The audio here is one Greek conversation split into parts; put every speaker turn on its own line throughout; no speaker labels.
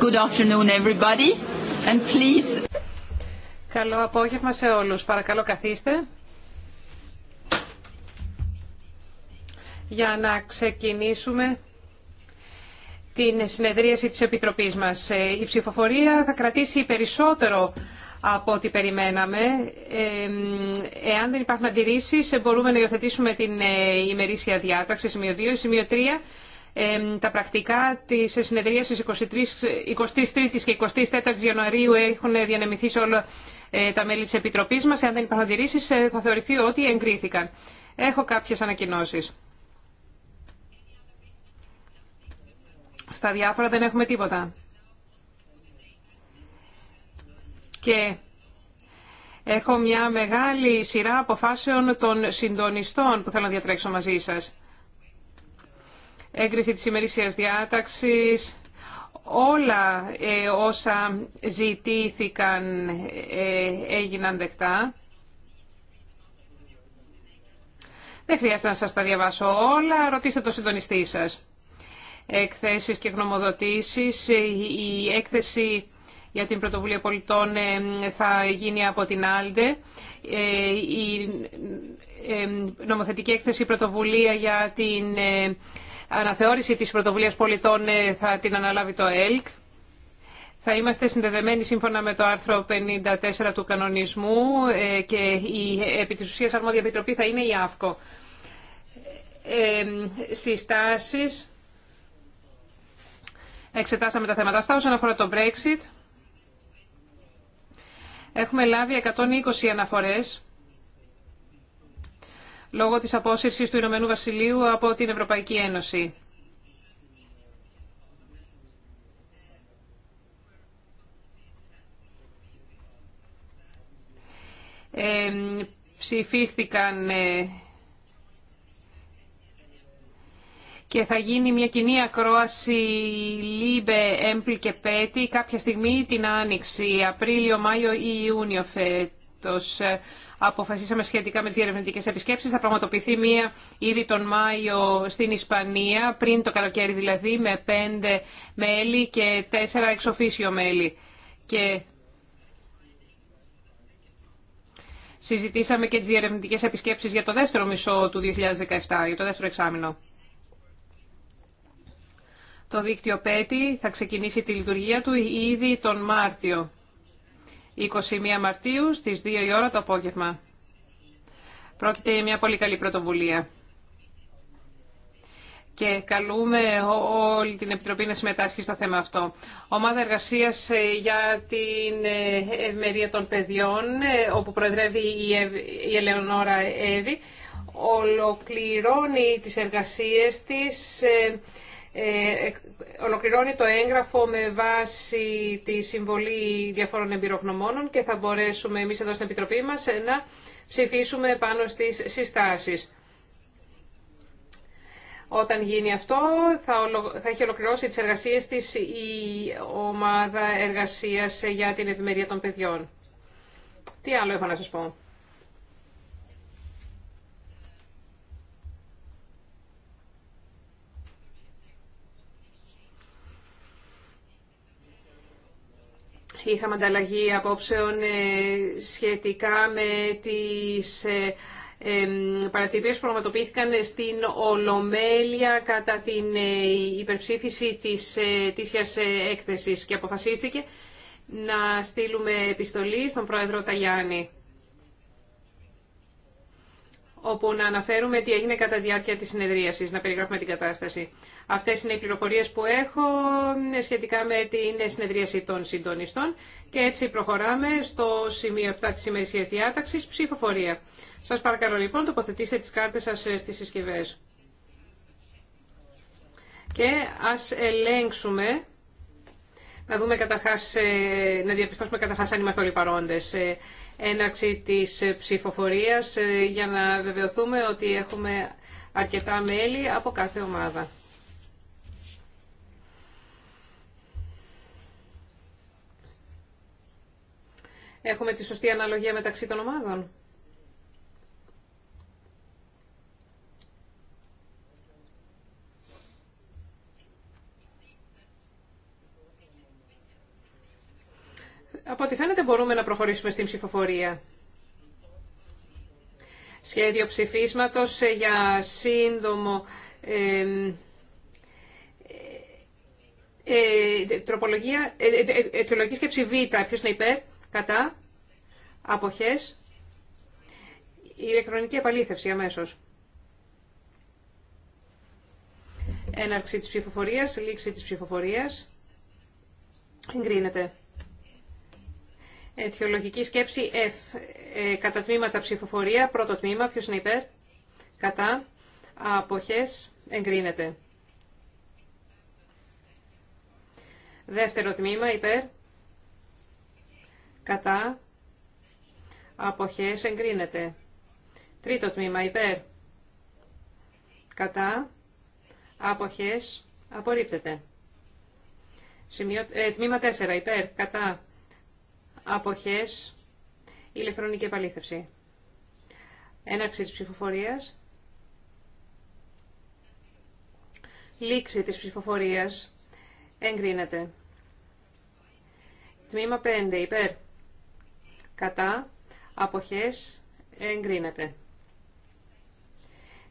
Good afternoon everybody Καλό
απόγευμα σε όλους. Παρακαλώ καθίστε. Για να ξεκινήσουμε την συνεδρίαση της Επιτροπής μας. Ε, η ψηφοφορία θα κρατήσει περισσότερο από ό,τι περιμέναμε. Ε, εάν δεν υπάρχουν αντιρρήσεις, μπορούμε να υιοθετήσουμε την ε, ημερήσια διάταξη, σημείο 2, σημείο 3 τα πρακτικά της συνεδρία τη 23 η και 24 η Ιανουαρίου έχουν διανεμηθεί σε όλα ε, τα μέλη της Επιτροπής μας. Εάν δεν υπάρχουν ε, θα θεωρηθεί ότι εγκρίθηκαν. Έχω κάποιες ανακοινώσει. Στα διάφορα δεν έχουμε τίποτα. Και έχω μια μεγάλη σειρά αποφάσεων των συντονιστών που θέλω να διατρέξω μαζί σας έγκριση της ημερήσιας διάταξης, όλα ε, όσα ζητήθηκαν ε, έγιναν δεκτά. Δεν χρειάζεται να σας τα διαβάσω όλα, ρωτήστε το συντονιστή σας. Εκθέσεις και γνωμοδοτήσεις, η έκθεση για την πρωτοβουλία πολιτών ε, θα γίνει από την Άλντε. Η νομοθετική έκθεση πρωτοβουλία για την αναθεώρηση της πρωτοβουλίας πολιτών ε, θα την αναλάβει το ΕΛΚ. Θα είμαστε συνδεδεμένοι σύμφωνα με το άρθρο 54 του κανονισμού ε, και η επί της ουσίας αρμόδια επιτροπή θα είναι η ΑΦΚΟ. Ε, συστάσεις. Εξετάσαμε τα θέματα αυτά όσον αφορά το Brexit. Έχουμε λάβει 120 αναφορές λόγω της απόσυρσης του Ηνωμένου Βασιλείου από την Ευρωπαϊκή Ένωση. Ε, ψηφίστηκαν και θα γίνει μια κοινή ακρόαση ΛΥΜΠΕ, ΕΜΠΛ και ΠΕΤΗ κάποια στιγμή την Άνοιξη, Απρίλιο, Μάιο ή Ιούνιο φέτος αποφασίσαμε σχετικά με τι διερευνητικέ επισκέψεις θα πραγματοποιηθεί μία ήδη τον Μάιο στην Ισπανία, πριν το καλοκαίρι δηλαδή, με πέντε μέλη και τέσσερα εξοφίσιο μέλη. Και συζητήσαμε και τι διερευνητικέ επισκέψεις για το δεύτερο μισό του 2017, για το δεύτερο εξάμεινο. Το δίκτυο ΠΕΤΗ θα ξεκινήσει τη λειτουργία του ήδη τον Μάρτιο. 21 Μαρτίου στις 2 η ώρα το απόγευμα. Πρόκειται για μια πολύ καλή πρωτοβουλία. Και καλούμε όλη την Επιτροπή να συμμετάσχει στο θέμα αυτό. Ομάδα εργασίας ε, για την ε, ευμερία των παιδιών, ε, όπου προεδρεύει η Ελεονόρα Εύη, ολοκληρώνει τις εργασίες της ολοκληρώνει το έγγραφο με βάση τη συμβολή διαφόρων εμπειρογνωμόνων και θα μπορέσουμε εμείς εδώ στην Επιτροπή μας να ψηφίσουμε πάνω στις συστάσεις. Όταν γίνει αυτό θα έχει ολοκληρώσει τις εργασίες της η ομάδα εργασίας για την ευημερία των παιδιών. Τι άλλο έχω να σας πω. Είχαμε ανταλλαγή απόψεων ε, σχετικά με τις ε, ε, παρατηρήσεις που πραγματοποιήθηκαν στην Ολομέλεια κατά την υπερψήφιση της ε, έκθεσης και αποφασίστηκε να στείλουμε επιστολή στον Πρόεδρο Ταγιάννη όπου να αναφέρουμε τι έγινε κατά διάρκεια της συνεδρίασης, να περιγράφουμε την κατάσταση. Αυτές είναι οι πληροφορίες που έχω ε, σχετικά με την συνεδρίαση των συντονιστών και έτσι προχωράμε στο σημείο 7 της ημερησίας διάταξης, ψηφοφορία. Σας παρακαλώ λοιπόν τοποθετήστε τις κάρτες σας ε, στις συσκευέ. Και ας ελέγξουμε, να δούμε καταρχάς, ε, να διαπιστώσουμε καταρχάς αν είμαστε όλοι παρόντες έναρξη της ψηφοφορίας ε, για να βεβαιωθούμε ότι έχουμε αρκετά μέλη από κάθε ομάδα. Έχουμε τη σωστή αναλογία μεταξύ των ομάδων. Από ό,τι φαίνεται μπορούμε να προχωρήσουμε στην ψηφοφορία. Σχέδιο ψηφίσματος ε, για σύντομο ε, ε, τροπολογία, ε, ε, αιτιολογική σκέψη Β. Ποιος είναι υπέρ, κατά, αποχές, ηλεκτρονική επαλήθευση αμέσως. Έναρξη της ψηφοφορίας, λήξη της ψηφοφορίας. Εγκρίνεται. Αιτιολογική σκέψη F. Ε, κατά τμήματα ψηφοφορία. Πρώτο τμήμα. Ποιο είναι υπέρ. Κατά. Αποχές. Εγκρίνεται. Δεύτερο τμήμα. Υπέρ. Κατά. Αποχές. Εγκρίνεται. Τρίτο τμήμα. Υπέρ. Κατά. Αποχές. Απορρίπτεται. Ε, τμήμα 4. Υπέρ. Κατά αποχές, ηλεκτρονική επαλήθευση. Έναρξη της ψηφοφορίας. Λήξη της ψηφοφορίας. Εγκρίνεται. Τμήμα 5. Υπέρ. Κατά. Αποχές. Εγκρίνεται.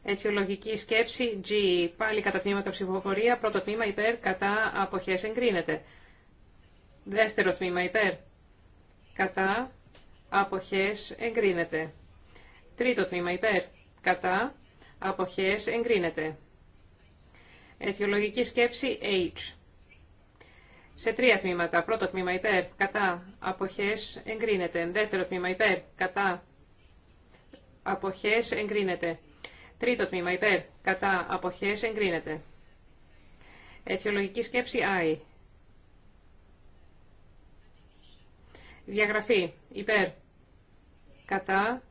Αιτιολογική σκέψη G. Πάλι κατά τμήματα ψηφοφορία. Πρώτο τμήμα υπέρ. Κατά. Αποχές. Εγκρίνεται. Δεύτερο τμήμα υπέρ κατά, αποχές, εγκρίνεται. Τρίτο τμήμα υπέρ, κατά, αποχές, εγκρίνεται. Αιτιολογική σκέψη H. Σε τρία τμήματα. Πρώτο τμήμα υπέρ, κατά, αποχές, εγκρίνεται. Δεύτερο τμήμα υπέρ, κατά, αποχές, εγκρίνεται. Τρίτο τμήμα υπέρ, κατά, αποχές, εγκρίνεται. Αιτιολογική σκέψη I. Διαγραφή. Υπέρ. Κατά.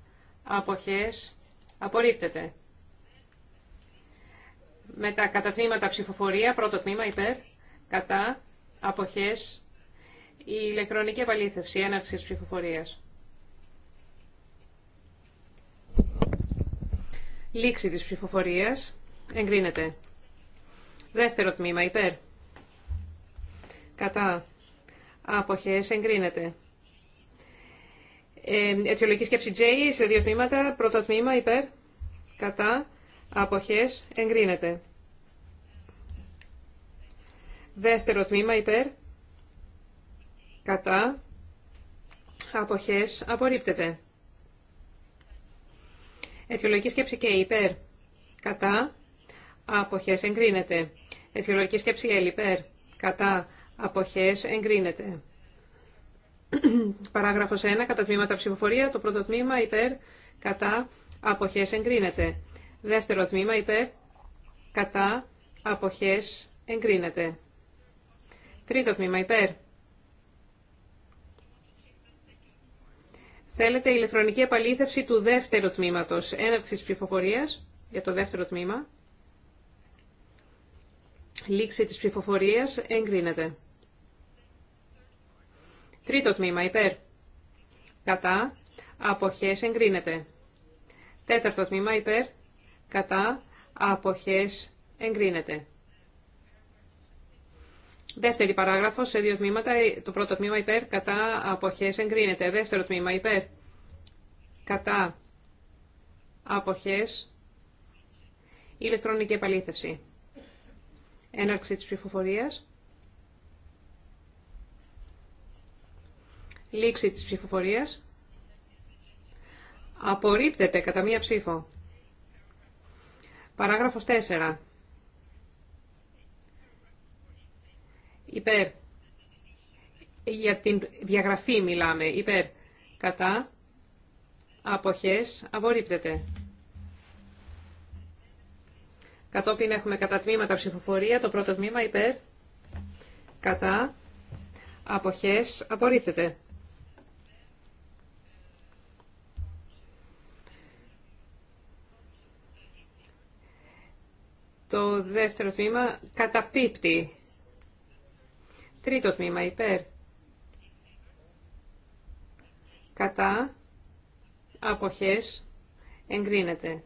Αποχές. Απορρίπτεται. Με τα κατατμήματα ψηφοφορία. Πρώτο τμήμα. Υπέρ. Κατά. Αποχές. Η ηλεκτρονική επαλήθευση. Έναρξης ψηφοφορίας. Λήξη της ψηφοφορίας. Εγκρίνεται. Δεύτερο τμήμα. Υπέρ. Κατά. Αποχές εγκρίνεται αιτιολογική σκέψη J σε δύο τμήματα. Πρώτο τμήμα υπέρ, κατά, αποχές, εγκρίνεται. Δεύτερο τμήμα υπέρ, κατά, αποχές, απορρίπτεται. Αιτιολογική σκέψη K υπέρ, κατά, αποχές, εγκρίνεται. Αιτιολογική σκέψη L υπέρ, κατά, αποχές, εγκρίνεται. Παράγραφος 1. Κατά τμήματα ψηφοφορία. Το πρώτο τμήμα υπέρ κατά αποχές εγκρίνεται. Δεύτερο τμήμα υπέρ κατά αποχές εγκρίνεται. Τρίτο τμήμα υπέρ. Θέλετε ηλεκτρονική επαλήθευση του δεύτερου τμήματος έναρξης ψηφοφορίας για το δεύτερο τμήμα. Λήξη της ψηφοφορίας εγκρίνεται. Τρίτο τμήμα υπέρ. Κατά. Αποχές εγκρίνεται. Τέταρτο τμήμα υπέρ. Κατά. Αποχές εγκρίνεται. Δεύτερη παράγραφο σε δύο τμήματα. Το πρώτο τμήμα υπέρ. Κατά. Αποχές εγκρίνεται. Δεύτερο τμήμα υπέρ. Κατά. Αποχές. Ηλεκτρονική επαλήθευση. Έναρξη της ψηφοφορία. Λήξη της ψηφοφορίας. Απορρίπτεται κατά μία ψήφο. Παράγραφος 4. Υπέρ. Για την διαγραφή μιλάμε. Υπέρ. Κατά. Αποχές. Απορρίπτεται. Κατόπιν έχουμε κατά τμήματα ψηφοφορία. Το πρώτο τμήμα υπέρ. Κατά. Αποχές. Απορρίπτεται. Το δεύτερο τμήμα καταπίπτει. Τρίτο τμήμα υπέρ. Κατά αποχές εγκρίνεται.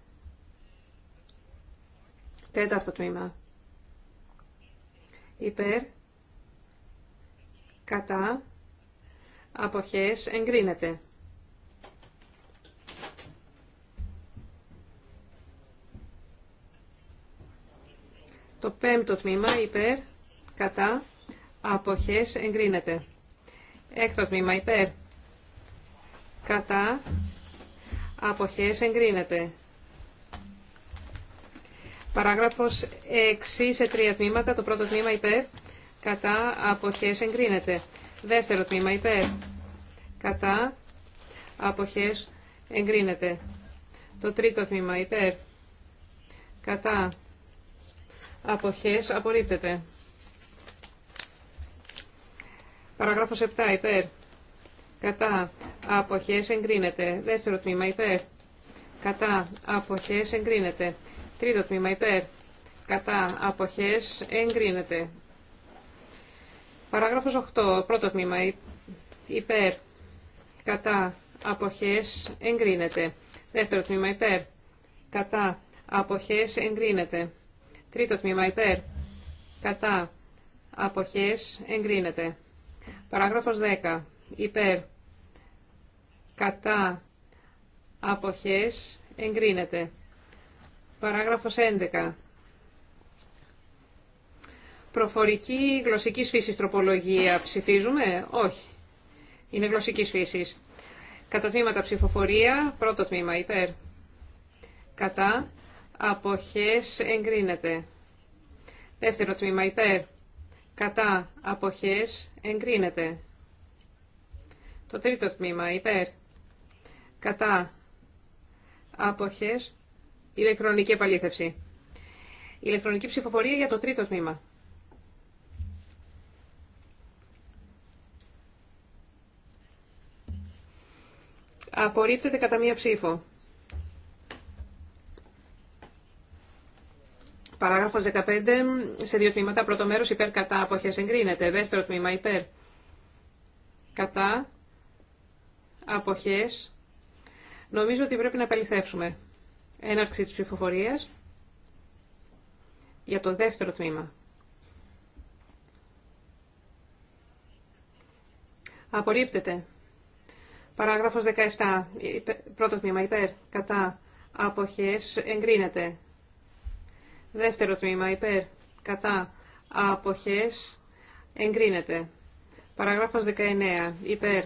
Τέταρτο τμήμα. Υπέρ. Κατά αποχές εγκρίνεται. Το πέμπτο τμήμα υπέρ, κατά, αποχές εγκρίνεται. Έκτο τμήμα υπέρ, κατά, αποχές εγκρίνεται. Παράγραφος 6 σε τρία τμήματα. Το πρώτο τμήμα υπέρ, κατά, αποχές εγκρίνεται. Δεύτερο τμήμα υπέρ, κατά, αποχές εγκρίνεται. Το τρίτο τμήμα υπέρ, κατά, αποχές απορρίπτεται. Παραγράφος 7 υπέρ. Κατά αποχές εγκρίνεται. Δεύτερο τμήμα υπέρ. Κατά αποχές εγκρίνεται. Τρίτο τμήμα υπέρ. Κατά αποχές εγκρίνεται. Παράγραφος 8. Πρώτο τμήμα υπέρ. Κατά αποχές εγκρίνεται. Δεύτερο τμήμα υπέρ. Κατά αποχές εγκρίνεται. Τρίτο τμήμα υπέρ. Κατά. Αποχές εγκρίνεται. Παράγραφος 10. Υπέρ. Κατά. Αποχές εγκρίνεται. Παράγραφος 11. Προφορική γλωσσική φύση τροπολογία ψηφίζουμε. Όχι. Είναι γλωσσική φύση. Κατά τμήματα ψηφοφορία. Πρώτο τμήμα υπέρ. Κατά αποχές εγκρίνεται. Δεύτερο τμήμα υπέρ, κατά, αποχές εγκρίνεται. Το τρίτο τμήμα υπέρ, κατά, αποχές, ηλεκτρονική επαλήθευση. Ηλεκτρονική ψηφοφορία για το τρίτο τμήμα. Απορρίπτεται κατά μία ψήφο. Παράγραφος 15 σε δύο τμήματα. Πρώτο μέρος υπέρ κατά αποχές εγκρίνεται. Δεύτερο τμήμα υπέρ κατά αποχές. Νομίζω ότι πρέπει να επαληθεύσουμε. Έναρξη της ψηφοφορία. για το δεύτερο τμήμα. Απορρίπτεται. Παράγραφος 17. Πρώτο τμήμα υπέρ. Κατά. Αποχές εγκρίνεται. Δεύτερο τμήμα υπέρ κατά αποχές εγκρίνεται. Παραγράφος 19 υπέρ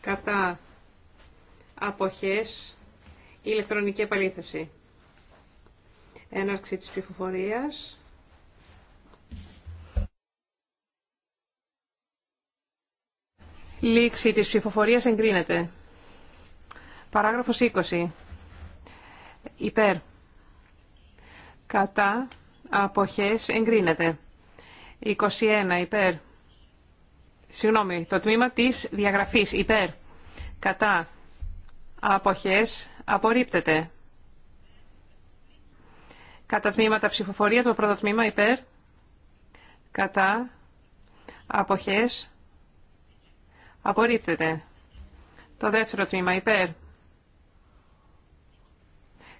κατά αποχές ηλεκτρονική επαλήθευση. Έναρξη της ψηφοφορίας. Λήξη της ψηφοφορίας εγκρίνεται. Παράγραφος 20. Υπέρ κατά αποχές εγκρίνεται. 21 υπέρ. Συγγνώμη, το τμήμα της διαγραφής υπέρ. Κατά αποχές απορρίπτεται. Κατά τμήματα ψηφοφορία το πρώτο τμήμα υπέρ. Κατά αποχές απορρίπτεται. Το δεύτερο τμήμα υπέρ.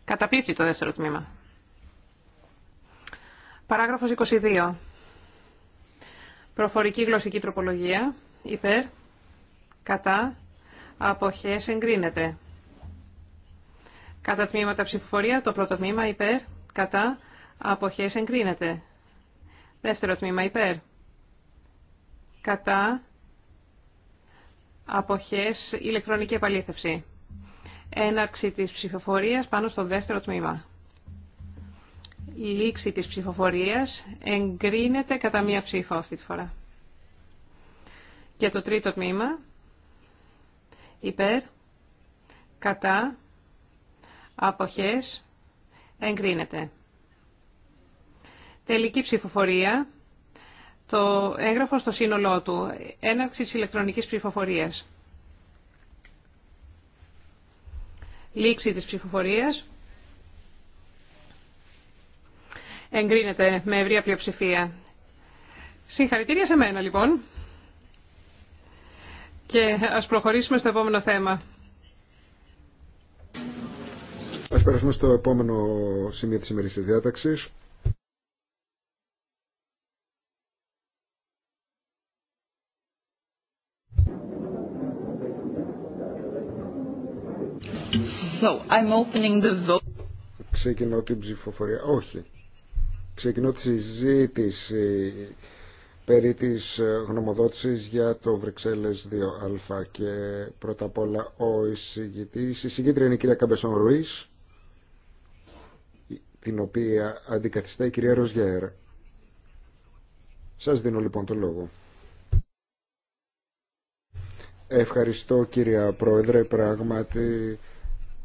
Καταπίπτει το δεύτερο τμήμα. Παράγραφος 22. Προφορική γλωσσική τροπολογία. Υπέρ. Κατά. Αποχές εγκρίνεται. Κατά τμήματα ψηφοφορία, το πρώτο τμήμα υπέρ. Κατά. Αποχές εγκρίνεται. Δεύτερο τμήμα υπέρ. Κατά. Αποχές ηλεκτρονική επαλήθευση. Έναρξη της ψηφοφορίας πάνω στο δεύτερο τμήμα. Η λήξη της ψηφοφορίας εγκρίνεται κατά μία ψήφο αυτή τη φορά. Και το τρίτο τμήμα, υπέρ, κατά, αποχές, εγκρίνεται. Τελική ψηφοφορία, το έγγραφο στο σύνολό του, έναρξης ηλεκτρονικής ψηφοφορίας. Λήξη της ψηφοφορίας. Εγκρίνεται με ευρία πλειοψηφία. Συγχαρητήρια σε μένα λοιπόν. Και ας προχωρήσουμε στο επόμενο θέμα.
Ας περάσουμε στο επόμενο σημείο της ημερήσιας διάταξης.
So, I'm opening the vote.
Ξεκινώ την ψηφοφορία. Όχι. Ξεκινώ τη συζήτηση περί της ε, γνωμοδότησης για το Βρυξέλλες 2α και πρώτα απ' όλα ο εισηγητής. Η εισηγήτρια είναι η κυρία Καμπεσόν Ρουής, την οποία αντικαθιστά η κυρία Ροζιέρ. Σας δίνω λοιπόν το λόγο. Ευχαριστώ κυρία Πρόεδρε, πράγματι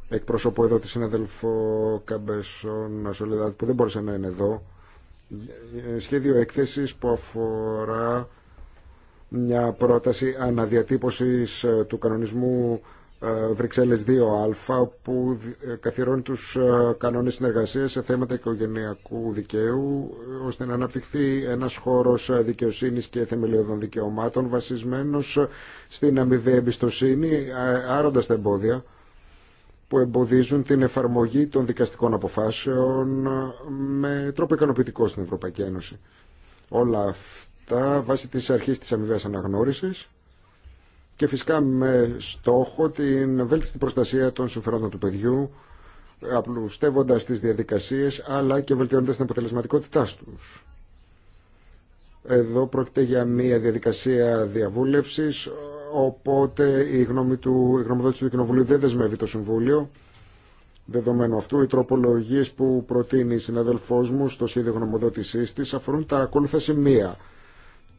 εκπροσωπώ εδώ τη συναδελφό Καμπεσόν Ασολεδάτη που δεν μπορούσε να είναι εδώ ε, σχέδιο έκθεσης που αφορά μια πρόταση αναδιατύπωσης ε, του κανονισμού ε, Βρυξέλλες 2α που καθιερώνει τους κανόνες συνεργασίας σε θέματα οικογενειακού δικαίου ώστε να αναπτυχθεί ένας χώρος δικαιοσύνης και θεμελιωδών δικαιωμάτων βασισμένος στην αμοιβή εμπιστοσύνη άροντας τα εμπόδια που εμποδίζουν την εφαρμογή των δικαστικών αποφάσεων ε, με τρόπο ικανοποιητικό στην Ευρωπαϊκή Ένωση. Όλα αυτά βάσει της αρχής της αμοιβαίας αναγνώρισης και φυσικά με στόχο την βέλτιστη προστασία των συμφερόντων του παιδιού ε, απλουστεύοντας τις διαδικασίες αλλά και βελτιώνοντας την αποτελεσματικότητά τους. Εδώ πρόκειται για μια διαδικασία διαβούλευσης οπότε η, γνώμη του, η γνωμοδότηση του Κοινοβουλίου δεν δεσμεύει το Συμβούλιο. Δεδομένου αυτού, οι τροπολογίε που προτείνει η συναδελφό μου στο σχέδιο γνωμοδότησή τη αφορούν τα ακόλουθα σημεία.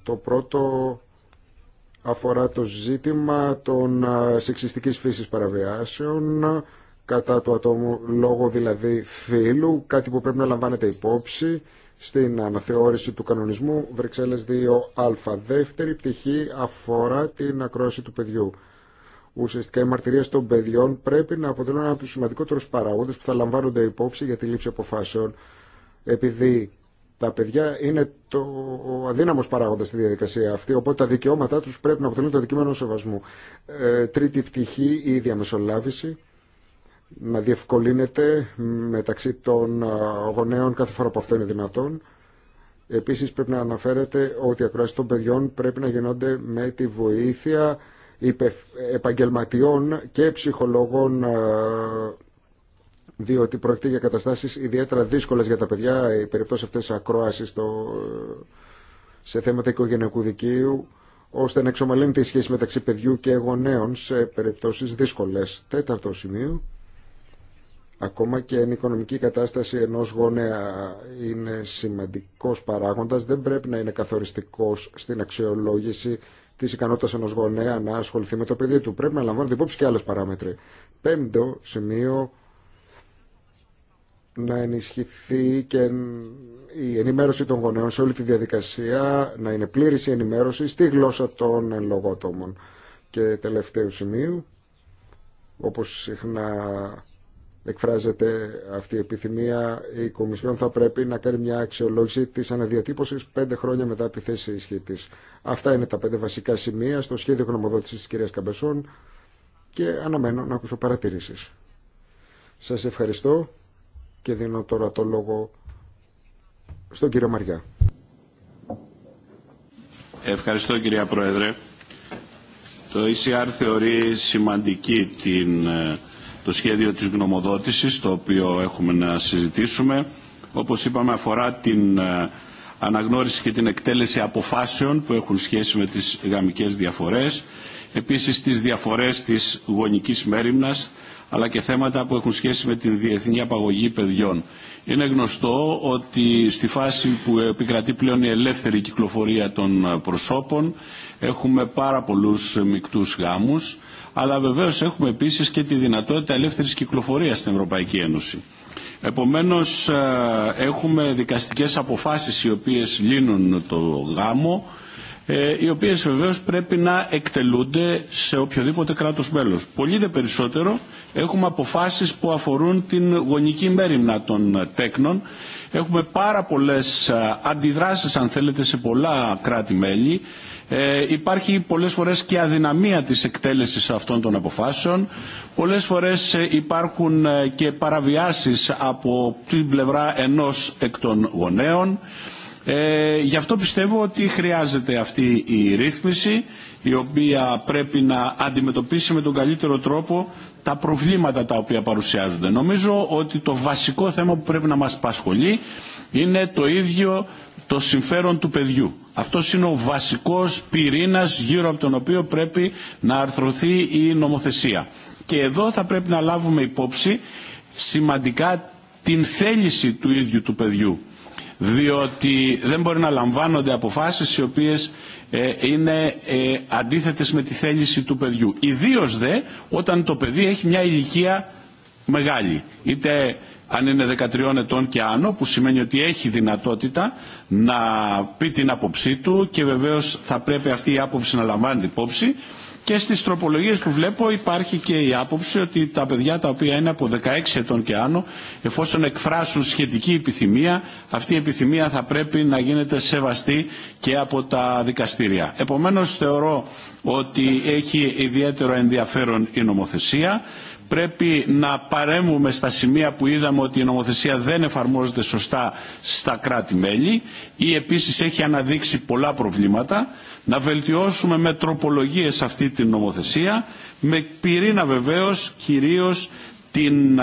Το πρώτο αφορά το ζήτημα των σεξιστικής φύσης παραβιάσεων κατά του ατόμου λόγω δηλαδή φίλου κάτι που πρέπει να λαμβάνεται υπόψη στην αναθεώρηση του κανονισμού Βρυξέλλες 2α. Δεύτερη πτυχή αφορά την ακρόαση του παιδιού. Ουσιαστικά οι μαρτυρίε των παιδιών πρέπει να αποτελούν ένα από του σημαντικότερου παράγοντε που θα λαμβάνονται υπόψη για τη λήψη αποφάσεων, επειδή τα παιδιά είναι το αδύναμο παράγοντα στη διαδικασία αυτή, οπότε τα δικαιώματά του πρέπει να αποτελούν το αντικείμενο σεβασμού. Ε, τρίτη πτυχή, η διαμεσολάβηση να διευκολύνεται μεταξύ των γονέων κάθε φορά που αυτό είναι δυνατόν. Επίση πρέπει να αναφέρεται ότι οι ακροάσει των παιδιών πρέπει να γινόνται με τη βοήθεια επαγγελματιών και ψυχολόγων διότι πρόκειται για καταστάσεις ιδιαίτερα δύσκολε για τα παιδιά οι περιπτώσει αυτέ της σε θέματα οικογενειακού δικαίου ώστε να εξομαλύνεται η σχέση μεταξύ παιδιού και γονέων σε περιπτώσει δύσκολε, Τέταρτο σημείο. Ακόμα και η οικονομική κατάσταση ενός γονέα είναι σημαντικός παράγοντας, δεν πρέπει να είναι καθοριστικός στην αξιολόγηση τη ικανότητα ενό γονέα να ασχοληθεί με το παιδί του. Πρέπει να λαμβάνονται υπόψη και άλλε παράμετροι. Πέμπτο σημείο, να ενισχυθεί και η ενημέρωση των γονέων σε όλη τη διαδικασία, να είναι πλήρη η ενημέρωση στη γλώσσα των λογότομων. Και τελευταίο σημείο, όπω συχνά εκφράζεται αυτή η επιθυμία, η Κομισιόν θα πρέπει να κάνει μια αξιολόγηση της αναδιατύπωσης πέντε χρόνια μετά τη θέση ισχύ της. Αυτά είναι τα πέντε βασικά σημεία στο σχέδιο γνωμοδότησης της κυρίας Καμπεσόν και αναμένω να ακούσω παρατηρήσεις. Σας ευχαριστώ και δίνω τώρα το λόγο στον κύριο Μαριά.
Ευχαριστώ κυρία Πρόεδρε. Το ECR θεωρεί σημαντική την ε, το σχέδιο της γνωμοδότησης, το οποίο έχουμε να συζητήσουμε, όπως είπαμε αφορά την ε, αναγνώριση και την εκτέλεση αποφάσεων που έχουν σχέση με τις γαμικές διαφορές επίσης τις διαφορές της γονικής μέρημνας, αλλά και θέματα που έχουν σχέση με την διεθνή απαγωγή παιδιών. Είναι γνωστό ότι στη φάση που επικρατεί πλέον η ελεύθερη κυκλοφορία των προσώπων έχουμε πάρα πολλούς μικτούς γάμους, αλλά βεβαίως έχουμε επίσης και τη δυνατότητα ελεύθερης κυκλοφορίας στην Ευρωπαϊκή Ένωση. Επομένως ε, έχουμε δικαστικές αποφάσεις οι οποίες λύνουν το γάμο ε, οι οποίες βεβαίως πρέπει να εκτελούνται σε οποιοδήποτε κράτος μέλος. Πολύ δε περισσότερο έχουμε αποφάσεις που αφορούν την γονική μέρημνα των τέκνων. Έχουμε πάρα πολλές αντιδράσεις αν θέλετε σε πολλά κράτη-μέλη. Ε, υπάρχει πολλές φορές και αδυναμία της εκτέλεσης αυτών των αποφάσεων. Πολλές φορές ε, υπάρχουν ε, και παραβιάσεις από την πλευρά ενός εκ των γονέων. Ε, γι' αυτό πιστεύω ότι χρειάζεται αυτή η ρύθμιση η οποία πρέπει να αντιμετωπίσει με τον καλύτερο τρόπο τα προβλήματα τα οποία παρουσιάζονται. Νομίζω ότι το βασικό θέμα που πρέπει να μας πασχολεί είναι το ίδιο το συμφέρον του παιδιού. Αυτό είναι ο βασικός πυρήνας γύρω από τον οποίο πρέπει να αρθρωθεί η νομοθεσία. Και εδώ θα πρέπει να λάβουμε υπόψη σημαντικά την θέληση του ίδιου του παιδιού διότι δεν μπορεί να λαμβάνονται αποφάσεις οι οποίες ε, είναι ε, αντίθετες με τη θέληση του παιδιού. Ιδίως δε όταν το παιδί έχει μια ηλικία μεγάλη. Είτε αν είναι 13 ετών και άνω, που σημαίνει ότι έχει δυνατότητα να πει την άποψή του και βεβαίως θα πρέπει αυτή η άποψη να την υπόψη και στις τροπολογίε που βλέπω υπάρχει και η άποψη ότι τα παιδιά τα οποία είναι από 16 ετών και άνω, εφόσον εκφράσουν σχετική επιθυμία, αυτή η επιθυμία θα πρέπει να γίνεται σεβαστή και από τα δικαστήρια. Επομένως θεωρώ ότι έχει ιδιαίτερο ενδιαφέρον η νομοθεσία πρέπει να παρέμβουμε στα σημεία που είδαμε ότι η νομοθεσία δεν εφαρμόζεται σωστά στα κράτη-μέλη ή επίσης έχει αναδείξει πολλά προβλήματα, να βελτιώσουμε με τροπολογίες αυτή την νομοθεσία, με πυρήνα βεβαίως κυρίως την,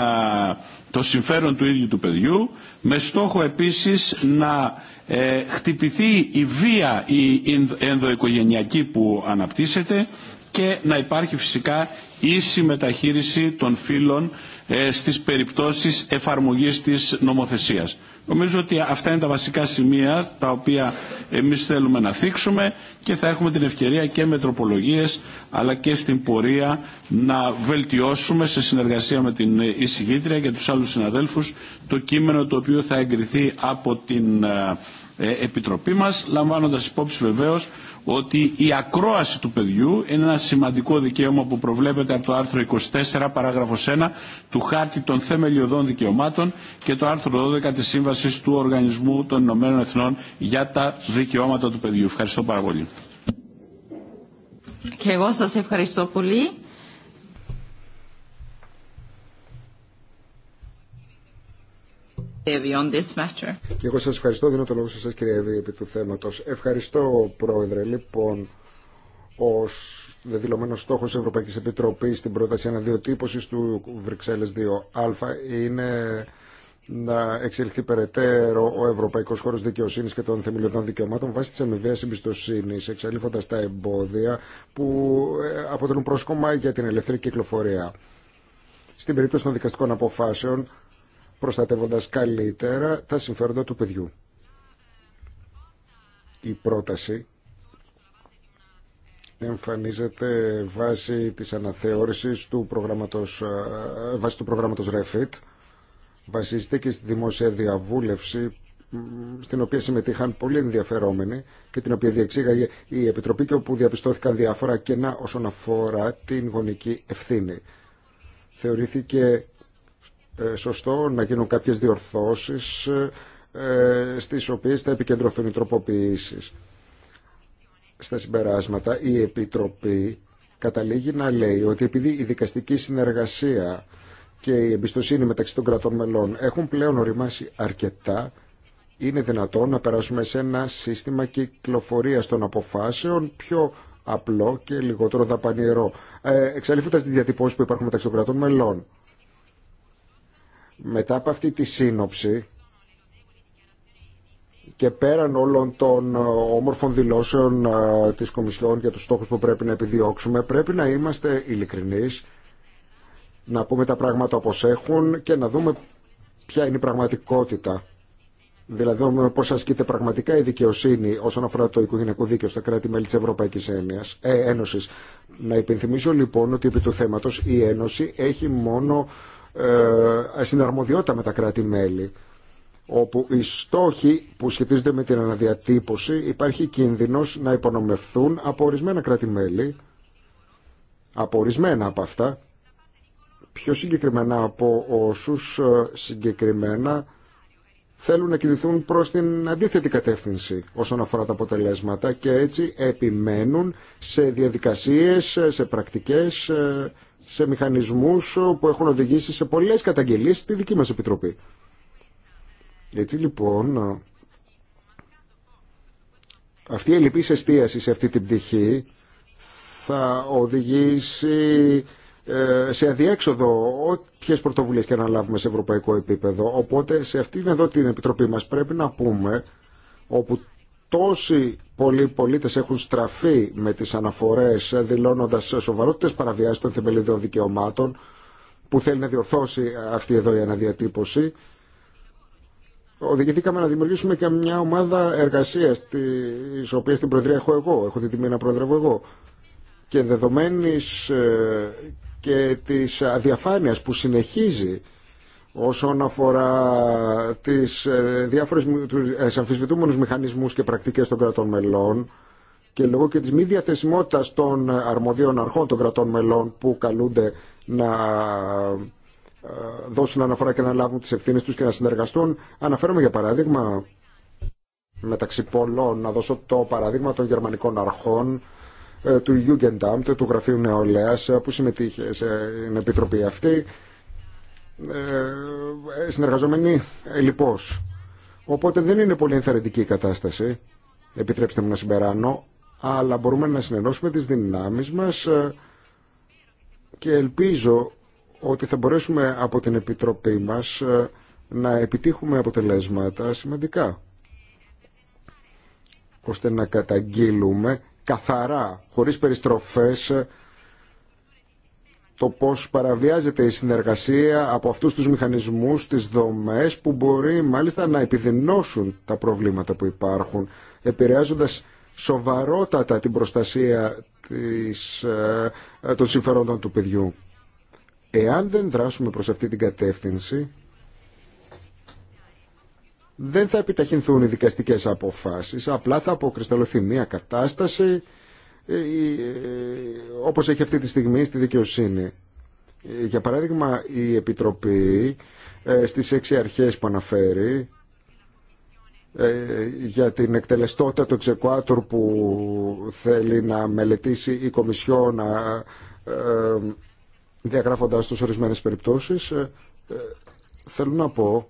το συμφέρον του ίδιου του παιδιού, με στόχο επίσης να ε, χτυπηθεί η βία η ενδοοικογενειακή που αναπτύσσεται και να υπάρχει φυσικά ίση μεταχείριση των φύλων ε, στις περιπτώσεις εφαρμογής της νομοθεσίας. Νομίζω ότι αυτά είναι τα βασικά σημεία τα οποία εμείς θέλουμε να θίξουμε και θα έχουμε την ευκαιρία και με τροπολογίες αλλά και στην πορεία να βελτιώσουμε σε συνεργασία με την εισηγήτρια και τους άλλους συναδέλφους το κείμενο το οποίο θα εγκριθεί από την ε, Επιτροπή μας λαμβάνοντας υπόψη βεβαίως ότι η ακρόαση του παιδιού είναι ένα σημαντικό δικαίωμα που προβλέπεται από το άρθρο 24 παράγραφος 1 του χάρτη των θεμελιωδών δικαιωμάτων και το άρθρο 12 της Σύμβασης του Οργανισμού των Ηνωμένων Εθνών για τα δικαιώματα του παιδιού. Ευχαριστώ πάρα πολύ.
Και εγώ σας ευχαριστώ πολύ.
On this matter.
Και εγώ σας ευχαριστώ, δίνω το λόγο σε εσάς κύριε Εύη επί του θέματος. Ευχαριστώ πρόεδρε, λοιπόν, ως δεδηλωμένο στόχο τη Ευρωπαϊκή Επιτροπή στην πρόταση αναδιοτύπωση του Βρυξέλλε 2α είναι να εξελιχθεί περαιτέρω ο Ευρωπαϊκό Χώρο Δικαιοσύνη και των Θεμελιωδών Δικαιωμάτων βάσει τη αμοιβαία εμπιστοσύνη, εξαλείφοντα τα εμπόδια που ε, αποτελούν πρόσκομα για την ελεύθερη κυκλοφορία. Στην περίπτωση των δικαστικών αποφάσεων, προστατεύοντας καλύτερα τα συμφέροντα του παιδιού. Η πρόταση εμφανίζεται βάσει της αναθεώρησης του προγράμματος, ε, βάσει του προγράμματος REFIT. Βασίζεται και στη δημόσια διαβούλευση στην οποία συμμετείχαν πολλοί ενδιαφερόμενοι και την οποία διεξήγαγε η Επιτροπή και όπου διαπιστώθηκαν διάφορα κενά όσον αφορά την γονική ευθύνη. Θεωρήθηκε ε, σωστό να γίνουν κάποιες διορθώσεις ε, στις οποίες θα επικεντρωθούν οι τροποποιήσεις. Στα συμπεράσματα η Επιτροπή καταλήγει να λέει ότι επειδή η δικαστική συνεργασία και η εμπιστοσύνη μεταξύ των κρατών μελών έχουν πλέον οριμάσει αρκετά, είναι δυνατόν να περάσουμε σε ένα σύστημα κυκλοφορίας των αποφάσεων πιο απλό και λιγότερο δαπανιερό. Ε, εξαλείφοντας τις διατυπώσεις που υπάρχουν μεταξύ των κρατών μελών. Μετά από αυτή τη σύνοψη και πέραν όλων των ε, όμορφων δηλώσεων ε, της Κομισιόν για τους στόχους που πρέπει να επιδιώξουμε, πρέπει να είμαστε ειλικρινεί, να πούμε τα πράγματα όπως έχουν και να δούμε ποια είναι η πραγματικότητα. Δηλαδή, πώ ασκείται πραγματικά η δικαιοσύνη όσον αφορά το οικογενειακό δίκαιο στα κράτη-μέλη τη Ευρωπαϊκή ε, Ένωση. Να υπενθυμίσω λοιπόν ότι επί του θέματο η Ένωση έχει μόνο ε, συναρμοδιότητα με τα κράτη-μέλη όπου οι στόχοι που σχετίζονται με την αναδιατύπωση υπάρχει κίνδυνος να υπονομευθούν από ορισμένα κράτη-μέλη, από ορισμένα από αυτά, πιο συγκεκριμένα από όσους ε, συγκεκριμένα θέλουν να κινηθούν προς την αντίθετη κατεύθυνση όσον αφορά τα αποτελέσματα και έτσι επιμένουν σε διαδικασίες, σε πρακτικές ε, σε μηχανισμούς που έχουν οδηγήσει σε πολλές καταγγελίες στη δική μας Επιτροπή. Έτσι λοιπόν, αυτή η ελλειπής εστίαση σε αυτή την πτυχή θα οδηγήσει ε, σε αδιέξοδο όποιε πρωτοβουλίε και να λάβουμε σε ευρωπαϊκό επίπεδο. Οπότε σε αυτήν εδώ την επιτροπή μα πρέπει να πούμε όπου τόσοι πολλοί πολίτες έχουν στραφεί με τις αναφορές ε, δηλώνοντας σοβαρότητες παραβιάσεις των θεμελιδών δικαιωμάτων που θέλει να διορθώσει ε, αυτή εδώ η αναδιατύπωση οδηγηθήκαμε να δημιουργήσουμε και μια ομάδα εργασίας της οποίας την προεδρία έχω εγώ, έχω την τιμή να προεδρεύω εγώ και δεδομένης ε, και της αδιαφάνειας που συνεχίζει όσον αφορά τις ε, διάφορες τους ε, αμφισβητούμενους μηχανισμούς και πρακτικές των κρατών μελών και λόγω και της μη διαθεσιμότητας των αρμοδίων αρχών των κρατών μελών που καλούνται να ε, δώσουν αναφορά και να λάβουν τις ευθύνες τους και να συνεργαστούν. Αναφέρομαι για παράδειγμα μεταξύ πολλών, να δώσω το παράδειγμα των γερμανικών αρχών του Jugendamt, του Γραφείου Νεολαίας που συμμετείχε στην επιτροπή αυτή ε, ε, συνεργαζόμενοι ε, λοιπώς. Οπότε δεν είναι πολύ ενθαρρυντική η κατάσταση, επιτρέψτε μου να συμπεράνω, αλλά μπορούμε να συνενώσουμε τις δυνάμεις μας και ελπίζω ότι θα μπορέσουμε από την Επιτροπή μας να επιτύχουμε αποτελέσματα σημαντικά ώστε να καταγγείλουμε καθαρά, χωρίς περιστροφές, το πώς παραβιάζεται η συνεργασία από αυτούς τους μηχανισμούς, τις δομές που μπορεί μάλιστα να επιδεινώσουν τα προβλήματα που υπάρχουν, επηρεάζοντας σοβαρότατα την προστασία της, ε, των συμφερόντων του παιδιού. Εάν δεν δράσουμε προς αυτή την κατεύθυνση, δεν θα επιταχυνθούν οι δικαστικές αποφάσεις, απλά θα αποκρισταλωθεί μια κατάσταση ε, ε, όπως έχει αυτή τη στιγμή στη δικαιοσύνη. Ε, για παράδειγμα, η Επιτροπή στις έξι αρχές που αναφέρει για την εκτελεστότητα του εξεκουάτουρ που θέλει να μελετήσει η Κομισιόνα διαγράφοντας τους ορισμένες περιπτώσεις θέλω να πω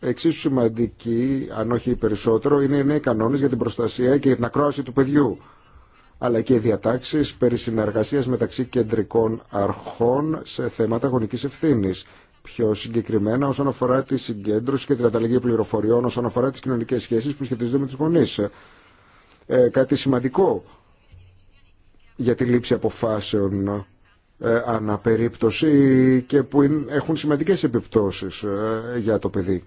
εξίσου σημαντική αν όχι περισσότερο είναι οι νέοι κανόνες για την προστασία και την ακρόαση του παιδιού αλλά και διατάξεις περί συνεργασίας μεταξύ κεντρικών αρχών σε θέματα γονικής ευθύνης. Πιο συγκεκριμένα όσον αφορά τη συγκέντρωση και την ανταλλαγή πληροφοριών, όσον αφορά τις κοινωνικές σχέσεις που σχετίζονται με τους γονείς. Ε, κάτι σημαντικό για τη λήψη αποφάσεων ε, αναπερίπτωση και που έχουν σημαντικές επιπτώσεις ε, για το παιδί.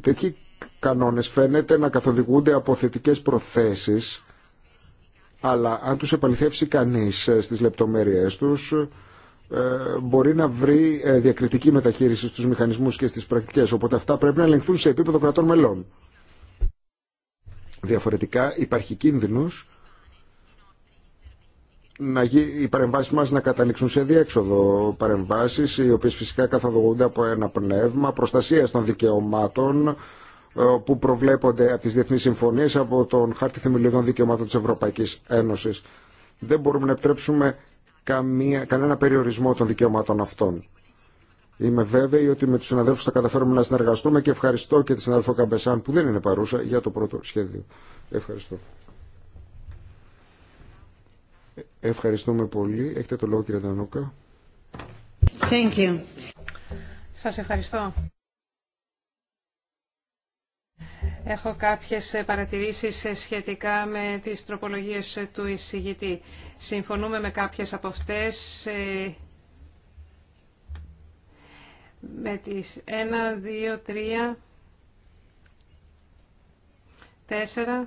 Τέτοιοι κανόνες φαίνεται να καθοδηγούνται από θετικές προθέσεις αλλά αν τους επαληθεύσει κανείς ε, στις λεπτομέρειές τους ε, μπορεί να βρει ε, διακριτική μεταχείριση στους μηχανισμούς και στις πρακτικές οπότε αυτά πρέπει να ελεγχθούν σε επίπεδο κρατών μελών. Διαφορετικά υπάρχει κίνδυνος να οι παρεμβάσεις μας να καταλήξουν σε διέξοδο παρεμβάσεις οι οποίες φυσικά καθοδογούνται από ένα πνεύμα προστασίας των δικαιωμάτων ε, που προβλέπονται από τις διεθνείς συμφωνίες, από τον Χάρτη Θεμελιωδών Δικαιωμάτων της Ευρωπαϊκής Ένωσης. Δεν μπορούμε να επιτρέψουμε καμία, κανένα περιορισμό των δικαιωμάτων αυτών. Είμαι βέβαιη ότι με τους συναδέλφους θα καταφέρουμε να συνεργαστούμε και ευχαριστώ και τη συναδελφό Καμπεσάν που δεν είναι παρούσα για το πρώτο σχέδιο. Ευχαριστώ. Ε, ευχαριστούμε πολύ. Έχετε το λόγο κύριε Ντανούκα.
Σας ευχαριστώ. Έχω κάποιες παρατηρήσεις σχετικά με τις τροπολογίες του εισηγητή. Συμφωνούμε με κάποιες από αυτές. Ε, με τις 1, 2, 3, 4...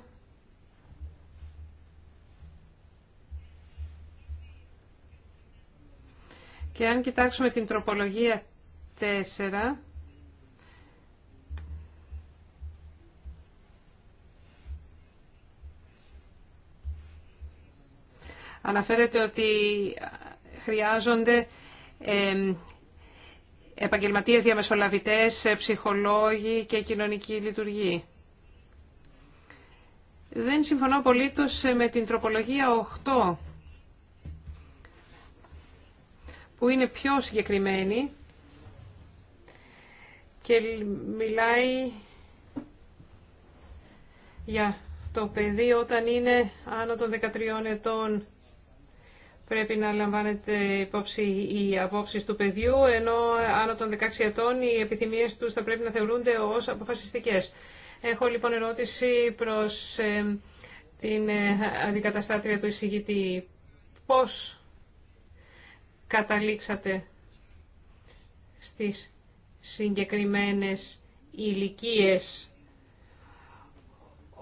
Και αν κοιτάξουμε την τροπολογία 4, Αναφέρεται ότι χρειάζονται επαγγελματίες διαμεσολαβητές, ε, ψυχολόγοι και κοινωνική λειτουργοί. Δεν συμφωνώ απολύτως ε, με την τροπολογία 8, που είναι πιο συγκεκριμένη και μιλάει για το παιδί όταν είναι άνω των 13 ετών πρέπει να λαμβάνεται υπόψη η απόψει του παιδιού, ενώ άνω των 16 ετών οι επιθυμίε του θα πρέπει να θεωρούνται ω αποφασιστικέ. Έχω λοιπόν ερώτηση προ ε, την ε, αντικαταστάτρια του εισηγητή. Πώ καταλήξατε στις συγκεκριμένες ηλικίες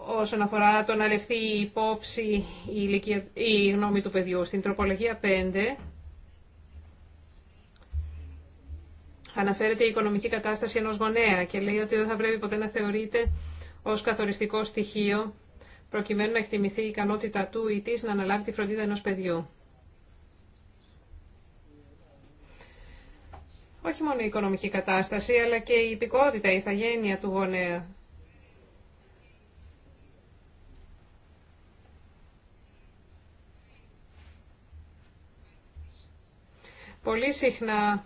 όσον αφορά το να η υπόψη η, η γνώμη του παιδιού. Στην τροπολογία 5 αναφέρεται η οικονομική κατάσταση ενός γονέα και λέει ότι δεν θα πρέπει ποτέ να θεωρείται ως καθοριστικό στοιχείο προκειμένου να εκτιμηθεί η ικανότητα του ή της να αναλάβει τη φροντίδα ενός παιδιού. Όχι μόνο η οικονομική κατάσταση, αλλά και η υπηκότητα, η ηθαγένεια του γονέα. Πολύ συχνά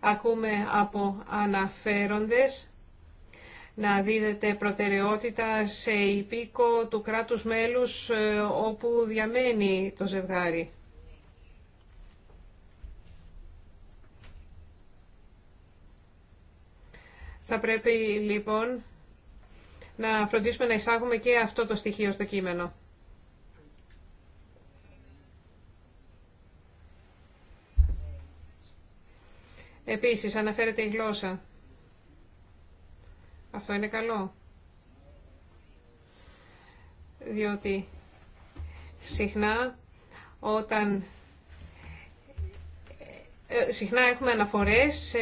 ακούμε από αναφέροντες να δίδεται προτεραιότητα σε υπήκο του κράτους μέλους ε, όπου διαμένει το ζευγάρι. Θα πρέπει λοιπόν να φροντίσουμε να εισάγουμε και αυτό το στοιχείο στο κείμενο. Επίσης, αναφέρεται η γλώσσα. Αυτό είναι καλό. Διότι συχνά όταν ε, συχνά έχουμε αναφορές σε,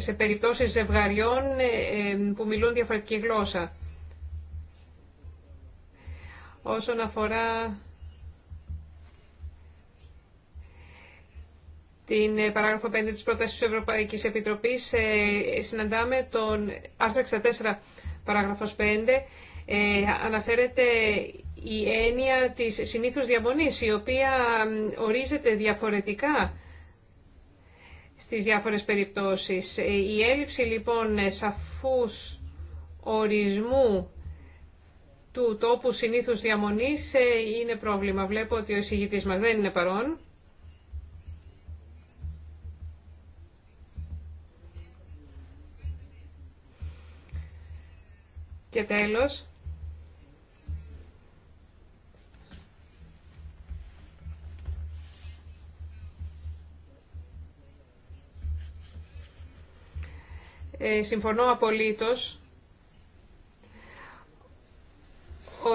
σε περιπτώσεις ζευγαριών ε, ε, που μιλούν διαφορετική γλώσσα. Όσον αφορά την ε, παράγραφο 5 της πρότασης της Ευρωπαϊκής Επιτροπής ε, συναντάμε τον άρθρο 64 παράγραφος 5 ε, αναφέρεται η έννοια της συνήθους διαμονής η οποία ορίζεται διαφορετικά στις διάφορες περιπτώσεις. Η έλλειψη λοιπόν σαφούς ορισμού του τόπου συνήθους διαμονής είναι πρόβλημα. Βλέπω ότι ο εισηγητής μας δεν είναι παρόν. Και τέλος, ε, συμφωνώ απολύτως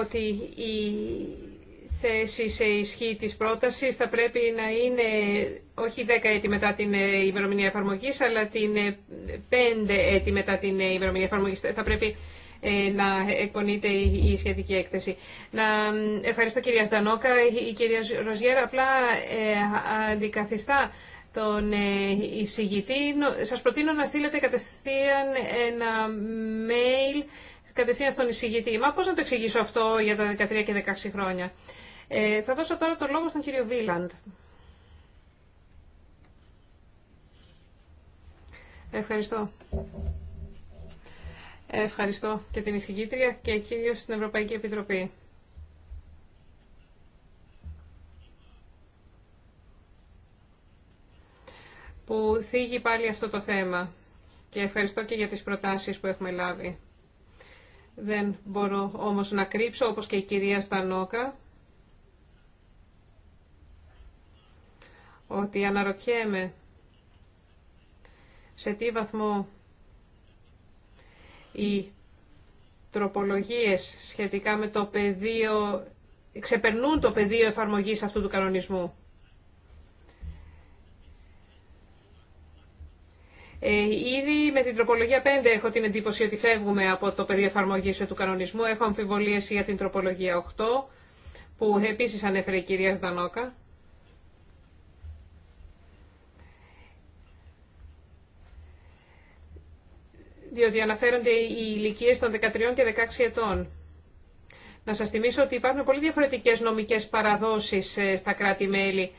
ότι η θέση σε ισχύ της πρότασης θα πρέπει να είναι όχι 10 έτη μετά την ε, ημερομηνία εφαρμογής, αλλά την 5 ε, έτη μετά την ε, ημερομηνία εφαρμογής. Θα πρέπει ε, να εκπονείται η σχετική έκθεση. Να ευχαριστώ κυρία Στανόκα. Η κυρία Ροζιέρα απλά ε, αντικαθιστά τον ε, εισηγητή. Σας προτείνω να στείλετε κατευθείαν ένα mail κατευθείαν στον εισηγητή. Μα πώς να το εξηγήσω αυτό για τα 13 και 16 χρόνια. θα δώσω τώρα το λόγο στον κύριο Βίλαντ. Ευχαριστώ. Ευχαριστώ και την εισηγήτρια και κυρίως την Ευρωπαϊκή Επιτροπή. που θίγει πάλι αυτό το θέμα. Και ευχαριστώ και για τις προτάσεις που έχουμε λάβει. Δεν μπορώ όμως να κρύψω, όπως και η κυρία Στανόκα, ότι αναρωτιέμαι σε τι βαθμό οι τροπολογίες σχετικά με το πεδίο, ξεπερνούν το πεδίο εφαρμογής αυτού του κανονισμού. Ε, ήδη με την τροπολογία 5 έχω την εντύπωση ότι φεύγουμε από το πεδίο εφαρμογή του κανονισμού. Έχω αμφιβολίες για την τροπολογία 8, που επίσης ανέφερε η κυρία Στανόκα. διότι αναφέρονται οι ηλικίε των 13 και 16 ετών. Να σας θυμίσω ότι υπάρχουν πολύ διαφορετικές νομικές παραδόσεις ε, στα κράτη-μέλη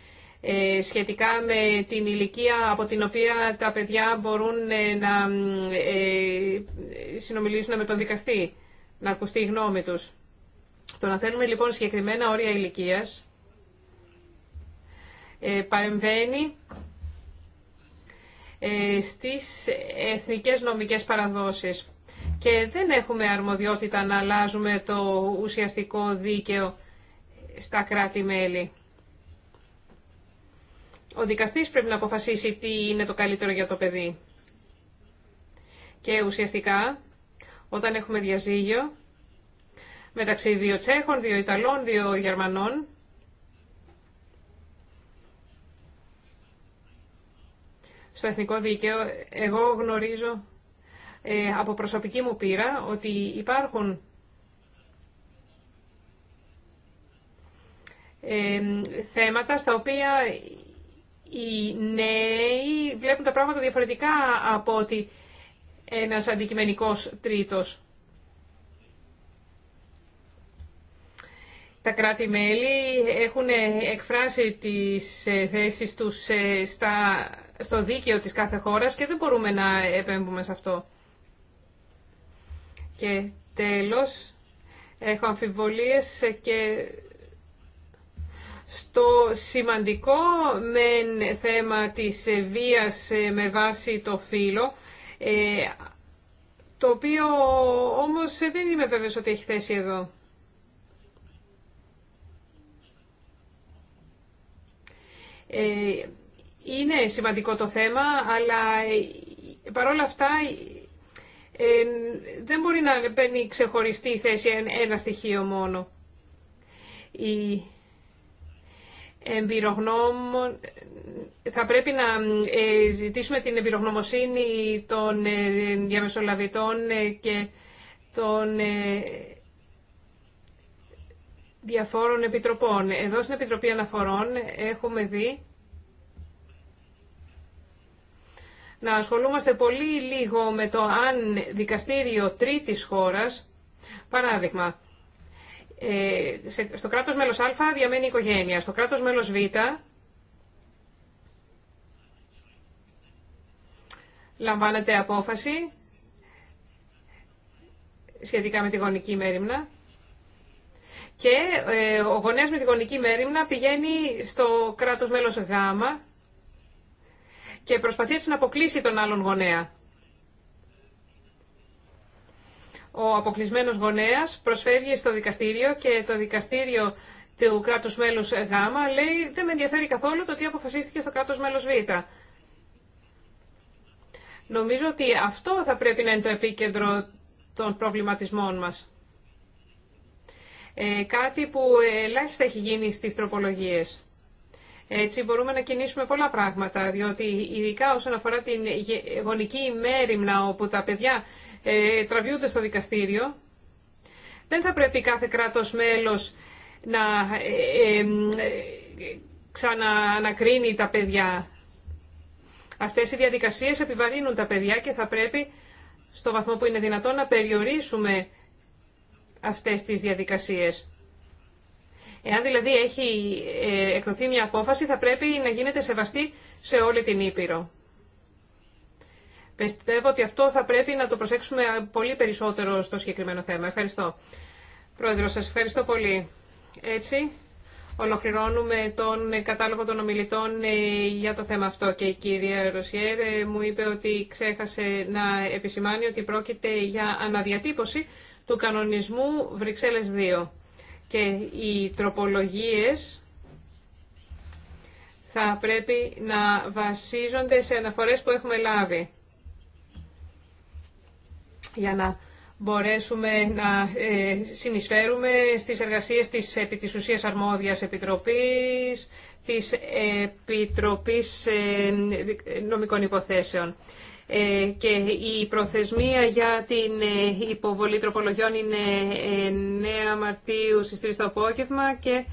ε, σχετικά με την ηλικία από την οποία τα παιδιά μπορούν ε, να συνομιλήσουν με τον δικαστή, να ακουστεί η γνώμη τους. Το να θέλουμε λοιπόν συγκεκριμένα όρια ηλικίας παρεμβαίνει ε, στις εθνικές νομικές παραδόσεις. Και δεν έχουμε αρμοδιότητα να αλλάζουμε το ουσιαστικό δίκαιο στα κράτη-μέλη. Ο δικαστής πρέπει να αποφασίσει τι είναι το καλύτερο για το παιδί. Και ουσιαστικά, όταν έχουμε διαζύγιο μεταξύ δύο Τσέχων, δύο Ιταλών, δύο Γερμανών, στο εθνικό δίκαιο. Εγώ γνωρίζω ε, από προσωπική μου πείρα ότι υπάρχουν ε, θέματα στα οποία οι νέοι βλέπουν τα πράγματα διαφορετικά από ότι ένας αντικειμενικός τρίτος. Τα κράτη-μέλη έχουν εκφράσει τις ε, θέσεις τους στα στο δίκαιο της κάθε χώρας και δεν μπορούμε να επέμβουμε σε αυτό. Και τέλος, έχω αμφιβολίες και στο σημαντικό μεν θέμα της βίας με βάση το φύλλο, ε, το οποίο όμως δεν είμαι βέβαιος ότι έχει θέση εδώ. Ε, είναι σημαντικό το θέμα, αλλά ε, παρόλα αυτά ε, δεν μπορεί να παίρνει ξεχωριστή θέση ένα στοιχείο μόνο. Η εμπειρογνώμων, θα πρέπει να ε, ζητήσουμε την εμπειρογνωμοσύνη των ε, διαμεσολαβητών και των διαφόρων επιτροπών. Εδώ στην Επιτροπή Αναφορών έχουμε δει να ασχολούμαστε πολύ λίγο με το αν δικαστήριο τρίτης χώρας, παράδειγμα, ε, στο κράτος μέλος Α διαμένει η οικογένεια, στο κράτος μέλος Β λαμβάνεται απόφαση σχετικά με τη γονική μέρημνα και ε, ο γονέας με τη γονική μέρημνα πηγαίνει στο κράτος μέλος Γ και έτσι να αποκλείσει τον άλλον γονέα. Ο αποκλεισμένο γονέα προσφεύγει στο δικαστήριο και το δικαστήριο του κράτου μέλου Γ λέει δεν με ενδιαφέρει καθόλου το τι αποφασίστηκε στο κράτο μέλο Β. Νομίζω ότι αυτό θα πρέπει να είναι το επίκεντρο των προβληματισμών μας. Ε, κάτι που ελάχιστα έχει γίνει στις τροπολογίες. Έτσι μπορούμε να κινήσουμε πολλά πράγματα, διότι ειδικά όσον αφορά την γονική μέρημνα όπου τα παιδιά ε, τραβιούνται στο δικαστήριο, δεν θα πρέπει κάθε κράτος μέλος να ε, ε, ξαναανακρίνει τα παιδιά. Αυτές οι διαδικασίες επιβαρύνουν τα παιδιά και θα πρέπει στο βαθμό που είναι δυνατόν να περιορίσουμε αυτές τις διαδικασίες. Εάν δηλαδή έχει ε, εκδοθεί μια απόφαση θα πρέπει να γίνεται σεβαστή σε όλη την Ήπειρο. Πιστεύω ότι αυτό θα πρέπει να το προσέξουμε πολύ περισσότερο στο συγκεκριμένο θέμα. Ευχαριστώ. Πρόεδρο, σας ευχαριστώ πολύ. Έτσι, ολοκληρώνουμε τον κατάλογο των ομιλητών ε, για το θέμα αυτό. Και η κυρία Ροσιέρ ε, μου είπε ότι ξέχασε να επισημάνει ότι πρόκειται για αναδιατύπωση του κανονισμού Βρυξέλλες 2 και οι τροπολογίες θα πρέπει να βασίζονται σε αναφορές που έχουμε λάβει για να μπορέσουμε να ε, συνεισφέρουμε στις εργασίες της επί της ουσίας αρμόδιας επιτροπής, της Επιτροπής ε, Νομικών Υποθέσεων. Ε, και η προθεσμία για την ε, υποβολή τροπολογιών είναι 9 ε, Μαρτίου στις 3 το απόγευμα και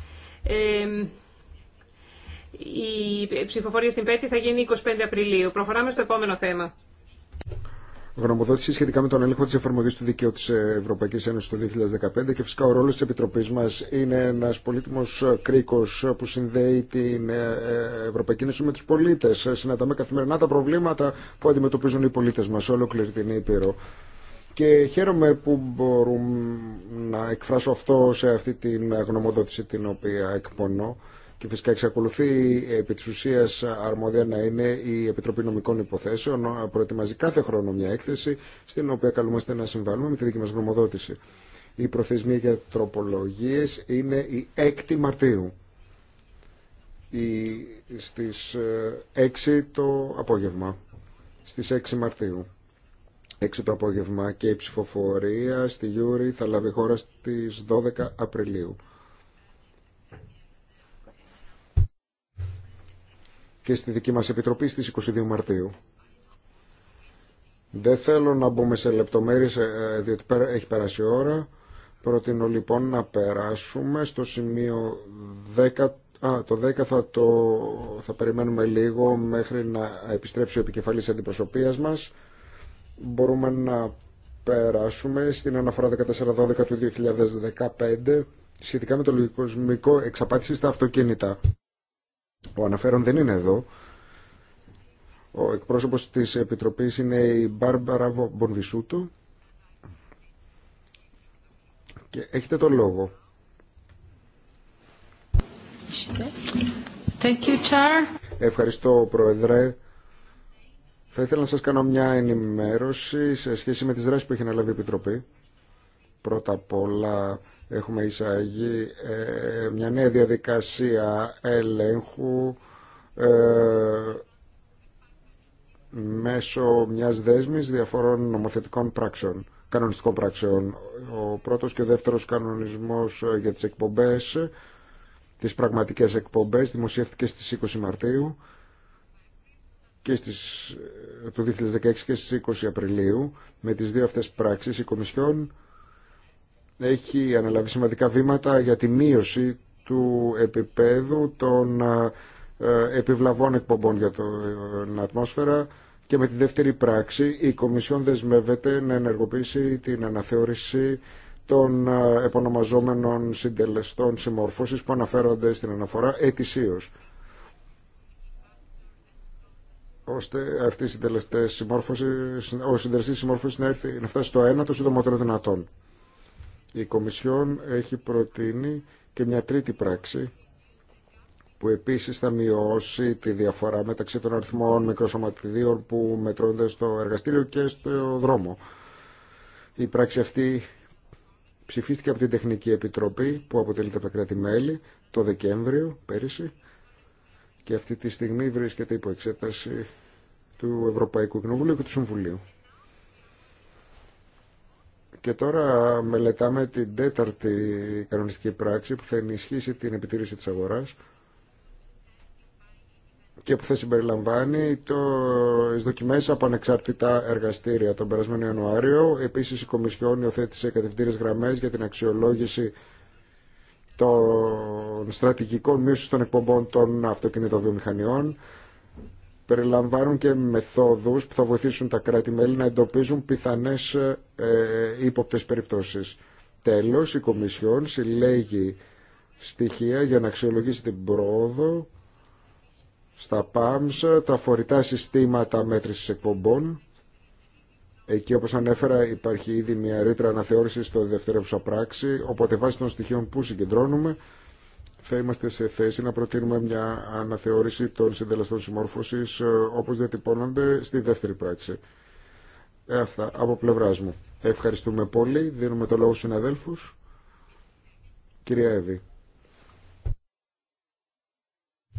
η ψηφοφορία στην Πέτη θα γίνει 25 Απριλίου. Προχωράμε στο επόμενο θέμα
γνωμοδότηση σχετικά με τον έλεγχο τη εφαρμογή του δικαίου τη Ευρωπαϊκή Ένωση το 2015 και φυσικά ο ρόλο τη Επιτροπή μα είναι ένα πολύτιμο κρίκο που συνδέει την ε, Ευρωπαϊκή Ένωση με του πολίτε. Συναντάμε καθημερινά τα προβλήματα που αντιμετωπίζουν οι πολίτε μα σε ολόκληρη την Ήπειρο. Και χαίρομαι που μπορούμε να εκφράσω αυτό σε αυτή την γνωμοδότηση την οποία εκπονώ και φυσικά εξακολουθεί επί τη ουσία αρμόδια να είναι η Επιτροπή Νομικών Υποθέσεων. Προετοιμάζει κάθε χρόνο μια έκθεση στην οποία καλούμαστε να συμβάλλουμε με τη δική μα γνωμοδότηση. Η προθεσμία για τροπολογίε είναι η 6η Μαρτίου η, στις 6 ε, το απόγευμα. στι 6 Μαρτίου. 6 το απόγευμα και η ψηφοφορία στη Γιούρη θα λάβει χώρα στις 12 Απριλίου. και στη δική μας επιτροπή στις 22 Μαρτίου. Δεν θέλω να μπούμε σε λεπτομέρειες, ε, ε, διότι έχει περάσει η ώρα. Προτείνω λοιπόν να περάσουμε στο σημείο 10. Α, το 10 θα, το, θα περιμένουμε λίγο μέχρι να επιστρέψει ο επικεφαλής αντιπροσωπείας μας. Μπορούμε να περάσουμε στην αναφορά 1412 του 2015 σχετικά με το λογικοσμικό εξαπάτηση στα αυτοκίνητα. Ο αναφέρον δεν είναι εδώ. Ο εκπρόσωπος της Επιτροπής είναι η Μπάρμπαρα Μπονβισούτο. Και έχετε τον λόγο. Ευχαριστώ, Πρόεδρε. Θα ήθελα να σας κάνω μια ενημέρωση σε σχέση με τις δράσεις που έχει αναλάβει η Επιτροπή. Πρώτα απ' όλα Έχουμε εισαγεί ε, μια νέα διαδικασία έλεγχου ε, μέσω μιας δέσμης διαφορών νομοθετικών πράξεων, κανονιστικών πράξεων. Ο πρώτος και ο δεύτερος κανονισμός ε, για τις εκπομπές, τις πραγματικές εκπομπές, δημοσιεύτηκε στις 20 Μαρτίου και στις, του 2016 και στις 20 Απριλίου. Με τις δύο αυτές πράξεις η Κομισιόν έχει αναλάβει σημαντικά βήματα για τη μείωση του επίπεδου των ε, επιβλαβών εκπομπών για την ε, ατμόσφαιρα και με τη δεύτερη πράξη η Κομισιόν δεσμεύεται να ενεργοποιήσει την αναθεώρηση των ε, επωνομαζόμενων συντελεστών συμμόρφωσης που αναφέρονται στην αναφορά ετησίως ώστε αυτοί οι συντελεστές συμμόρφωσης, ο συντελεστής συμμόρφωσης να, έρθει, να φτάσει στο ένα το σύντομότερο δυνατόν. Η Κομισιόν έχει προτείνει και μια τρίτη πράξη που επίσης θα μειώσει τη διαφορά μεταξύ των αριθμών μικροσωματιδίων που μετρώνται στο εργαστήριο και στο δρόμο. Η πράξη αυτή ψηφίστηκε από την Τεχνική Επιτροπή που αποτελείται από τα κράτη-μέλη το Δεκέμβριο πέρυσι και αυτή τη στιγμή βρίσκεται υπό εξέταση του Ευρωπαϊκού Κοινοβουλίου και του Συμβουλίου. Και τώρα μελετάμε την τέταρτη κανονιστική πράξη που θα ενισχύσει την επιτήρηση της αγοράς και που θα συμπεριλαμβάνει το δοκιμέ από ανεξάρτητα εργαστήρια τον περασμένο Ιανουάριο. Επίσης η Κομισιόν υιοθέτησε κατευθύνες γραμμές για την αξιολόγηση των στρατηγικών μείωσης των εκπομπών των αυτοκινητοβιομηχανιών περιλαμβάνουν και μεθόδους που θα βοηθήσουν τα κράτη-μέλη να εντοπίζουν πιθανές ε, ε, ύποπτες περιπτώσεις. Τέλος, η Κομισιόν συλλέγει στοιχεία για να αξιολογήσει την πρόοδο στα ΠΑΜΣ, τα φορητά συστήματα μέτρησης εκπομπών. Εκεί, όπως ανέφερα, υπάρχει ήδη μια ρήτρα αναθεώρησης στο δευτερεύουσα πράξη, οπότε βάσει των στοιχείων που συγκεντρώνουμε, θα είμαστε σε θέση να προτείνουμε μια αναθεώρηση των συντελεστών συμμόρφωση ε, όπως διατυπώνονται στη δεύτερη πράξη. Ε, αυτά από πλευρά μου. Ευχαριστούμε πολύ. Δίνουμε το λόγο στου συναδέλφους. Κυρία Εύη.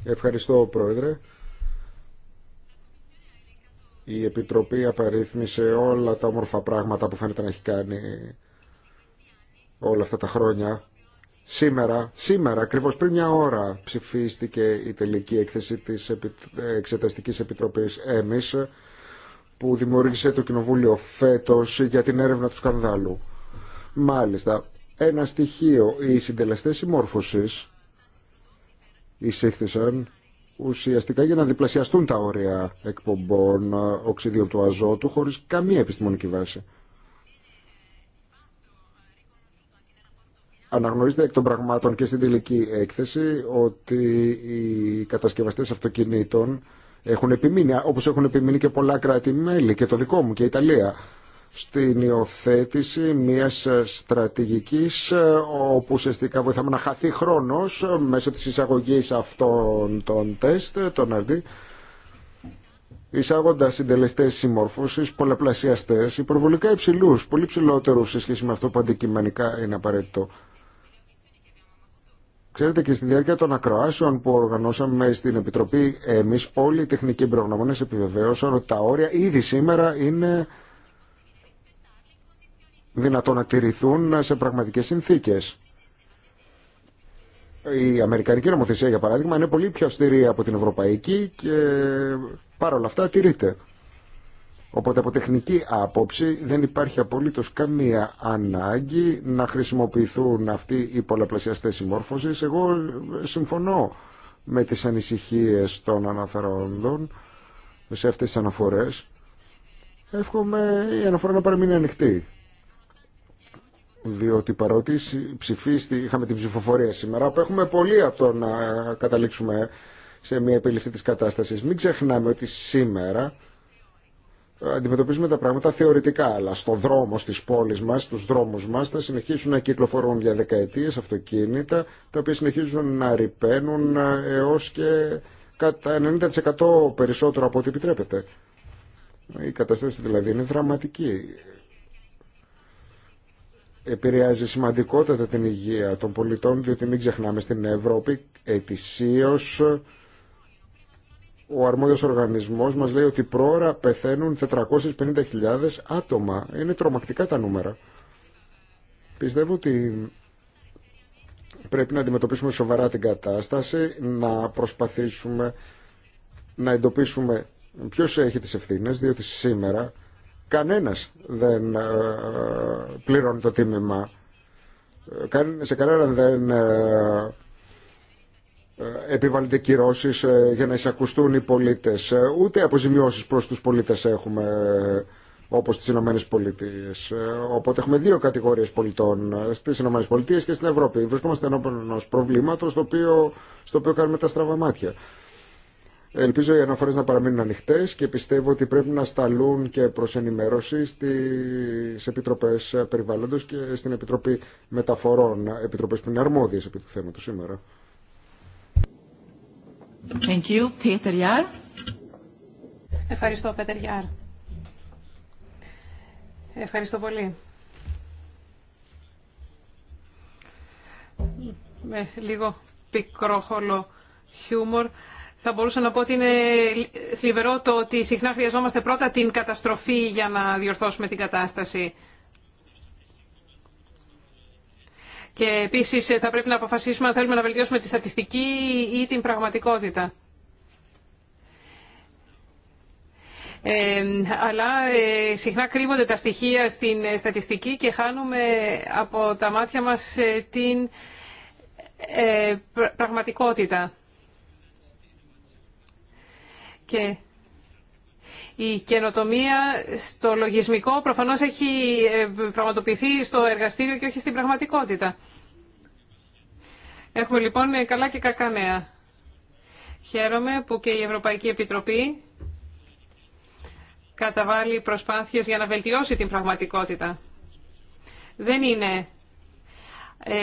Ευχαριστώ, Πρόεδρε. Η Επιτροπή απαρίθμησε όλα τα όμορφα πράγματα που φαίνεται να έχει κάνει όλα αυτά τα χρόνια Σήμερα, σήμερα, ακριβώ πριν μια ώρα ψηφίστηκε η τελική έκθεση της Εξεταστικής Επιτροπής ΕΜΙΣ που δημιούργησε το Κοινοβούλιο φέτος για την έρευνα του σκανδάλου. Μάλιστα, ένα στοιχείο, οι συντελεστέ συμμόρφωση εισήχθησαν ουσιαστικά για να διπλασιαστούν τα όρια εκπομπών οξυδίων του αζότου χωρί καμία επιστημονική βάση. Αναγνωρίζεται εκ των πραγμάτων και στην τελική έκθεση ότι οι κατασκευαστές αυτοκινήτων έχουν επιμείνει, όπως έχουν επιμείνει και πολλά κράτη-μέλη και το δικό μου και η Ιταλία, στην υιοθέτηση μιας στρατηγικής όπου ουσιαστικά βοηθάμε να χαθεί χρόνος μέσω της εισαγωγής αυτών των τεστ, των RD, εισάγοντα συντελεστέ συμμόρφωση, πολλαπλασιαστέ, υπερβολικά υψηλού, πολύ ψηλότερου σε σχέση με αυτό που αντικειμενικά είναι απαραίτητο. Ξέρετε και στη διάρκεια των ακροάσεων που οργανώσαμε στην Επιτροπή, εμείς όλοι οι τεχνικοί προγνωμόνες επιβεβαίωσαν ότι τα όρια ήδη σήμερα είναι δυνατόν να τηρηθούν σε πραγματικές συνθήκες. Η Αμερικανική νομοθεσία, για παράδειγμα, είναι πολύ πιο αυστηρή από την Ευρωπαϊκή και παρόλα αυτά τηρείται. Οπότε από τεχνική άποψη δεν υπάρχει απολύτως καμία ανάγκη να χρησιμοποιηθούν αυτοί οι πολλαπλασιαστές συμμόρφωσης. Εγώ συμφωνώ με τις ανησυχίες των αναφερόντων σε αυτές τις αναφορές. Εύχομαι η αναφορά να παραμείνει ανοιχτή. Διότι παρότι ψηφίστη, είχαμε την ψηφοφορία σήμερα, που έχουμε πολύ από το να καταλήξουμε σε μια επίλυση της κατάστασης. Μην ξεχνάμε ότι σήμερα αντιμετωπίζουμε τα πράγματα θεωρητικά, αλλά στο δρόμο στις πόλεις μας, στους δρόμους μας, θα συνεχίσουν να κυκλοφορούν για δεκαετίες αυτοκίνητα, τα οποία συνεχίζουν να ρηπαίνουν ε, έως και κατά 90% περισσότερο από ό,τι επιτρέπεται. Η κατάσταση δηλαδή είναι δραματική. Επηρεάζει σημαντικότατα την υγεία των πολιτών, διότι μην ξεχνάμε στην Ευρώπη ετησίως ο αρμόδιος οργανισμός μας λέει ότι πρόωρα πεθαίνουν 450.000 άτομα. Είναι τρομακτικά τα νούμερα. Πιστεύω ότι πρέπει να αντιμετωπίσουμε σοβαρά την κατάσταση, να προσπαθήσουμε να εντοπίσουμε ποιος έχει τις ευθύνες, διότι σήμερα κανένας δεν ε, πληρώνει το τίμημα. Ε, σε κανέναν δεν ε, ε, επιβάλλονται κυρώσεις ε, για να εισακουστούν οι πολίτες. Ε, ούτε αποζημιώσεις προς τους πολίτες έχουμε όπως στις Ηνωμένες Πολιτείες. Οπότε έχουμε δύο κατηγορίες πολιτών στις Ηνωμένες Πολιτείες και στην Ευρώπη. Βρισκόμαστε ενώπιον ενός προβλήματος στο οποίο, στο οποίο κάνουμε τα στραβά μάτια. Ελπίζω οι αναφορές να παραμείνουν ανοιχτές και πιστεύω ότι πρέπει να σταλούν και προς ενημέρωση στις Επιτροπές Περιβάλλοντος και στην Επιτροπή Μεταφορών, Επιτροπές που είναι αρμόδιες επί του θέματος σήμερα.
Ευχαριστώ, Πέτερ Γιάρ. Ευχαριστώ πολύ. Με λίγο πικρόχολο χιούμορ. Θα μπορούσα να πω ότι είναι θλιβερό το ότι συχνά χρειαζόμαστε πρώτα την καταστροφή για να διορθώσουμε την κατάσταση. Και επίση ε, θα πρέπει να αποφασίσουμε αν θέλουμε να βελτιώσουμε τη στατιστική ή την πραγματικότητα. Ε, αλλά ε, συχνά κρύβονται τα στοιχεία στην στατιστική και χάνουμε από τα μάτια μας την πραγματικότητα. Και η καινοτομία στο λογισμικό προφανώς έχει ε, πραγματοποιηθεί στο εργαστήριο και όχι στην πραγματικότητα. Έχουμε λοιπόν ε, καλά και κακά νέα. Χαίρομαι που και η Ευρωπαϊκή Επιτροπή καταβάλει προσπάθειες για να βελτιώσει την πραγματικότητα. Δεν είναι ε,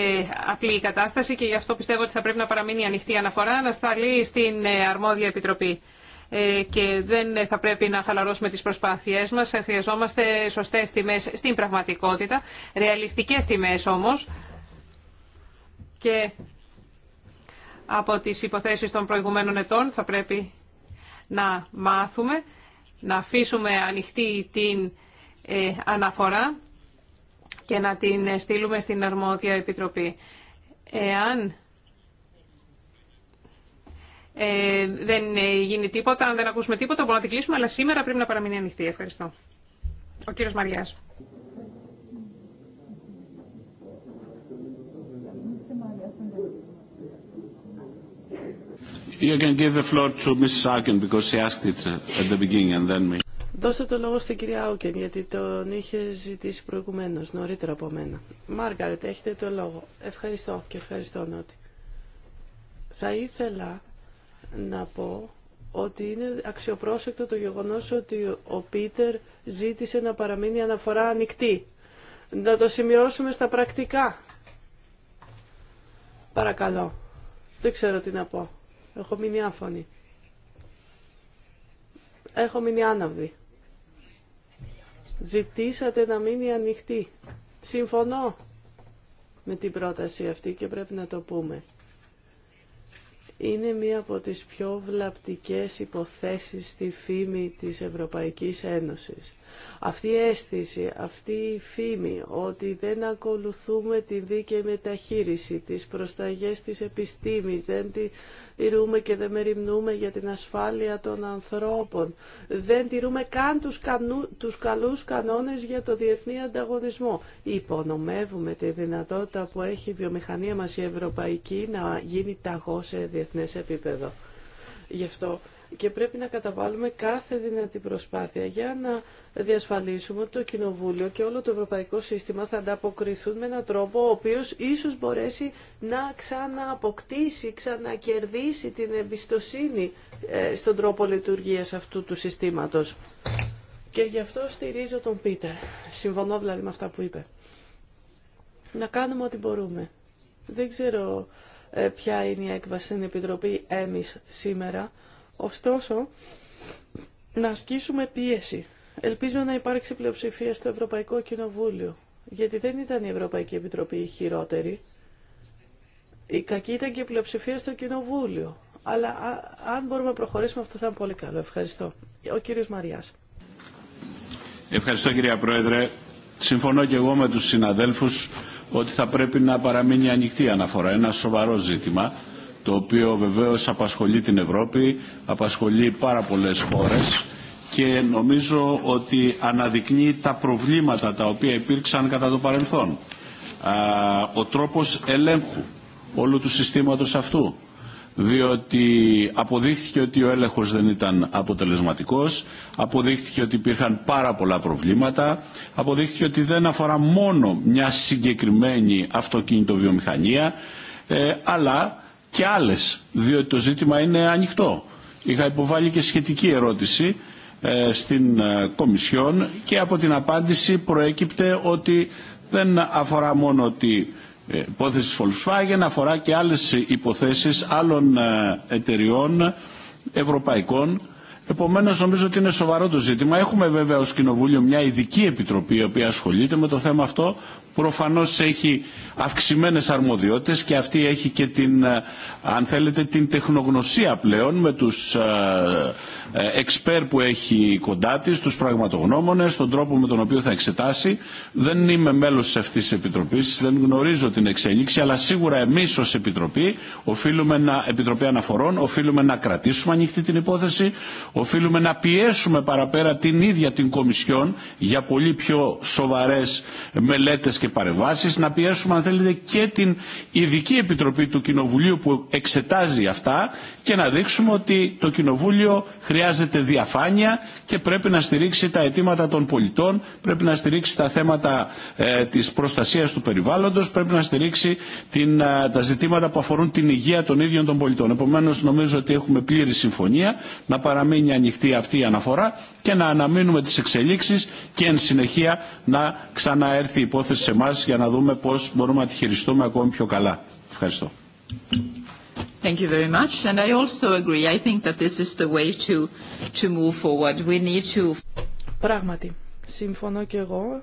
απλή η κατάσταση και γι' αυτό πιστεύω ότι θα πρέπει να παραμείνει ανοιχτή αναφορά να σταλεί στην ε, αρμόδια επιτροπή. Ε, και δεν θα πρέπει να χαλαρώσουμε τις προσπάθειές μας. Χρειαζόμαστε σωστές τιμές στην πραγματικότητα, ρεαλιστικές τιμές όμως. Και από τις υποθέσεις των προηγουμένων ετών θα πρέπει να μάθουμε, να αφήσουμε ανοιχτή την ε, αναφορά και να την στείλουμε στην αρμόδια επιτροπή. Εάν ε, δεν ε, γίνει τίποτα, αν δεν ακούσουμε τίποτα μπορούμε να την κλείσουμε, αλλά σήμερα πρέπει να παραμείνει ανοιχτή. Ευχαριστώ. Ο κύριος Μαριάς.
You can give the floor to Mrs. because she asked it uh, at the beginning and then me.
Δώστε το λόγο στην κυρία Άουκεν γιατί τον είχε ζητήσει προηγουμένως, νωρίτερα από μένα. Μάργαρετ, έχετε το λόγο. Ευχαριστώ και ευχαριστώ Νότι. Θα ήθελα να πω ότι είναι αξιοπρόσεκτο το γεγονός ότι ο Πίτερ ζήτησε να παραμείνει αναφορά ανοιχτή. Να το σημειώσουμε στα πρακτικά. Παρακαλώ. Δεν ξέρω τι να πω. Έχω μείνει άφωνη. Έχω μείνει άναυδη. Ζητήσατε να μείνει ανοιχτή. Συμφωνώ με την πρόταση αυτή και πρέπει να το πούμε είναι μία από τις πιο βλαπτικές υποθέσεις στη φήμη της Ευρωπαϊκής Ένωσης. Αυτή η αίσθηση, αυτή η φήμη ότι δεν ακολουθούμε τη δίκαιη μεταχείριση, τις προσταγές της επιστήμης, δεν τηρούμε και δεν μεριμνούμε για την ασφάλεια των ανθρώπων, δεν τηρούμε καν τους, κανού, τους καλούς κανόνες για το διεθνή ανταγωνισμό. Υπονομεύουμε τη δυνατότητα που έχει η βιομηχανία μας η ευρωπαϊκή να γίνει ταγό σε διεθνές επίπεδο και πρέπει να καταβάλουμε κάθε δυνατή προσπάθεια για να διασφαλίσουμε ότι το Κοινοβούλιο και όλο το ευρωπαϊκό σύστημα θα ανταποκριθούν με έναν τρόπο ο οποίος ίσως μπορέσει να ξανααποκτήσει, ξανακερδίσει την εμπιστοσύνη ε, στον τρόπο λειτουργίας αυτού του συστήματος. Και γι' αυτό στηρίζω τον Πίτερ. Συμφωνώ δηλαδή με αυτά που είπε. Να κάνουμε ό,τι μπορούμε. Δεν ξέρω ε, ποια είναι η έκβαση στην Επιτροπή εμείς σήμερα. Ωστόσο, να ασκήσουμε πίεση. Ελπίζω να υπάρξει πλειοψηφία στο Ευρωπαϊκό Κοινοβούλιο, γιατί δεν ήταν η Ευρωπαϊκή Επιτροπή η χειρότερη. Η κακή ήταν και η πλειοψηφία στο Κοινοβούλιο. Αλλά αν μπορούμε να προχωρήσουμε αυτό θα είναι πολύ καλό. Ευχαριστώ. Ο κύριος Μαριάς.
Ευχαριστώ κυρία Πρόεδρε. Συμφωνώ και εγώ με τους συναδέλφους ότι θα πρέπει να παραμείνει ανοιχτή αναφορά. Ένα σοβαρό ζήτημα το οποίο βεβαίως απασχολεί την Ευρώπη, απασχολεί πάρα πολλές χώρες και νομίζω ότι αναδεικνύει τα προβλήματα τα οποία υπήρξαν κατά το παρελθόν. Ο τρόπος ελέγχου όλου του συστήματος αυτού διότι αποδείχθηκε ότι ο έλεγχος δεν ήταν αποτελεσματικός, αποδείχθηκε ότι υπήρχαν πάρα πολλά προβλήματα, αποδείχθηκε ότι δεν αφορά μόνο μια συγκεκριμένη αυτοκινητοβιομηχανία, ε, αλλά και άλλες, διότι το ζήτημα είναι ανοιχτό. Είχα υποβάλει και σχετική ερώτηση ε, στην ε, Κομισιόν και από την απάντηση προέκυπτε ότι δεν αφορά μόνο ότι ε, υπόθεση Volkswagen, αφορά και άλλες υποθέσεις άλλων ε, εταιριών ευρωπαϊκών Επομένως νομίζω ότι είναι σοβαρό το ζήτημα. Έχουμε βέβαια ως Κοινοβούλιο μια ειδική επιτροπή η οποία ασχολείται με το θέμα αυτό. Προφανώς έχει αυξημένες αρμοδιότητες και αυτή έχει και την, ε, αν θέλετε, την τεχνογνωσία πλέον με τους ε, ε, εξπέρ που έχει κοντά της, τους πραγματογνώμονες, τον τρόπο με τον οποίο θα εξετάσει. Δεν είμαι μέλος αυτής της Επιτροπής, δεν γνωρίζω την εξέλιξη, αλλά σίγουρα εμείς ως Επιτροπή, οφείλουμε να, Επιτροπή Αναφορών, οφείλουμε να κρατήσουμε ανοιχτή την υπόθεση, οφείλουμε να πιέσουμε παραπέρα την ίδια την Κομισιόν για πολύ πιο σοβαρές μελέτες και παρεμβάσει, να πιέσουμε αν θέλετε και την Ειδική Επιτροπή του Κοινοβουλίου που εξετάζει αυτά και να δείξουμε ότι το Κοινοβούλιο χρειάζεται διαφάνεια και πρέπει να στηρίξει τα αιτήματα των πολιτών, πρέπει να στηρίξει τα θέματα ε, της προστασίας του περιβάλλοντος, πρέπει να στηρίξει την, ε, τα ζητήματα που αφορούν την υγεία των ίδιων των πολιτών. Επομένως νομίζω ότι έχουμε πλήρη συμφωνία να παραμείνει παραμείνει ανοιχτή αυτή η αναφορά και να αναμείνουμε τις εξελίξεις και εν συνεχεία να ξαναέρθει η υπόθεση σε εμά για να δούμε πώς μπορούμε να τη χειριστούμε ακόμη πιο καλά. Ευχαριστώ.
Thank you very much. And I also agree. I think that this is the way to, to move forward. We need to... Πράγματι,
συμφωνώ και εγώ.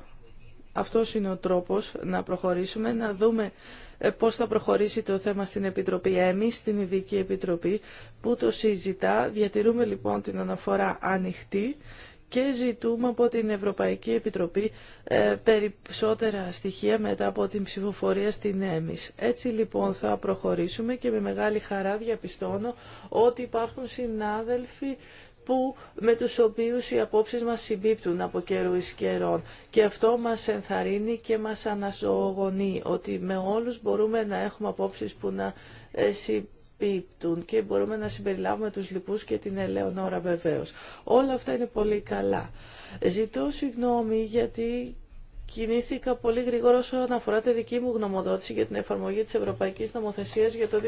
Αυτός είναι ο τρόπος να προχωρήσουμε, να δούμε ε, πώς θα προχωρήσει το θέμα στην Επιτροπή. Εμείς, στην Ειδική Επιτροπή, που το συζητά, διατηρούμε λοιπόν την αναφορά ανοιχτή και ζητούμε από την Ευρωπαϊκή Επιτροπή ε, περισσότερα στοιχεία μετά από την ψηφοφορία στην ΕΜΙΣ. Έτσι λοιπόν θα προχωρήσουμε και με μεγάλη χαρά διαπιστώνω ότι υπάρχουν συνάδελφοι που, με τους οποίους οι απόψεις μας συμπίπτουν από καιρού εις καιρών. Και αυτό μας ενθαρρύνει και μας αναζωογονεί, ότι με όλους μπορούμε να έχουμε απόψεις που να ε, συμπίπτουν και μπορούμε να συμπεριλάβουμε τους λοιπούς και την Ελεονόρα βεβαίως. Όλα αυτά είναι πολύ καλά. Ζητώ συγγνώμη γιατί Κινήθηκα πολύ γρήγορα όσον αφορά τη δική μου γνωμοδότηση για την εφαρμογή της Ευρωπαϊκής Νομοθεσίας για το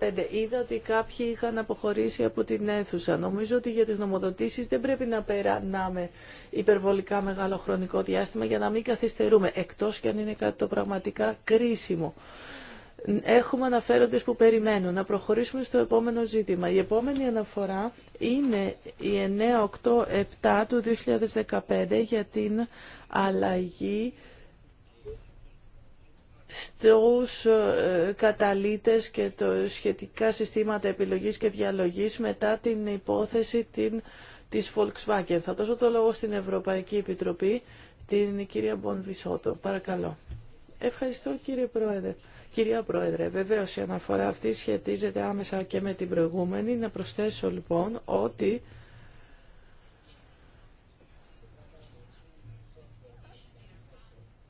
2015. Είδα ότι κάποιοι είχαν αποχωρήσει από την αίθουσα. Νομίζω ότι για τις νομοδοτήσεις δεν πρέπει να περνάμε υπερβολικά μεγάλο χρονικό διάστημα για να μην καθυστερούμε, εκτός και αν είναι κάτι το πραγματικά κρίσιμο. Έχουμε αναφέροντες που περιμένουν. Να προχωρήσουμε στο επόμενο ζήτημα. Η επόμενη αναφορά είναι η 987 του 2015 για την αλλαγή στους ε, καταλήτες και το σχετικά συστήματα επιλογής και διαλογής μετά την υπόθεση την, της Volkswagen. Θα δώσω το λόγο στην Ευρωπαϊκή Επιτροπή, την κυρία Μπονβισότο. Παρακαλώ. Ευχαριστώ κύριε Πρόεδρε. Κυρία Πρόεδρε, βεβαίω η αναφορά αυτή σχετίζεται άμεσα και με την προηγούμενη. Να προσθέσω λοιπόν ότι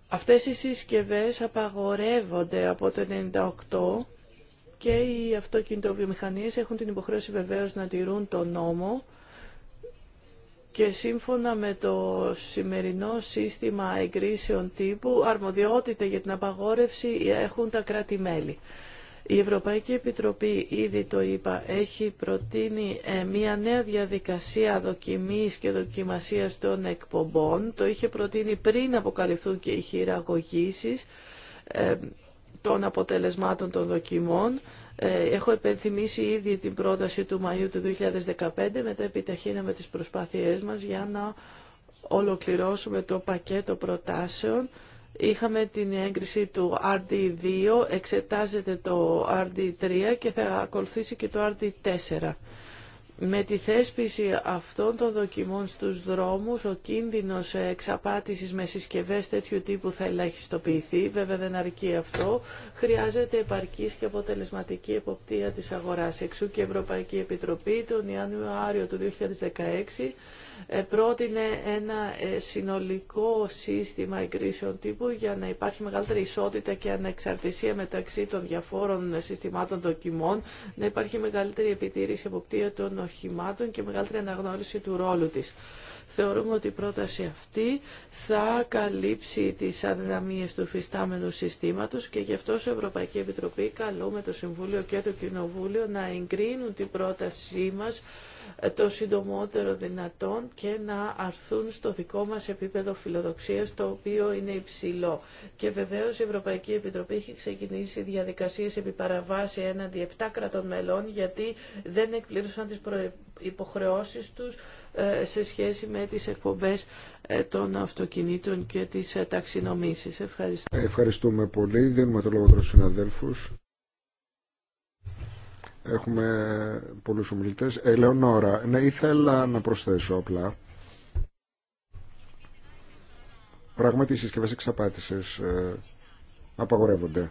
Αυτές οι συσκευές απαγορεύονται από το 1998 και οι αυτοκινητοβιομηχανίες έχουν την υποχρέωση βεβαίως να τηρούν το νόμο και σύμφωνα με το σημερινό σύστημα εγκρίσεων τύπου αρμοδιότητα για την απαγόρευση έχουν τα κράτη-μέλη. Η Ευρωπαϊκή Επιτροπή, ήδη το είπα, έχει προτείνει ε, μια νέα διαδικασία δοκιμής και δοκιμασίας των εκπομπών. Το είχε προτείνει πριν αποκαλυφθούν και οι χειραγωγήσεις ε, των αποτελεσμάτων των δοκιμών. Ε, έχω επενθυμίσει ήδη την πρόταση του Μαΐου του 2015, μετά επιταχύναμε τις προσπάθειές μας για να ολοκληρώσουμε το πακέτο προτάσεων. Είχαμε την έγκριση του RD2, εξετάζεται το RD3 και θα ακολουθήσει και το RD4. Με τη θέσπιση αυτών των δοκιμών στους δρόμους, ο κίνδυνος εξαπάτησης με συσκευές τέτοιου τύπου θα ελαχιστοποιηθεί. Βέβαια δεν αρκεί αυτό. Χρειάζεται επαρκής και αποτελεσματική εποπτεία της αγοράς. Εξού και η Ευρωπαϊκή Επιτροπή τον Ιανουάριο του 2016 ε, πρότεινε ένα ε, συνολικό σύστημα εγκρίσεων τύπου για να υπάρχει μεγαλύτερη ισότητα και ανεξαρτησία μεταξύ των διαφόρων συστημάτων δοκιμών, να υπάρχει μεγαλύτερη επιτήρηση εποπτεία οχημάτων και μεγαλύτερη αναγνώριση του ρόλου της. Θεωρούμε ότι η πρόταση αυτή θα καλύψει τις αδυναμίες του φυστάμενου συστήματος και γι' αυτό η Ευρωπαϊκή Επιτροπή καλούμε το Συμβούλιο και το Κοινοβούλιο να εγκρίνουν την πρότασή μας το συντομότερο δυνατόν και να αρθούν στο δικό μας επίπεδο φιλοδοξίας το οποίο είναι υψηλό. Και βεβαίως η Ευρωπαϊκή Επιτροπή έχει ξεκινήσει διαδικασίες επί παραβάση έναντι 7 κρατών μελών γιατί δεν εκπλήρωσαν τις προ υποχρεώσεις τους ε, σε σχέση με τις εκπομπές ε, των αυτοκινήτων και τις ε, ταξινομήσεις. Ευχαριστώ.
Ευχαριστούμε πολύ. Δίνουμε το λόγο των συναδέλφους. Έχουμε πολλούς ομιλητές. Ελεονόρα, ναι, ήθελα να προσθέσω απλά. Πράγματι, οι συσκευές εξαπάτησης απαγορεύονται.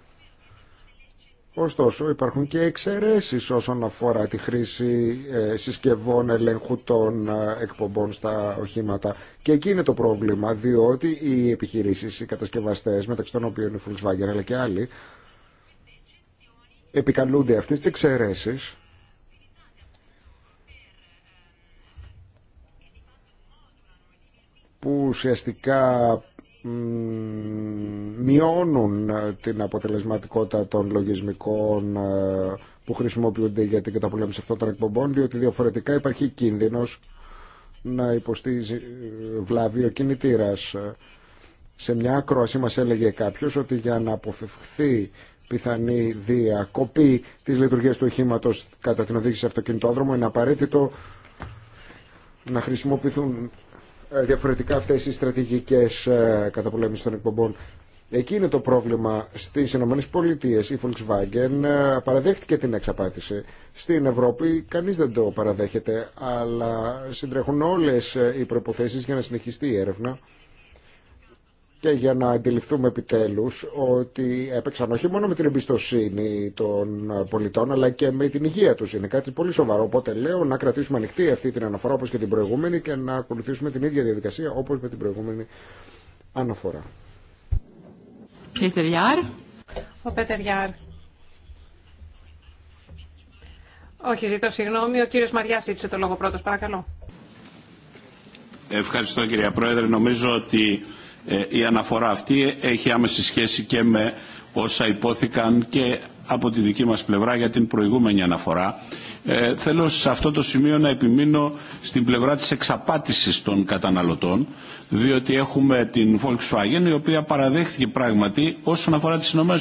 Ωστόσο υπάρχουν και εξαιρέσεις όσον αφορά τη χρήση ε, συσκευών ελέγχου των ε, εκπομπών στα οχήματα και εκεί είναι το πρόβλημα διότι οι επιχειρήσεις, οι κατασκευαστές μεταξύ των οποίων η Volkswagen αλλά και άλλοι επικαλούνται αυτές τις εξαιρέσεις που ουσιαστικά μειώνουν ε, την αποτελεσματικότητα των λογισμικών ε, που χρησιμοποιούνται για την καταπολέμηση αυτών των εκπομπών, διότι διαφορετικά υπάρχει κίνδυνος να υποστεί ε, βλάβη ο κινητήρας. Σε μια ακρόαση μας έλεγε κάποιος ότι για να αποφευχθεί πιθανή διακοπή της λειτουργίας του οχήματο κατά την οδήγηση σε αυτοκινητόδρομο είναι απαραίτητο να χρησιμοποιηθούν ε, διαφορετικά αυτές οι στρατηγικές ε, καταπολέμησης των εκπομπών. Εκεί είναι το πρόβλημα. Στις Ηνωμένες Πολιτείες η Volkswagen ε, παραδέχτηκε την εξαπάτηση. Στην Ευρώπη κανεί δεν το παραδέχεται, αλλά συντρέχουν όλες οι προποθέσει για να συνεχιστεί η έρευνα και για να αντιληφθούμε επιτέλους ότι έπαιξαν όχι μόνο με την εμπιστοσύνη των πολιτών αλλά και με την υγεία τους. Είναι κάτι πολύ σοβαρό. Οπότε λέω να κρατήσουμε ανοιχτή αυτή την αναφορά όπως και την προηγούμενη και να ακολουθήσουμε την ίδια διαδικασία όπως με την προηγούμενη αναφορά.
Πέτερ Ο Πέτερ Όχι, ζητώ συγγνώμη. Ο κύριος Μαριάς ζήτησε το λόγο πρώτος. Παρακαλώ.
Ευχαριστώ κυρία Πρόεδρε. Νομίζω ότι ε, η αναφορά αυτή έχει άμεση σχέση και με όσα υπόθηκαν και από τη δική μας πλευρά για την προηγούμενη αναφορά ε, θέλω σε αυτό το σημείο να επιμείνω στην πλευρά της εξαπάτησης των καταναλωτών, διότι έχουμε την Volkswagen η οποία παραδέχθηκε πράγματι όσον αφορά τις ΗΠΑ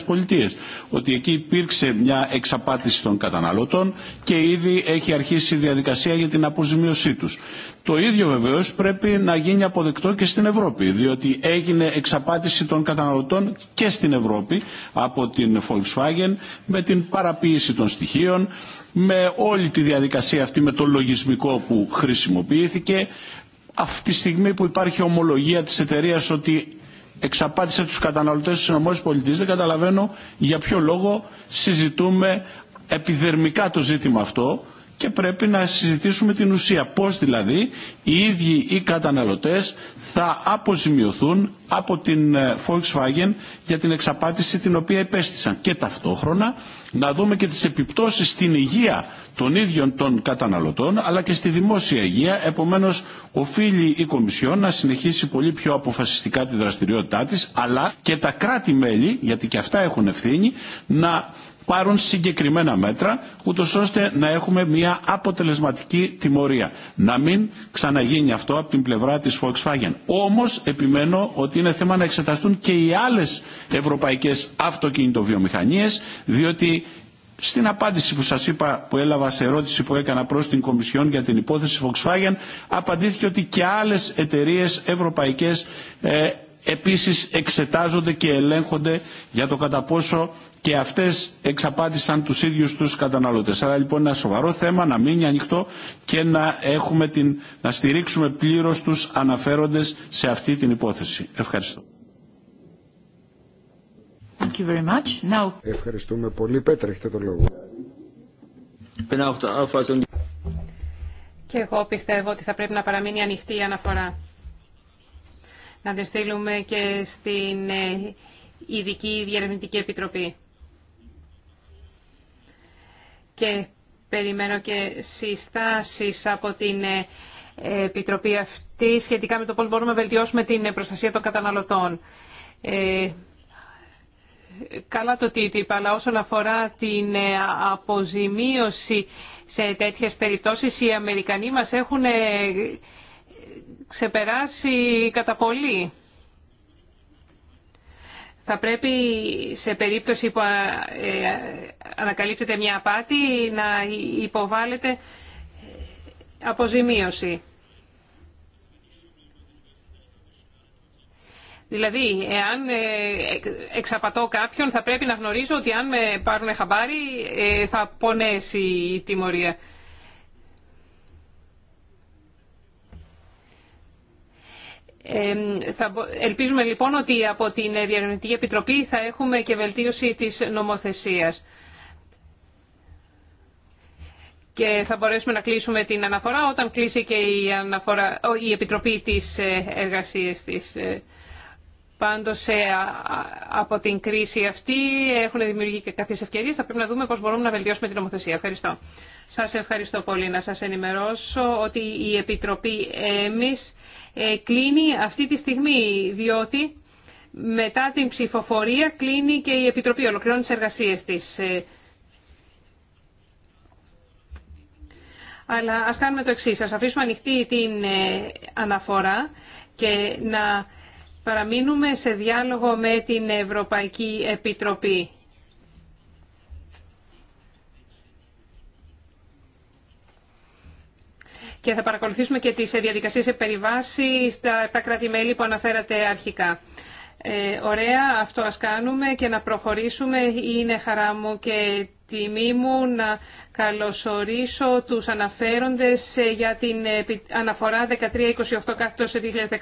ότι εκεί υπήρξε μια εξαπάτηση των καταναλωτών και ήδη έχει αρχίσει η διαδικασία για την αποζημίωσή τους. Το ίδιο βεβαίως πρέπει να γίνει αποδεκτό και στην Ευρώπη, διότι έγινε εξαπάτηση των καταναλωτών και στην Ευρώπη από την Volkswagen με την παραποίηση των στοιχείων, με όλη τη διαδικασία αυτή, με το λογισμικό που χρησιμοποιήθηκε, αυτή τη στιγμή που υπάρχει ομολογία της εταιρεία ότι εξαπάτησε τους καταναλωτές της ΗΠΑ, δεν καταλαβαίνω για ποιο λόγο συζητούμε επιδερμικά το ζήτημα αυτό και πρέπει να συζητήσουμε την ουσία. Πώς δηλαδή οι ίδιοι οι καταναλωτές θα αποζημιωθούν από την ε, Volkswagen για την εξαπάτηση την οποία επέστησαν Και ταυτόχρονα να δούμε και τις επιπτώσεις στην υγεία των ίδιων των καταναλωτών αλλά και στη δημόσια υγεία. Επομένως οφείλει η Κομισιόν να συνεχίσει πολύ πιο αποφασιστικά τη δραστηριότητά της αλλά και τα κράτη-μέλη, γιατί και αυτά έχουν ευθύνη, να πάρουν συγκεκριμένα μέτρα, ούτω ώστε να έχουμε μια αποτελεσματική τιμωρία. Να μην ξαναγίνει αυτό από την πλευρά τη Volkswagen. Όμω, επιμένω ότι είναι θέμα να εξεταστούν και οι άλλε ευρωπαϊκέ αυτοκινητοβιομηχανίε, διότι στην απάντηση που σας είπα, που έλαβα σε ερώτηση που έκανα προς την Κομισιόν για την υπόθεση Volkswagen, απαντήθηκε ότι και άλλες εταιρείες ευρωπαϊκές ε, επίσης εξετάζονται και ελέγχονται για το κατά πόσο και αυτές εξαπάτησαν τους ίδιους τους καταναλώτες. Άρα λοιπόν είναι ένα σοβαρό θέμα να μείνει ανοιχτό και να, έχουμε την, να στηρίξουμε πλήρως τους αναφέροντες σε αυτή
την υπόθεση. Ευχαριστώ.
Thank you very much. Now...
Ευχαριστούμε πολύ. Πέτρα, έχετε το λόγο.
Και εγώ πιστεύω ότι θα πρέπει να παραμείνει ανοιχτή η αναφορά να την στείλουμε και στην ε, Ειδική Διερευνητική Επιτροπή. Και περιμένω και συστάσεις από την ε, Επιτροπή αυτή σχετικά με το πώς μπορούμε να βελτιώσουμε την ε, προστασία των καταναλωτών. καλά το είπα, αλλά όσον αφορά την αποζημίωση σε τέτοιες περιπτώσεις, οι Αμερικανοί μας έχουν ξεπεράσει κατά πολύ. Θα πρέπει σε περίπτωση που ε, ανακαλύπτεται μια απάτη να υποβάλλεται ε, αποζημίωση. Δηλαδή, εάν ε, εξαπατώ κάποιον, θα πρέπει να γνωρίζω ότι αν με πάρουν χαμπάρι θα πονέσει η τιμωρία. ελπίζουμε λοιπόν ότι από την Διαρνητική Επιτροπή θα έχουμε και βελτίωση της νομοθεσίας. Και θα μπορέσουμε να κλείσουμε την αναφορά όταν κλείσει και η, αναφορά, η Επιτροπή της ε, Εργασίας της. Ε, πάντως ε, από την κρίση αυτή έχουν δημιουργεί και κάποιες ευκαιρίες. Θα πρέπει να δούμε πώς μπορούμε να βελτιώσουμε την νομοθεσία. Ευχαριστώ. Σας ευχαριστώ πολύ. Να σας ενημερώσω ότι η Επιτροπή εμείς ε, κλείνει αυτή τη στιγμή, διότι μετά την ψηφοφορία κλείνει και η Επιτροπή ολοκληρώνει τις εργασίες της. Ε, αλλά ας κάνουμε το εξής, ας αφήσουμε ανοιχτή την ε, αναφορά και να παραμείνουμε σε διάλογο με την Ευρωπαϊκή Επιτροπή. και θα παρακολουθήσουμε και τις διαδικασίες περιβάση στα τα κράτη-μέλη που αναφέρατε αρχικά. Ε, ωραία, αυτό ας κάνουμε και να προχωρήσουμε. Είναι χαρά μου και τιμή μου να καλωσορίσω τους αναφέροντες ε, για την ε, αναφορά 1328 κάθετος 2015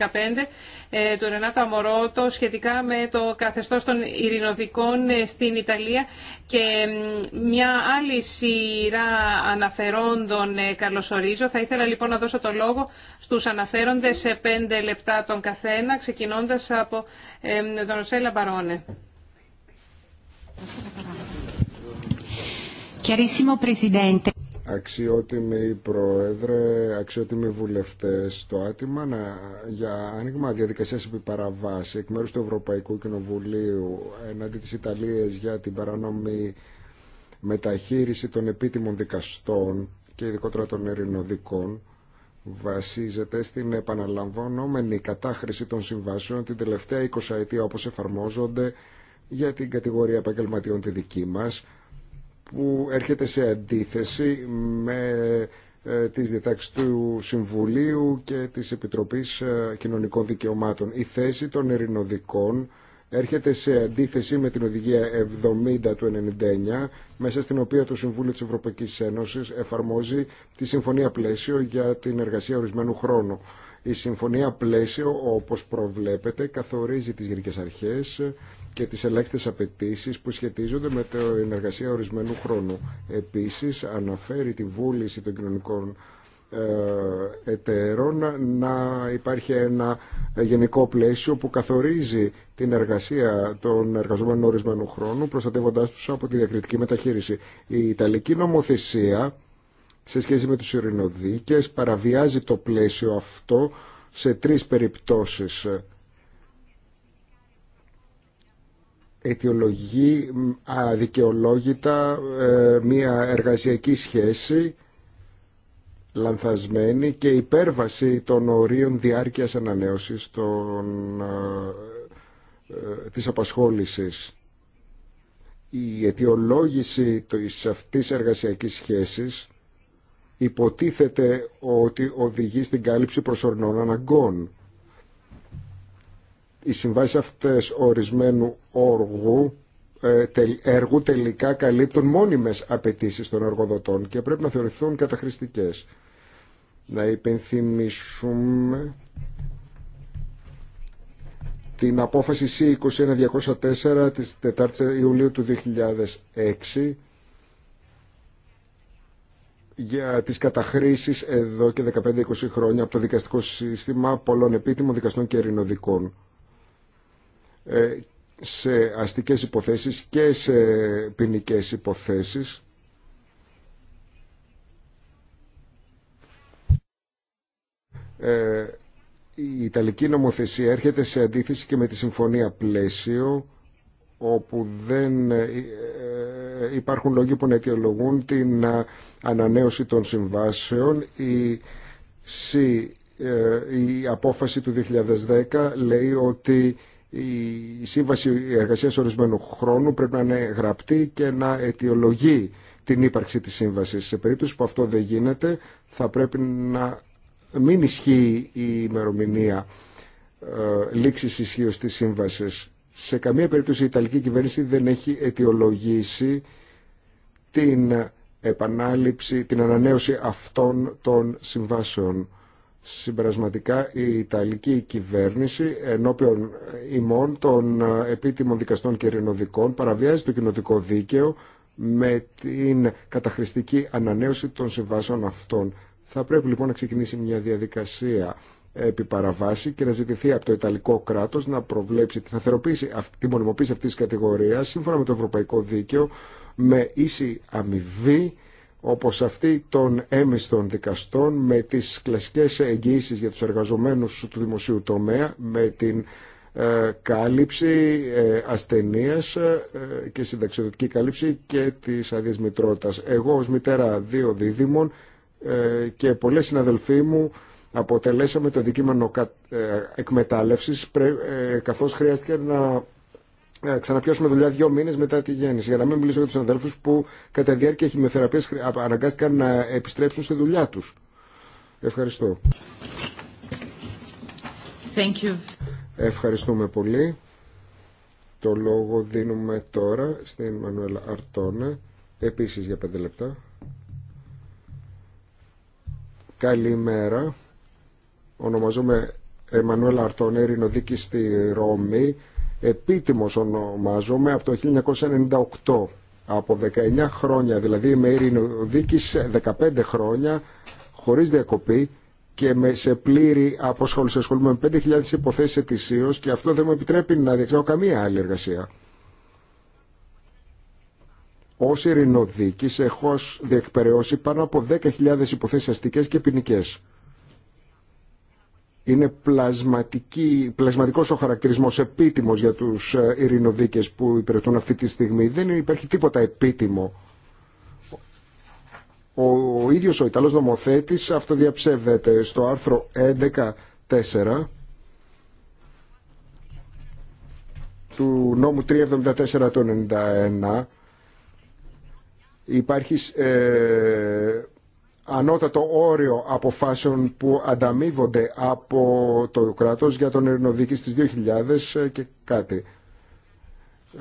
ε, του Ρενάτο Αμορότο σχετικά με το καθεστώς των ειρηνοδικών στην Ιταλία και μια άλλη σειρά αναφερόντων καλωσορίζω. Θα ήθελα λοιπόν να δώσω το λόγο στους αναφέροντες σε πέντε λεπτά τον καθένα ξεκινώντας από τον Ρωσέλα Μπαρόνε.
Αξιότιμη πρόεδρε, αξιότιμοι βουλευτέ, το άτομα για άνοιγμα διαδικασία επί παραβάση εκ μέρου του Ευρωπαϊκού Κοινοβουλίου εναντί τη Ιταλία για την παράνομη μεταχείριση των επίτιμων δικαστών και ειδικότερα των ειρηνοδικών βασίζεται στην επαναλαμβανόμενη κατάχρηση των συμβάσεων την τελευταία 20 ετία όπως εφαρμόζονται για την κατηγορία επαγγελματιών τη δική μα που έρχεται σε αντίθεση με ε, τις διατάξεις του Συμβουλίου και της Επιτροπής ε, Κοινωνικών Δικαιωμάτων. Η θέση των ειρηνοδικών έρχεται σε αντίθεση με την Οδηγία 70 του 99, μέσα στην οποία το Συμβούλιο της Ευρωπαϊκής Ένωσης εφαρμόζει τη Συμφωνία Πλαίσιο για την εργασία ορισμένου χρόνου. Η Συμφωνία Πλαίσιο, όπως προβλέπεται, καθορίζει τις γενικές αρχές και τις ελάχιστες απαιτήσει που σχετίζονται με την εργασία ορισμένου χρόνου. Επίσης αναφέρει τη βούληση των κοινωνικών ε, εταίρων να υπάρχει ένα γενικό πλαίσιο που καθορίζει την εργασία των εργαζομένων ορισμένου χρόνου προστατεύοντάς τους από τη διακριτική μεταχείριση. Η Ιταλική νομοθεσία σε σχέση με τους ειρηνοδίκες παραβιάζει το πλαίσιο αυτό σε τρεις περιπτώσεις αιτιολογεί αδικαιολόγητα ε, μια εργασιακή σχέση λανθασμένη και υπέρβαση των ορίων διάρκειας ανανέωσης των, ε, ε, της απασχόλησης. Η αιτιολόγηση της αυτής εργασιακής σχέσης υποτίθεται ότι οδηγεί στην κάλυψη προσωρινών αναγκών. Οι συμβάσει αυτέ ορισμένου όργου ε, έργου τελικά καλύπτουν μόνιμες απαιτήσει των εργοδοτών και πρέπει να θεωρηθούν καταχρηστικές. Να υπενθυμίσουμε την απόφαση C21204 της 4 Ιουλίου του 2006 για τις καταχρήσεις εδώ και 15-20 χρόνια από το δικαστικό σύστημα πολλών επίτιμων δικαστών και ερηνοδικών. Ε, σε αστικές υποθέσεις και σε ποινικέ υποθέσεις. Ε, η Ιταλική νομοθεσία έρχεται σε αντίθεση και με τη Συμφωνία Πλαίσιο όπου δεν ε, υπάρχουν λόγοι που να αιτιολογούν την ανανέωση των συμβάσεων. Η, η απόφαση του 2010 λέει ότι η σύμβαση εργασίας ορισμένου χρόνου πρέπει να είναι γραπτή και να αιτιολογεί την ύπαρξη της σύμβασης. Σε περίπτωση που αυτό δεν γίνεται θα πρέπει να μην ισχύει η ημερομηνία ε, λήξης ισχύω της σύμβασης. Σε καμία περίπτωση η Ιταλική κυβέρνηση δεν έχει αιτιολογήσει την επανάληψη, την ανανέωση αυτών των συμβάσεων. Συμπερασματικά η Ιταλική κυβέρνηση ενώπιον ημών των επίτιμων δικαστών και ειρηνοδικών παραβιάζει το κοινοτικό δίκαιο με την καταχρηστική ανανέωση των συμβάσεων αυτών. Θα πρέπει λοιπόν να ξεκινήσει μια διαδικασία επί παραβάση και να ζητηθεί από το Ιταλικό κράτος να προβλέψει τη σταθεροποίηση, τη μονιμοποίηση αυτής της κατηγορίας σύμφωνα με το Ευρωπαϊκό Δίκαιο με ίση αμοιβή όπως αυτή των έμειστων δικαστών με τις κλασικές εγγύησεις για τους εργαζομένους του δημοσίου τομέα, με την ε, κάλυψη ε, ασθενείας ε, και συνταξιδοτική κάλυψη και της άδειας Εγώ ως μητέρα δύο δίδυμων ε, και πολλές συναδελφοί μου αποτελέσαμε το αντικείμενο εκμετάλλευσης καθώς χρειάστηκε να ε, ξαναπιάσουμε δουλειά δύο μήνε μετά τη γέννηση. Για να μην μιλήσω για του αδέρφου που κατά διάρκεια χημειοθεραπεία αναγκάστηκαν να επιστρέψουν στη δουλειά του. Ευχαριστώ. Thank you. Ευχαριστούμε πολύ. Το λόγο δίνουμε τώρα στην Μανουέλα Αρτόνα, επίσης για πέντε λεπτά. Καλημέρα. Ονομαζόμαι Εμμανουέλα Αρτόνα, ειρηνοδίκη στη Ρώμη επίτιμος ονομάζομαι από το 1998. Από 19 χρόνια, δηλαδή με ειρηνοδίκη 15 χρόνια, χωρίς διακοπή και με σε πλήρη αποσχόληση. Ασχολούμαι με 5.000 υποθέσεις ετησίως και αυτό δεν μου επιτρέπει να διεξάγω καμία άλλη εργασία. Ω ειρηνοδίκης έχω διεκπαιρεώσει πάνω από 10.000 υποθέσεις αστικές και ποινικές. Είναι πλασματική, πλασματικός ο χαρακτηρισμός επίτιμος για τους ε, ειρηνοδίκες που υπηρετούν αυτή τη στιγμή. Δεν υπάρχει τίποτα επίτιμο. Ο ίδιος ο Ιταλός νομοθέτης αυτό διαψεύδεται στο άρθρο 11.4 του νόμου 374 του 91 υπάρχει ε, ανώτατο όριο αποφάσεων που ανταμείβονται από το κράτος για τον Ειρηνοδίκη στις 2000 και κάτι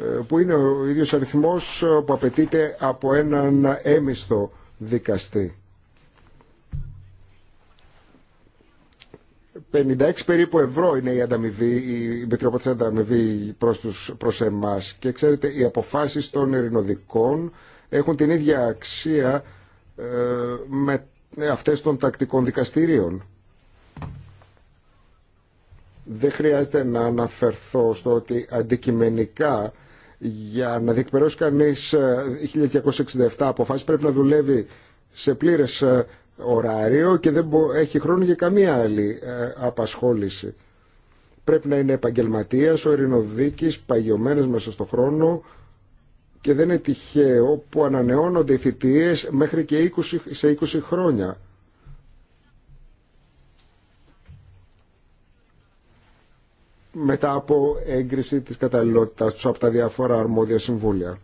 ε, που είναι ο ίδιος αριθμός που απαιτείται από έναν έμιστο δικαστή. 56 περίπου ευρώ είναι η ανταμοιβή, η μετριόπατη ανταμοιβή προς, τους, προς εμάς. Και ξέρετε, οι αποφάσεις των ειρηνοδικών έχουν την ίδια αξία με ε, αυτές των τακτικών δικαστηρίων. Δεν χρειάζεται να αναφερθώ στο ότι αντικειμενικά για να διεκπαιρώσει κανείς 1267 ε, αποφάσει πρέπει να δουλεύει σε πλήρες ε, ωράριο και δεν έχει χρόνο για καμία άλλη απασχόληση. Πρέπει να είναι επαγγελματίας, ο ειρηνοδίκης, παγιωμένος μέσα στο χρόνο, και δεν είναι τυχαίο που ανανεώνονται οι θητείες μέχρι και 20, σε 20 χρόνια. μετά από έγκριση της καταλληλότητας τους από τα διάφορα αρμόδια συμβούλια.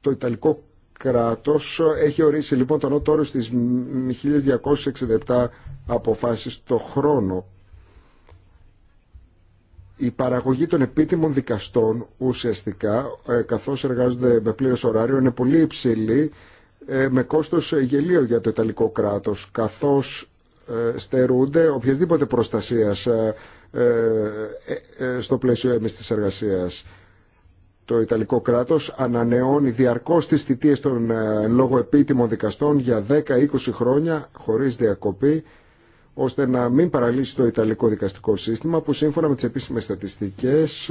Το Ιταλικό κράτος έχει ορίσει λοιπόν τον όρο στις 1267 αποφάσεις το χρόνο η παραγωγή των επίτιμων δικαστών ουσιαστικά, ε, καθώς εργάζονται με πλήρες ωράριο, είναι πολύ υψηλή, ε, με κόστος γελίο για το Ιταλικό κράτος, καθώς ε, στερούνται οποιασδήποτε προστασίας στο πλαίσιο εμείς της εργασίας. Το Ιταλικό κράτος ανανεώνει διαρκώς τις θητείες των λόγω επίτιμων δικαστών για 10-20 χρόνια χωρίς διακοπή ώστε να μην παραλύσει το Ιταλικό δικαστικό σύστημα που σύμφωνα με τις επίσημες στατιστικές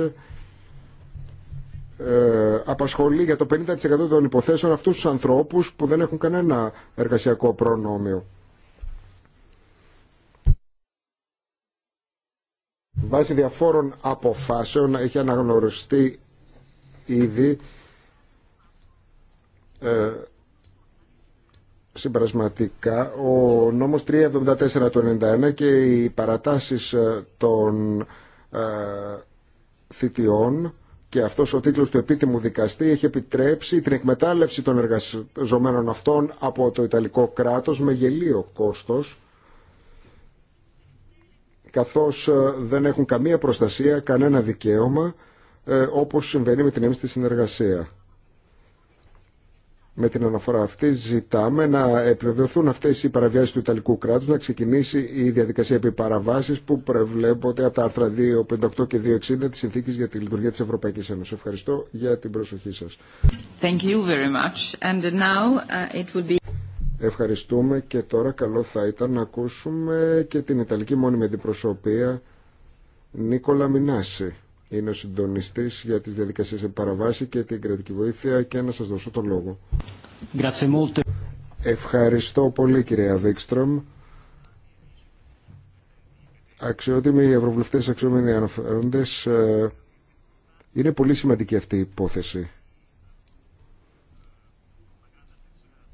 ε, απασχολεί για το 50% των υποθέσεων αυτούς τους ανθρώπους που δεν έχουν κανένα εργασιακό προνόμιο. Βάσει διαφόρων αποφάσεων έχει αναγνωριστεί ήδη ε, συμπερασματικά ο νόμος 374 του 91 και οι παρατάσεις ε, των ε, θητιών και αυτός ο τίτλος του επίτιμου δικαστή έχει επιτρέψει την εκμετάλλευση των εργαζομένων αυτών από το Ιταλικό κράτος με γελίο κόστος καθώς ε, δεν έχουν καμία προστασία, κανένα δικαίωμα, ε, όπως συμβαίνει με την έμειστη συνεργασία. Με την αναφορά αυτή ζητάμε να επιβεβαιωθούν αυτές οι παραβιάσει του Ιταλικού κράτους, να ξεκινήσει η διαδικασία επί που προβλέπονται από τα άρθρα 258 και 260 της συνθήκη για τη Λειτουργία της Ευρωπαϊκής Ένωσης. Ευχαριστώ για την προσοχή σας. Uh, Ευχαριστούμε και τώρα καλό θα ήταν να ακούσουμε και την Ιταλική μόνιμη αντιπροσωπεία Νίκολα Μινάση είναι ο συντονιστή για τι διαδικασίε παραβάση και την κρατική βοήθεια και να σα δώσω το λόγο. Ευχαριστώ πολύ κυρία Βίξτρομ. Αξιότιμοι ευρωβουλευτέ, αξιόμενοι αναφέροντες, ε, είναι πολύ σημαντική αυτή η υπόθεση.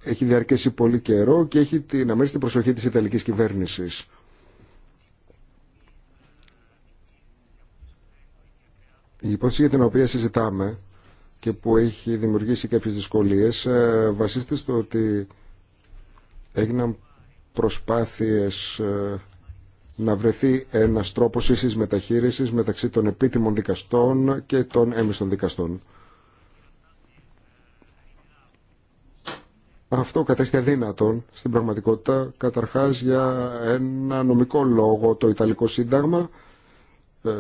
Έχει διαρκέσει πολύ καιρό και έχει την την προσοχή της Ιταλικής κυβέρνησης. Η υπόθεση για την οποία συζητάμε και που έχει δημιουργήσει κάποιες δυσκολίες ε, βασίζεται στο ότι έγιναν προσπάθειες ε, να βρεθεί ένας τρόπος ίσης μεταχείρισης μεταξύ των επίτιμων δικαστών και των έμιστων δικαστών. Αυτό κατέστη αδύνατον στην πραγματικότητα καταρχάς για ένα νομικό λόγο το Ιταλικό Σύνταγμα ε,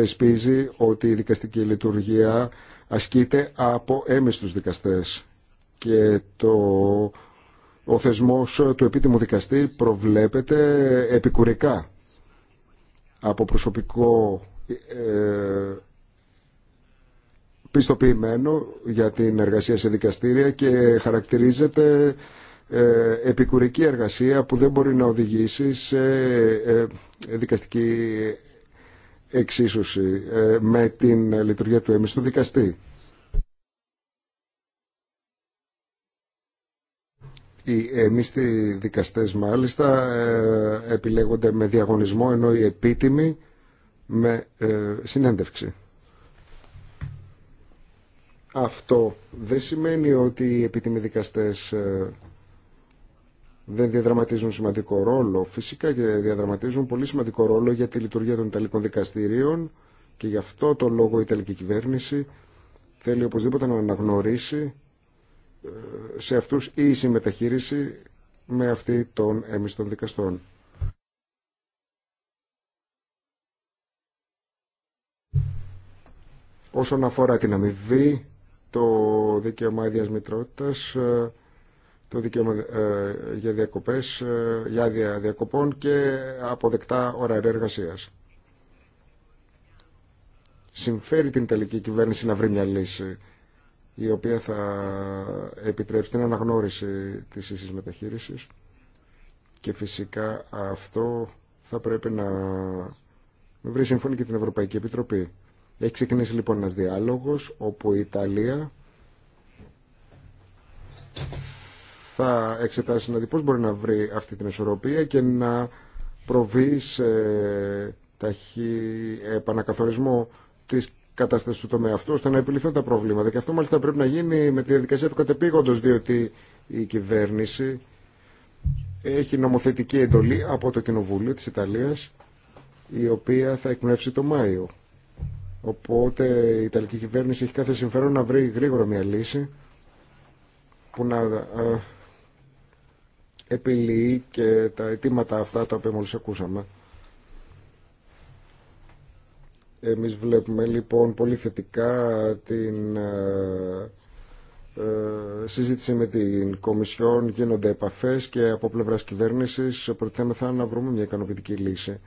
θεσπίζει ότι η δικαστική λειτουργία ασκείται από έμεστους δικαστές και το, ο θεσμός του επίτιμου δικαστή προβλέπεται επικουρικά από προσωπικό ε, πιστοποιημένο για την εργασία σε δικαστήρια και χαρακτηρίζεται ε, επικουρική εργασία που δεν μπορεί να οδηγήσει σε ε, δικαστική εξίσωση ε, με την ε, λειτουργία του ΕΜΙΣ δικαστή. Οι εμείς οι δικαστές μάλιστα ε, επιλέγονται με διαγωνισμό ενώ οι επίτιμοι με συνέντευξη. Αυτό δεν σημαίνει ότι οι επίτιμοι δικαστές δεν διαδραματίζουν σημαντικό ρόλο. Φυσικά και διαδραματίζουν πολύ σημαντικό ρόλο για τη λειτουργία των Ιταλικών δικαστηρίων και γι' αυτό το λόγο η Ιταλική κυβέρνηση θέλει οπωσδήποτε να αναγνωρίσει ε, σε αυτούς η συμμεταχείριση με αυτή των έμιστων δικαστών. Όσον αφορά την αμοιβή, το δικαίωμα ίδιας μητρότητας, ε, το δικαίωμα ε, για διακοπές, ε, για άδεια διακοπών και αποδεκτά ωραία εργασίας. Συμφέρει την Ιταλική κυβέρνηση να βρει μια λύση η οποία θα επιτρέψει την αναγνώριση της ίσης μεταχείρισης και φυσικά αυτό θα πρέπει να βρει σύμφωνη και την Ευρωπαϊκή Επιτροπή. Έχει ξεκινήσει λοιπόν ένας διάλογος όπου η Ιταλία θα εξετάσει να δει πώς μπορεί να βρει αυτή την ισορροπία και να προβεί σε ταχύ επανακαθορισμό της κατάσταση του τομέα αυτού, ώστε να επιληθούν τα προβλήματα. Και αυτό μάλιστα πρέπει να γίνει με τη διαδικασία του κατεπήγοντο, διότι η κυβέρνηση έχει νομοθετική εντολή από το Κοινοβούλιο της Ιταλίας, η οποία θα εκπνεύσει το Μάιο. Οπότε η Ιταλική κυβέρνηση έχει κάθε συμφέρον να βρει γρήγορα μια λύση που να επιλύει και τα αιτήματα αυτά τα οποία μόλις ακούσαμε. Εμείς βλέπουμε λοιπόν πολύ θετικά την ε, ε, συζήτηση με την Κομισιόν, γίνονται επαφές και από πλευράς κυβέρνησης προτιθέμεθα να βρούμε μια ικανοποιητική λύση.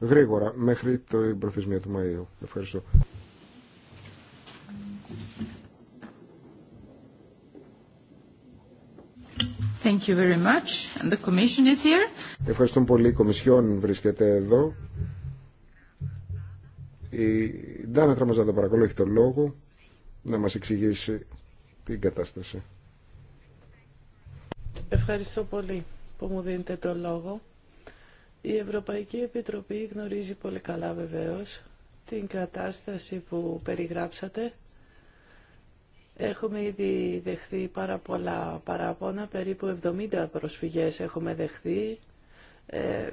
Γρήγορα, μέχρι το προθεσμία του Μαΐου. Ευχαριστώ.
Thank you very
Ευχαριστούμε πολύ. Η Κομισιόν βρίσκεται εδώ. Η Ντάνα Τραμαζάντα παρακολουθεί έχει το λόγο να μας εξηγήσει την κατάσταση.
Ευχαριστώ πολύ που μου δίνετε το λόγο. Η Ευρωπαϊκή Επιτροπή γνωρίζει πολύ καλά βεβαίως την κατάσταση που περιγράψατε Έχουμε ήδη δεχθεί πάρα πολλά παράπονα, περίπου 70 προσφυγές έχουμε δεχθεί. Ε,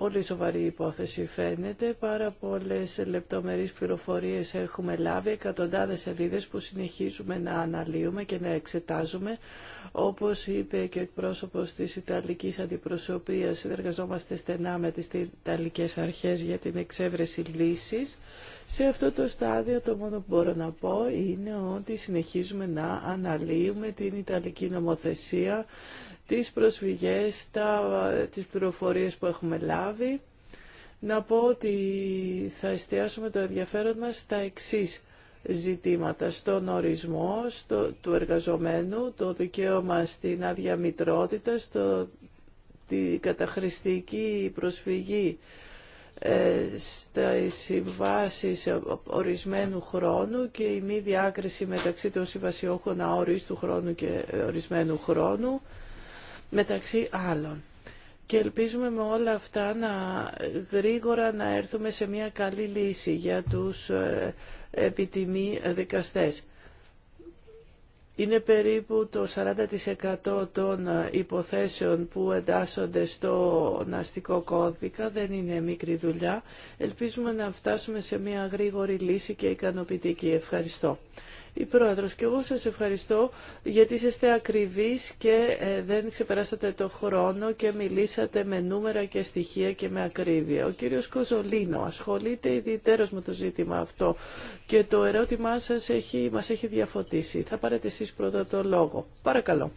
Πολύ σοβαρή υπόθεση φαίνεται. Πάρα πολλές λεπτομερείς πληροφορίες έχουμε λάβει, εκατοντάδες σελίδε που συνεχίζουμε να αναλύουμε και να εξετάζουμε. Όπως είπε και ο εκπρόσωπος της Ιταλικής Αντιπροσωπείας, συνεργαζόμαστε στενά με τις Ιταλικές Αρχές για την εξέβρεση λύσης. Σε αυτό το στάδιο το μόνο που μπορώ να πω είναι ότι συνεχίζουμε να αναλύουμε την Ιταλική νομοθεσία τις προσφυγές, τα, τις πληροφορίες που έχουμε λάβει. Να πω ότι θα εστιάσουμε το ενδιαφέρον μας στα εξής ζητήματα στον ορισμό στο, του εργαζομένου, το δικαίωμα στην άδεια μητρότητα, στο, τη καταχρηστική προσφυγή
ε, στα
συμβάσει ορισμένου χρόνου και η μη διάκριση μεταξύ των συμβασιόχων του χρόνου και ορισμένου χρόνου μεταξύ άλλων. Και ελπίζουμε με όλα αυτά να γρήγορα να έρθουμε σε μια καλή λύση για τους ε, επιτιμή δικαστές. Είναι περίπου το 40% των ε, υποθέσεων που εντάσσονται στο Ναστικό κώδικα, δεν είναι μικρή δουλειά. Ελπίζουμε να φτάσουμε σε μια γρήγορη λύση και ικανοποιητική. Ευχαριστώ. Η Πρόεδρος και εγώ σας ευχαριστώ γιατί είστε ακριβείς και ε, δεν ξεπεράσατε το χρόνο και μιλήσατε με νούμερα και στοιχεία και με ακρίβεια. Ο κύριος Κοζολίνο ασχολείται ιδιαίτερος με το ζήτημα αυτό και το ερώτημά σας έχει, μας έχει διαφωτίσει. Θα πάρετε εσείς πρώτα το λόγο. Παρακαλώ.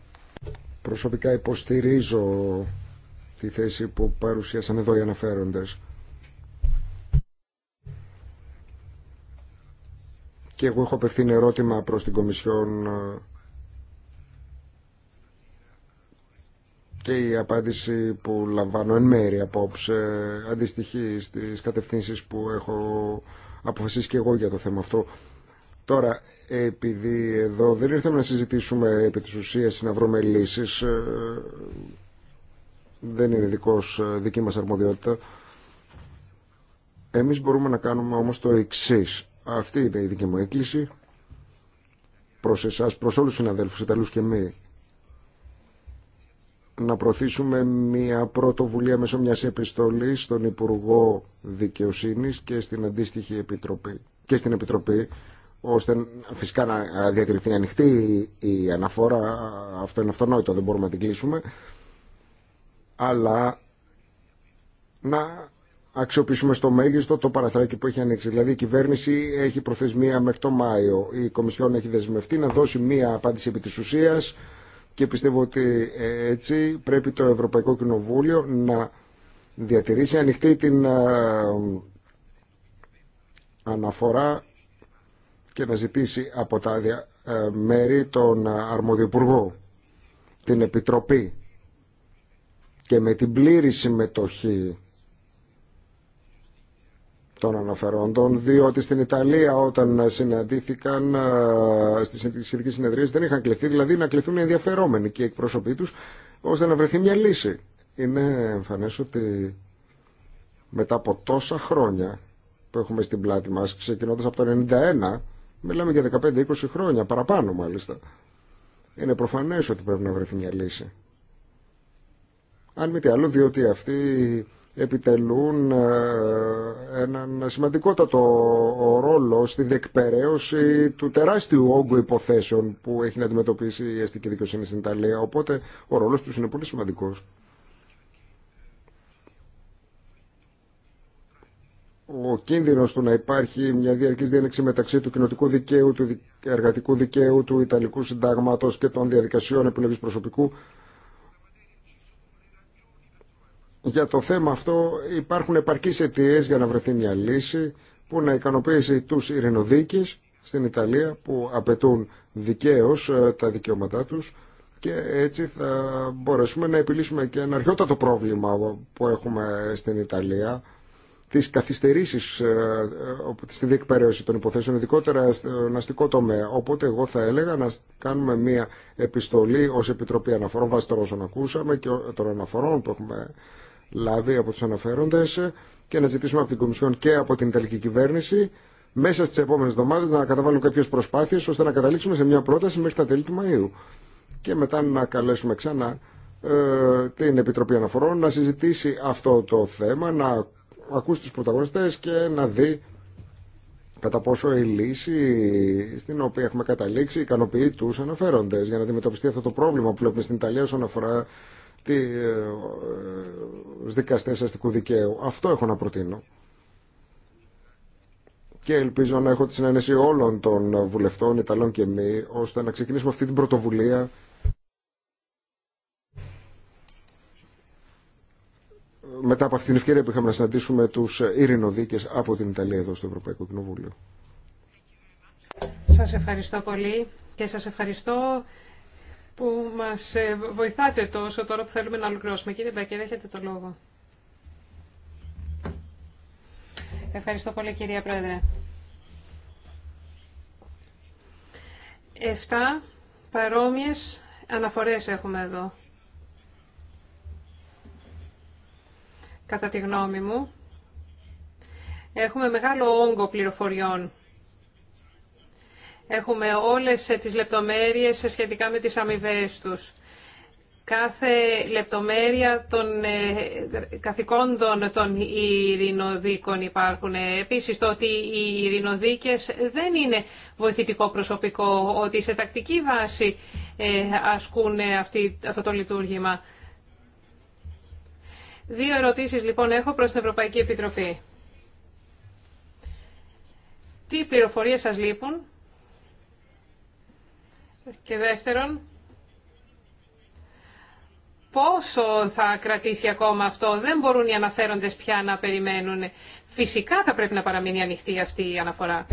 Προσωπικά υποστηρίζω τη θέση που παρουσίασαν εδώ οι αναφέροντες και εγώ έχω απευθύνει ερώτημα προς την Κομισιόν ε, και η απάντηση που λαμβάνω εν μέρη απόψε ε, αντιστοιχεί στις κατευθύνσεις που έχω αποφασίσει και εγώ για το θέμα αυτό. Τώρα, επειδή εδώ δεν ήρθαμε να συζητήσουμε επί της ουσίας να βρούμε λύσεις, ε, δεν είναι δικός, δική μας αρμοδιότητα, εμείς μπορούμε να κάνουμε όμως το εξής. Αυτή είναι η δική μου έκκληση προς εσάς, προς όλους τους συναδέλφους Ιταλούς και εμεί να προωθήσουμε μια πρωτοβουλία μέσω μιας επιστολής στον Υπουργό Δικαιοσύνης και στην αντίστοιχη Επιτροπή και στην Επιτροπή ώστε φυσικά να διατηρηθεί ανοιχτή η αναφορά αυτό είναι αυτονόητο, δεν μπορούμε να την κλείσουμε αλλά να αξιοποιήσουμε στο μέγιστο το παραθράκι που έχει ανοίξει. Δηλαδή η κυβέρνηση έχει προθεσμία μέχρι το Μάιο. Η Κομισιόν έχει δεσμευτεί να δώσει μία απάντηση επί της ουσίας και πιστεύω ότι ε, έτσι πρέπει το Ευρωπαϊκό Κοινοβούλιο να διατηρήσει ανοιχτή την ε, αναφορά και να ζητήσει από τα ε, μέρη τον Αρμοδιοπουργό, την Επιτροπή και με την πλήρη συμμετοχή των αναφερόντων, διότι στην Ιταλία όταν συναντήθηκαν ε, στις σχετικές συνεδρίες δεν είχαν κληθεί, δηλαδή να κληθούν οι ενδιαφερόμενοι και οι εκπρόσωποι ώστε να βρεθεί μια λύση. Είναι εμφανές ότι μετά από τόσα χρόνια που έχουμε στην πλάτη μας, ξεκινώντας από το 91, μιλάμε για 15-20 χρόνια, παραπάνω μάλιστα, είναι προφανές ότι πρέπει να βρεθεί μια λύση. Αν μη τι άλλο, διότι αυτή επιτελούν ε, έναν σημαντικότατο ρόλο στη δεκπεραίωση του τεράστιου όγκου υποθέσεων που έχει να αντιμετωπίσει η αστική δικαιοσύνη στην Ιταλία. Οπότε ο ρόλος τους είναι πολύ σημαντικός. ο κίνδυνος του να υπάρχει μια διαρκής διένεξη μεταξύ του κοινοτικού δικαίου, του εργατικού δικαίου, του Ιταλικού συντάγματος και των διαδικασιών επιλογής προσωπικού για το θέμα αυτό υπάρχουν επαρκείς αιτίε για να βρεθεί μια λύση που να ικανοποιήσει τους ειρηνοδίκης στην Ιταλία που απαιτούν δικαίως ε, τα δικαιώματά τους και έτσι θα μπορέσουμε να επιλύσουμε και ένα αρχαιότατο πρόβλημα που έχουμε στην Ιταλία τις καθυστερήσεις ε, ε, στη διεκπαιρέωση των υποθέσεων, ειδικότερα στον αστικό τομέα. Οπότε εγώ θα έλεγα να κάνουμε μία επιστολή ως Επιτροπή Αναφορών βάσει των όσων ακούσαμε και των αναφορών που έχουμε λάβει από του αναφέροντε και να ζητήσουμε από την Κομισιόν και από την Ιταλική κυβέρνηση μέσα στι επόμενε εβδομάδε να καταβάλουν κάποιε προσπάθειε ώστε να καταλήξουμε σε μια πρόταση μέχρι τα τέλη του Μαΐου και μετά να καλέσουμε ξανά ε, την Επιτροπή Αναφορών να συζητήσει αυτό το θέμα, να ακούσει του πρωταγωνιστές και να δει κατά πόσο η λύση στην οποία έχουμε καταλήξει ικανοποιεί του αναφέροντε για να αντιμετωπιστεί αυτό το πρόβλημα που βλέπουμε στην Ιταλία όσον αφορά τους ε, δικαστές αστικού δικαίου. Αυτό έχω να προτείνω. Και ελπίζω να έχω τη συνένεση όλων των βουλευτών, Ιταλών και μη, ώστε να ξεκινήσουμε αυτή την πρωτοβουλία μετά από αυτή την ευκαιρία που είχαμε να συναντήσουμε τους ειρηνοδίκες από την Ιταλία εδώ στο Ευρωπαϊκό Κοινοβούλιο.
Σας ευχαριστώ πολύ και σας ευχαριστώ που μας ε, βοηθάτε τόσο τώρα που θέλουμε να ολοκληρώσουμε. Κύριε Μπέκερ, έχετε το λόγο. Ευχαριστώ πολύ, κυρία Πρόεδρε. Εφτά παρόμοιες αναφορές έχουμε εδώ. Κατά τη γνώμη μου, έχουμε μεγάλο όγκο πληροφοριών Έχουμε όλες τις λεπτομέρειες σχετικά με τις αμοιβέ τους. Κάθε λεπτομέρεια των ε, καθηκόντων των ειρηνοδίκων υπάρχουν. Επίσης το ότι οι ειρηνοδίκες δεν είναι βοηθητικό προσωπικό, ότι σε τακτική βάση ε, ασκούν αυτό το λειτουργήμα. Δύο ερωτήσεις λοιπόν έχω προς την Ευρωπαϊκή Επιτροπή. Τι πληροφορίες σας λείπουν και δεύτερον, πόσο θα κρατήσει ακόμα αυτό. Δεν μπορούν οι αναφέροντες πια να περιμένουν. Φυσικά θα πρέπει να παραμείνει ανοιχτή αυτή η αναφορά.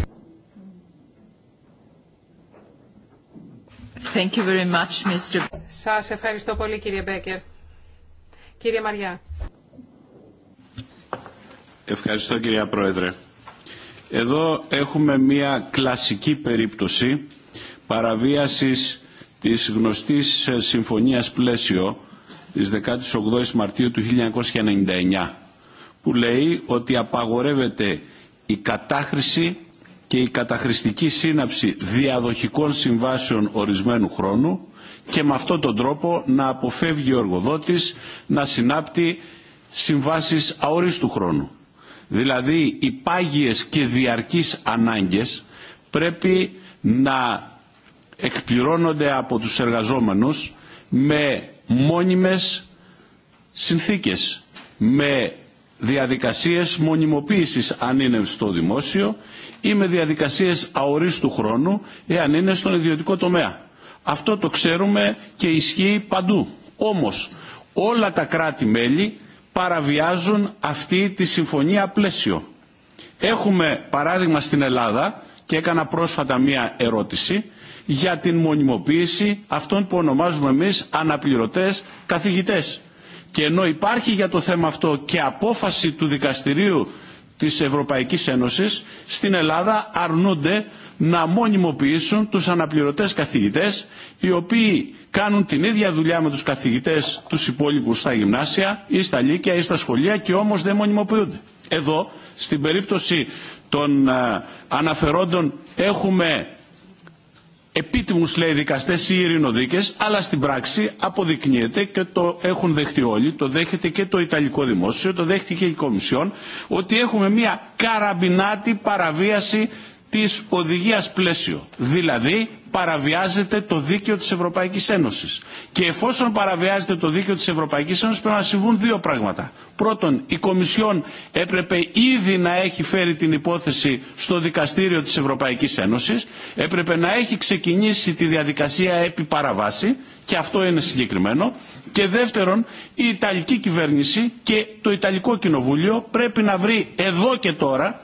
Thank Σας ευχαριστώ πολύ κύριε Μπέκερ. Κύριε Μαριά.
Ευχαριστώ κυρία Πρόεδρε. Εδώ έχουμε μια κλασική περίπτωση παραβίασης της γνωστής ε, συμφωνίας πλαίσιο της 18ης Μαρτίου του 1999 που λέει ότι απαγορεύεται η κατάχρηση και η καταχρηστική σύναψη διαδοχικών συμβάσεων ορισμένου χρόνου και με αυτόν τον τρόπο να αποφεύγει ο εργοδότης να συνάπτει συμβάσεις αορίστου χρόνου. Δηλαδή οι πάγιες και διαρκείς ανάγκες πρέπει να εκπληρώνονται από τους εργαζόμενους με μόνιμες συνθήκες, με διαδικασίες μονιμοποίησης αν είναι στο δημόσιο ή με διαδικασίες αορίστου χρόνου εάν είναι στον ιδιωτικό τομέα. Αυτό το ξέρουμε και ισχύει παντού. Όμως όλα τα κράτη-μέλη παραβιάζουν αυτή τη συμφωνία πλαίσιο. Έχουμε παράδειγμα στην Ελλάδα και έκανα πρόσφατα μία ερώτηση για την μονιμοποίηση αυτών που ονομάζουμε εμείς αναπληρωτές καθηγητές. Και ενώ υπάρχει για το θέμα αυτό και απόφαση του Δικαστηρίου της Ευρωπαϊκής Ένωσης, στην Ελλάδα αρνούνται να μονιμοποιήσουν τους αναπληρωτές καθηγητές, οι οποίοι κάνουν την ίδια δουλειά με τους καθηγητές τους υπόλοιπους στα γυμνάσια ή στα λύκεια ή στα σχολεία και όμως δεν μονιμοποιούνται. Εδώ, στην περίπτωση των ε, αναφερόντων έχουμε επίτιμους λέει δικαστές ή ειρηνοδίκες αλλά στην πράξη αποδεικνύεται και το έχουν δεχτεί όλοι το δέχεται και το Ιταλικό Δημόσιο το δέχτηκε η Κομισιόν ότι έχουμε μια καραμπινάτη παραβίαση της οδηγίας πλαίσιο. Δηλαδή παραβιάζεται το δίκαιο της Ευρωπαϊκής Ένωσης. Και εφόσον παραβιάζεται το δίκαιο της Ευρωπαϊκής Ένωσης πρέπει να συμβούν δύο πράγματα. Πρώτον, η Κομισιόν έπρεπε ήδη να έχει φέρει την υπόθεση στο Δικαστήριο της Ευρωπαϊκής Ένωσης, έπρεπε να έχει ξεκινήσει τη διαδικασία επί παραβάση και αυτό είναι συγκεκριμένο. Και δεύτερον, η Ιταλική κυβέρνηση και το Ιταλικό Κοινοβούλιο πρέπει να βρει εδώ και τώρα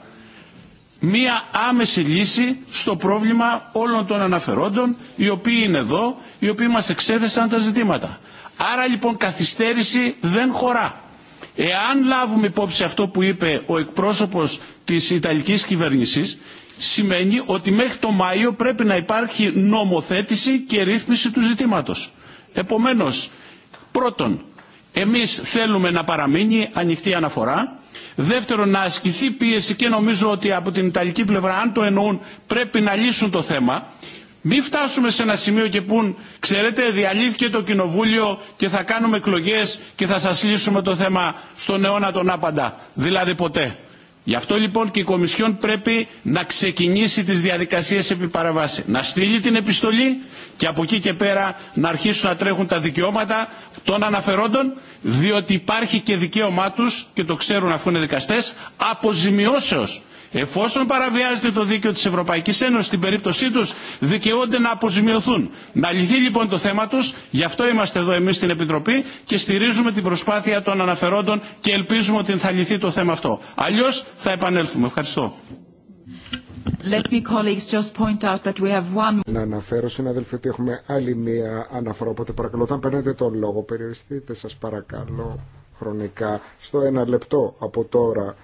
μία άμεση λύση στο πρόβλημα όλων των αναφερόντων οι οποίοι είναι εδώ, οι οποίοι μας εξέθεσαν τα ζητήματα. Άρα λοιπόν καθυστέρηση δεν χωρά. Εάν λάβουμε υπόψη αυτό που είπε ο εκπρόσωπος της Ιταλικής κυβέρνησης, σημαίνει ότι μέχρι το Μάιο πρέπει να υπάρχει νομοθέτηση και ρύθμιση του ζητήματος. Επομένως, πρώτον, εμείς θέλουμε να παραμείνει ανοιχτή αναφορά, Δεύτερον, να ασκηθεί πίεση και νομίζω ότι από την Ιταλική πλευρά, αν το εννοούν, πρέπει να λύσουν το θέμα. Μην φτάσουμε σε ένα σημείο και πούν, ξέρετε, διαλύθηκε το κοινοβούλιο και θα κάνουμε εκλογέ και θα σα λύσουμε το θέμα στον αιώνα τον άπαντα. Δηλαδή ποτέ. Γι' αυτό λοιπόν και η Κομισιόν πρέπει να ξεκινήσει τις διαδικασίες επί παραβάση. Να στείλει την επιστολή και από εκεί και πέρα να αρχίσουν να τρέχουν τα δικαιώματα των αναφερόντων, διότι υπάρχει και δικαίωμά τους, και το ξέρουν αφού είναι δικαστές, αποζημιώσεως Εφόσον παραβιάζεται το δίκαιο της Ευρωπαϊκής Ένωσης στην περίπτωσή τους δικαιούνται να αποζημιωθούν. Να λυθεί λοιπόν το θέμα τους, γι' αυτό είμαστε εδώ εμείς στην Επιτροπή και στηρίζουμε την προσπάθεια των αναφερόντων και ελπίζουμε ότι θα λυθεί το θέμα αυτό. Αλλιώς θα επανέλθουμε. Ευχαριστώ.
Let me colleagues just point out that we have one...
Να αναφέρω συναδελφοί ότι έχουμε άλλη μία αναφορά, οπότε παρακαλώ όταν παίρνετε τον λόγο περιοριστείτε σας παρακαλώ χρονικά στο ένα λεπτό από τώρα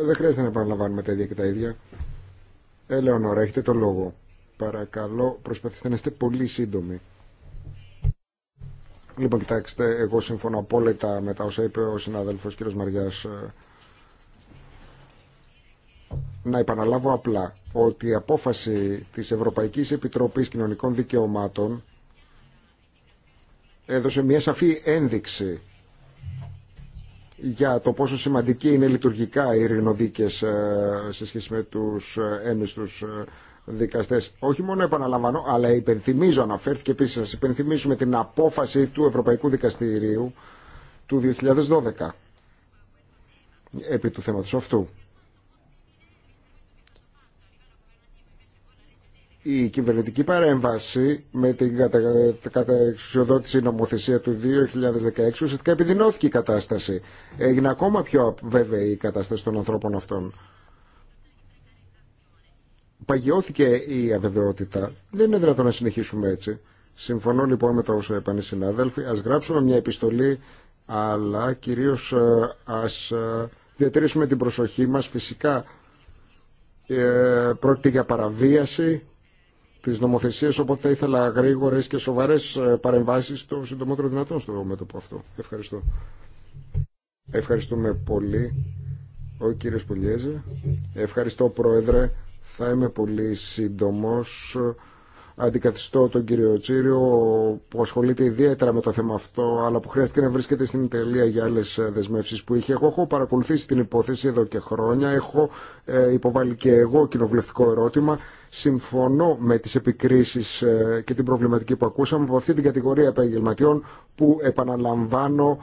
δεν χρειάζεται να επαναλαμβάνουμε τα ίδια και τα ίδια. Ελεονόρα, έχετε το λόγο. Παρακαλώ, προσπαθήστε να είστε πολύ σύντομοι. Λοιπόν, κοιτάξτε, εγώ συμφωνώ απόλυτα με τα όσα είπε ο συνάδελφος κ. Μαριάς. Να επαναλάβω απλά ότι η απόφαση της Ευρωπαϊκής Επιτροπής Κοινωνικών Δικαιωμάτων έδωσε μια σαφή ένδειξη για το πόσο σημαντική είναι λειτουργικά οι ειρηνοδίκες ε, σε σχέση με τους ε, ένιστους ε, δικαστές. Όχι μόνο επαναλαμβάνω, αλλά υπενθυμίζω, αναφέρθηκε επίσης, να υπενθυμίσουμε την απόφαση του Ευρωπαϊκού Δικαστηρίου του 2012 επί του θέματος αυτού. η κυβερνητική παρέμβαση με την καταεξουσιοδότηση κατα νομοθεσία του 2016 ουσιαστικά επιδεινώθηκε η κατάσταση. Έγινε ακόμα πιο βέβαιη η κατάσταση των ανθρώπων αυτών. Παγιώθηκε η αβεβαιότητα. Δεν είναι δυνατόν να συνεχίσουμε έτσι. Συμφωνώ λοιπόν με το όσο είπαν οι συνάδελφοι. Ας γράψουμε μια επιστολή, αλλά κυρίως ε, ας ε, διατηρήσουμε την προσοχή μας. Φυσικά ε, πρόκειται για παραβίαση τις νομοθεσίες, οπότε θα ήθελα γρήγορες και σοβαρές ε, παρεμβάσεις στο συντομότερο δυνατόν στο μέτωπο αυτό. Ευχαριστώ. Ευχαριστούμε πολύ. Ο κύριος Πολιέζε. Ευχαριστώ Πρόεδρε. Θα είμαι πολύ σύντομος αντικαθιστώ τον κύριο Τσίριο που ασχολείται ιδιαίτερα με το θέμα αυτό αλλά που χρειάστηκε να βρίσκεται στην Ιταλία για άλλε δεσμεύσει που είχε. Εγώ έχω παρακολουθήσει την υπόθεση εδώ και χρόνια. Έχω ε, υποβάλει και εγώ κοινοβουλευτικό ερώτημα. Συμφωνώ με τι επικρίσει ε, και την προβληματική που ακούσαμε από αυτή την κατηγορία επαγγελματιών που επαναλαμβάνω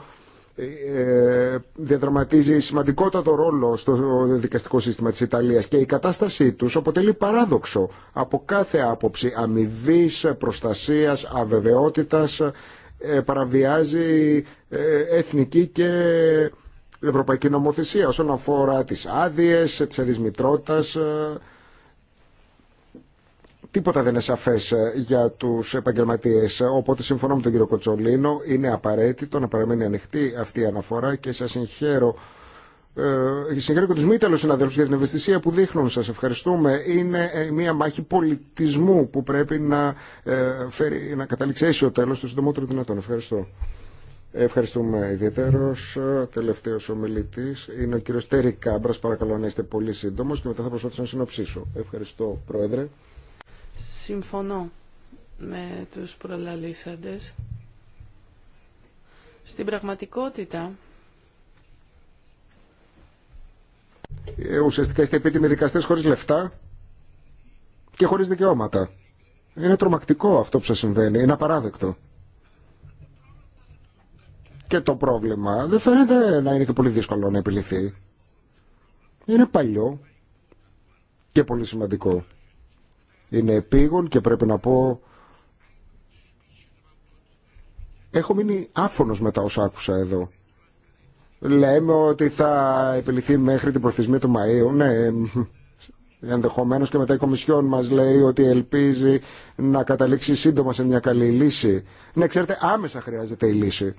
ε, ε, διαδραματίζει σημαντικότατο ρόλο στο δικαστικό σύστημα της Ιταλίας και η κατάστασή τους αποτελεί παράδοξο από κάθε άποψη αμοιβή, προστασίας, αβεβαιότητας ε, παραβιάζει εθνική και ευρωπαϊκή νομοθεσία όσον αφορά τις άδειες, τις αδεισμητρότητας τίποτα δεν είναι σαφέ ε, για του επαγγελματίε. Οπότε συμφωνώ με τον κύριο Κοτσολίνο, είναι απαραίτητο να παραμένει ανοιχτή αυτή η αναφορά και σα. συγχαίρω ε, συγχαίρω και του μη συναδέλφου για την ευαισθησία που δείχνουν. Σα ευχαριστούμε. Είναι ε, μια μάχη πολιτισμού που πρέπει να, ε, φέρει, να καταλήξει ο τέλο το συντομότερο δυνατόν. Ευχαριστώ. Ευχαριστούμε ιδιαίτερο. Τελευταίο ομιλητή είναι ο κύριο Τέρι Κάμπρα. Παρακαλώ να είστε πολύ σύντομο και μετά θα προσπαθήσω να συνοψίσω. Ευχαριστώ, Πρόεδρε. Συμφωνώ
με τους προλαλήσαντες. Στην πραγματικότητα...
Ε, ουσιαστικά είστε επίτιμοι δικαστές χωρίς λεφτά και χωρίς δικαιώματα. Είναι τρομακτικό αυτό που σας συμβαίνει. Είναι απαράδεκτο. Και το πρόβλημα δεν φαίνεται να είναι και πολύ δύσκολο να επιληθεί. Είναι παλιό και πολύ σημαντικό είναι επίγον και πρέπει να πω έχω μείνει άφωνος μετά όσα άκουσα εδώ. Λέμε ότι θα επιληθεί μέχρι την προθεσμία του Μαΐου. Ναι, ενδεχομένω και μετά η Κομισιόν μας λέει ότι ελπίζει να καταλήξει σύντομα σε μια καλή λύση. Ναι, ξέρετε, άμεσα χρειάζεται η λύση.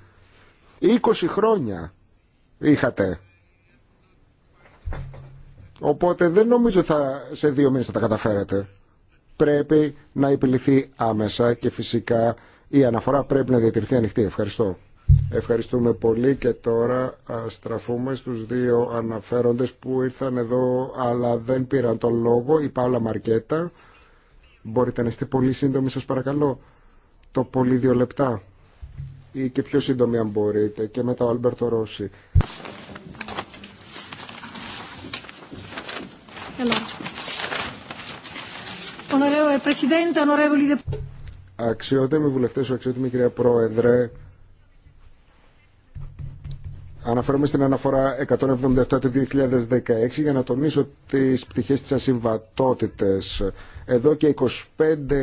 20 χρόνια είχατε. Οπότε δεν νομίζω θα σε δύο μήνες θα τα καταφέρετε πρέπει να επιληθεί άμεσα και φυσικά η αναφορά πρέπει να διατηρηθεί ανοιχτή. Ευχαριστώ. Ευχαριστούμε πολύ και τώρα στραφούμε στους δύο αναφέροντες που ήρθαν εδώ αλλά δεν πήραν τον λόγο. Η Παύλα Μαρκέτα. Μπορείτε να είστε πολύ σύντομοι σας παρακαλώ. Το πολύ δύο λεπτά ή και πιο σύντομοι αν μπορείτε και μετά ο Άλμπερτο Ρώση. Αξιότιμοι βουλευτές, αξιότιμη κυρία Πρόεδρε, Αναφέρομαι στην αναφορά 177 του 2016 για να τονίσω τις πτυχές της ασυμβατότητες. Εδώ και 25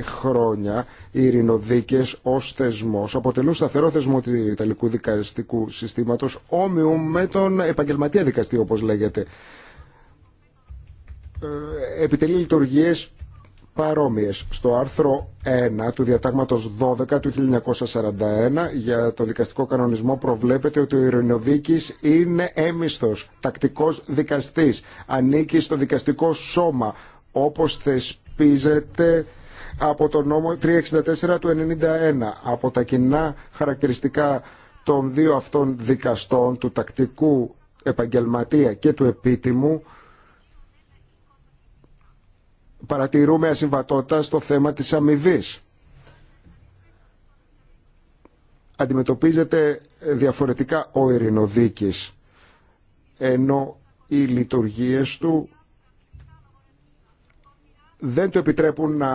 χρόνια οι ειρηνοδίκες ως θεσμός αποτελούν σταθερό θεσμό του Ιταλικού δικαστικού συστήματος όμοιου με τον επαγγελματία δικαστή όπως λέγεται. Ε, επιτελεί λειτουργίες παρόμοιες στο άρθρο 1 του διατάγματος 12 του 1941 για το δικαστικό κανονισμό προβλέπεται ότι ο ειρηνοδίκης είναι έμιστος, τακτικός δικαστής, ανήκει στο δικαστικό σώμα όπως θεσπίζεται από το νόμο 364 του 1991. από τα κοινά χαρακτηριστικά των δύο αυτών δικαστών του τακτικού επαγγελματία και του επίτιμου παρατηρούμε ασυμβατότητα στο θέμα της αμοιβή. Αντιμετωπίζεται διαφορετικά ο ειρηνοδίκης, ενώ οι λειτουργίες του δεν του επιτρέπουν να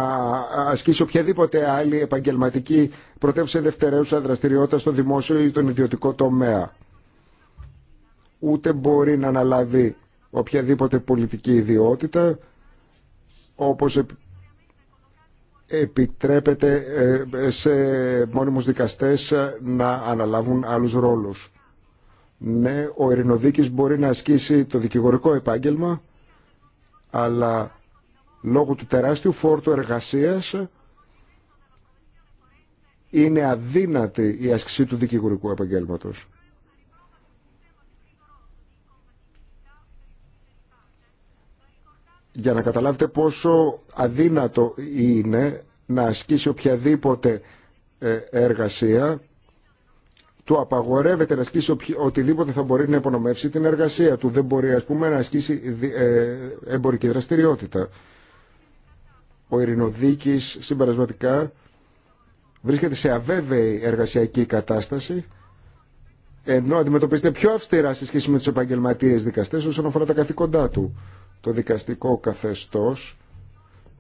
ασκήσει οποιαδήποτε άλλη επαγγελματική πρωτεύουσα δευτερεύουσα δραστηριότητα στο δημόσιο ή τον ιδιωτικό τομέα. Ούτε μπορεί να αναλάβει οποιαδήποτε πολιτική ιδιότητα, όπως επιτρέπεται ε, σε μόνιμους δικαστές ε, να αναλάβουν άλλους ρόλους. Ναι, ο Ερηνοδίκης μπορεί να ασκήσει το δικηγορικό επάγγελμα, αλλά λόγω του τεράστιου φόρτου εργασίας είναι αδύνατη η άσκηση του δικηγορικού επαγγέλματος. για να καταλάβετε πόσο αδύνατο είναι να ασκήσει οποιαδήποτε ε, εργασία του απαγορεύεται να ασκήσει οτιδήποτε θα μπορεί να υπονομεύσει την εργασία του. Δεν μπορεί, ας πούμε, να ασκήσει ε, εμπορική δραστηριότητα. Ο Ειρηνοδίκης συμπερασματικά βρίσκεται σε αβέβαιη εργασιακή κατάσταση ενώ αντιμετωπίζεται πιο αυστηρά σε σχέση με τους επαγγελματίες δικαστές όσον αφορά τα καθήκοντά του. Το δικαστικό καθεστώς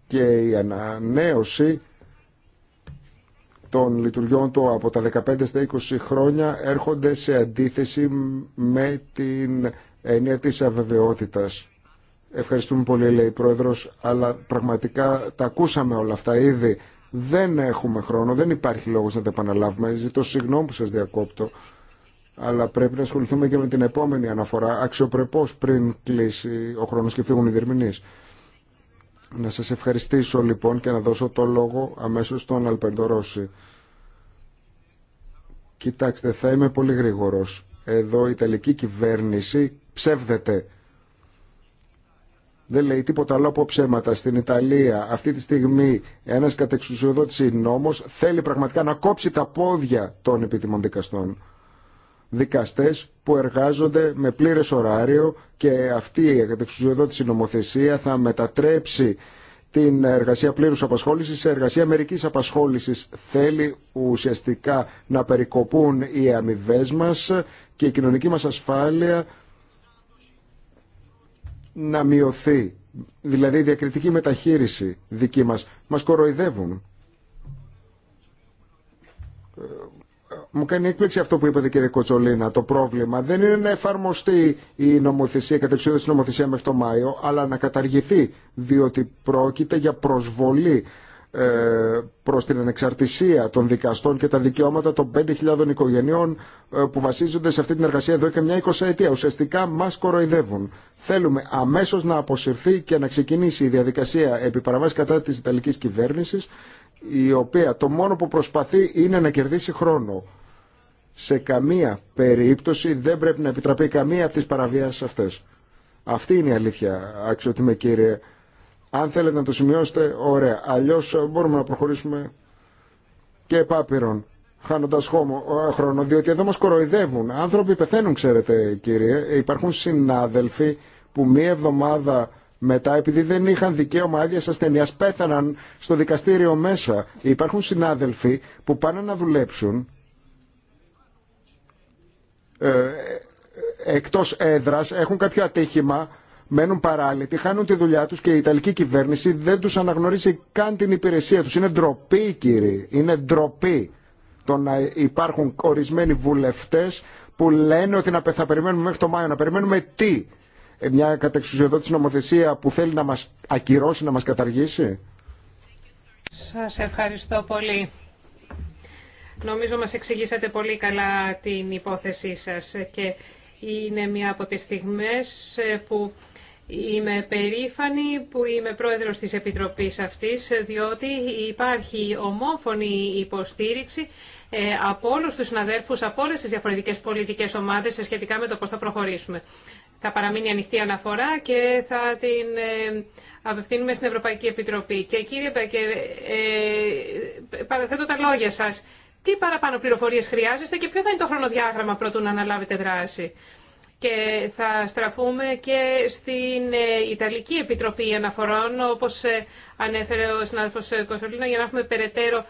και η ανανέωση των λειτουργιών του από τα 15 στα 20 χρόνια έρχονται σε αντίθεση με την έννοια της αβεβαιότητας. Ευχαριστούμε πολύ, λέει η Πρόεδρος, αλλά πραγματικά τα ακούσαμε όλα αυτά ήδη. Δεν έχουμε χρόνο, δεν υπάρχει λόγος να τα επαναλάβουμε. Ζητώ συγγνώμη που σας διακόπτω αλλά πρέπει να ασχοληθούμε και με την επόμενη αναφορά αξιοπρεπώς πριν κλείσει ο χρόνος και φύγουν οι διερμηνείς. Να σας ευχαριστήσω λοιπόν και να δώσω το λόγο αμέσως στον Αλπεντορόση Κοιτάξτε, θα είμαι πολύ γρήγορος. Εδώ η Ιταλική κυβέρνηση ψεύδεται. Δεν λέει τίποτα άλλο από ψέματα. Στην Ιταλία αυτή τη στιγμή ένας κατεξουσιοδότης νόμος θέλει πραγματικά να κόψει τα πόδια των επίτιμων δικαστών δικαστές που εργάζονται με πλήρες ωράριο και αυτή η εξουσιοδότηση νομοθεσία θα μετατρέψει την εργασία πλήρους απασχόλησης σε εργασία μερικής απασχόλησης. Θέλει ουσιαστικά να περικοπούν οι αμοιβέ μας και η κοινωνική μας ασφάλεια να μειωθεί. Δηλαδή η διακριτική μεταχείριση δική μας. Μας κοροϊδεύουν μου κάνει έκπληξη αυτό που είπατε κύριε Κοτσολίνα. Το πρόβλημα δεν είναι να εφαρμοστεί η νομοθεσία, η κατεξοδότηση νομοθεσία μέχρι το Μάιο, αλλά να καταργηθεί, διότι πρόκειται για προσβολή ε, προς την ανεξαρτησία των δικαστών και τα δικαιώματα των 5.000 οικογενειών ε, που βασίζονται σε αυτή την εργασία εδώ και μια 20 ετία. Ουσιαστικά μας κοροϊδεύουν. Θέλουμε αμέσως να αποσυρθεί και να ξεκινήσει η διαδικασία επί κατά της Ιταλικής κυβέρνησης η οποία το μόνο που προσπαθεί είναι να κερδίσει χρόνο σε καμία περίπτωση δεν πρέπει να επιτραπεί καμία από τις παραβιάσεις αυτές. Αυτή είναι η αλήθεια, αξιότιμε κύριε. Αν θέλετε να το σημειώσετε, ωραία. Αλλιώς ε, μπορούμε να προχωρήσουμε και επάπειρον, χάνοντας ε, χρόνο, διότι εδώ μας κοροϊδεύουν. Άνθρωποι πεθαίνουν, ξέρετε κύριε. Υπάρχουν συνάδελφοι που μία εβδομάδα μετά, επειδή δεν είχαν δικαίωμα άδεια ασθενεία, πέθαναν στο δικαστήριο μέσα. Υπάρχουν συνάδελφοι που πάνε να δουλέψουν ε, εκτός έδρας έχουν κάποιο ατύχημα μένουν παράλυτοι, χάνουν τη δουλειά τους και η Ιταλική κυβέρνηση δεν τους αναγνωρίζει καν την υπηρεσία τους. Είναι ντροπή κύριοι, είναι ντροπή το να υπάρχουν ορισμένοι βουλευτές που λένε ότι θα περιμένουμε μέχρι το Μάιο, να περιμένουμε τι, ε, μια κατεξουσιοδότηση νομοθεσία που θέλει να μας ακυρώσει, να μας καταργήσει.
Σας ευχαριστώ πολύ. Νομίζω μας εξηγήσατε πολύ καλά την υπόθεσή σας και είναι μια από τις στιγμές που είμαι περήφανη που είμαι πρόεδρος της Επιτροπής αυτής, διότι υπάρχει ομόφωνη υποστήριξη ε, από όλους τους συναδέρφους, από όλες τις διαφορετικές πολιτικές ομάδες σχετικά με το πώς θα προχωρήσουμε. Θα παραμείνει ανοιχτή αναφορά και θα την ε, απευθύνουμε στην Ευρωπαϊκή Επιτροπή. Και κύριε ε, παραθέτω τα λόγια σας τι παραπάνω πληροφορίες χρειάζεστε και ποιο θα είναι το χρονοδιάγραμμα πρώτου να αναλάβετε δράση. Και θα στραφούμε και στην ε, Ιταλική Επιτροπή Αναφορών, όπως ε, ανέφερε ο συνάδελφος ε, Κωνσταντίνο, για να έχουμε περαιτέρω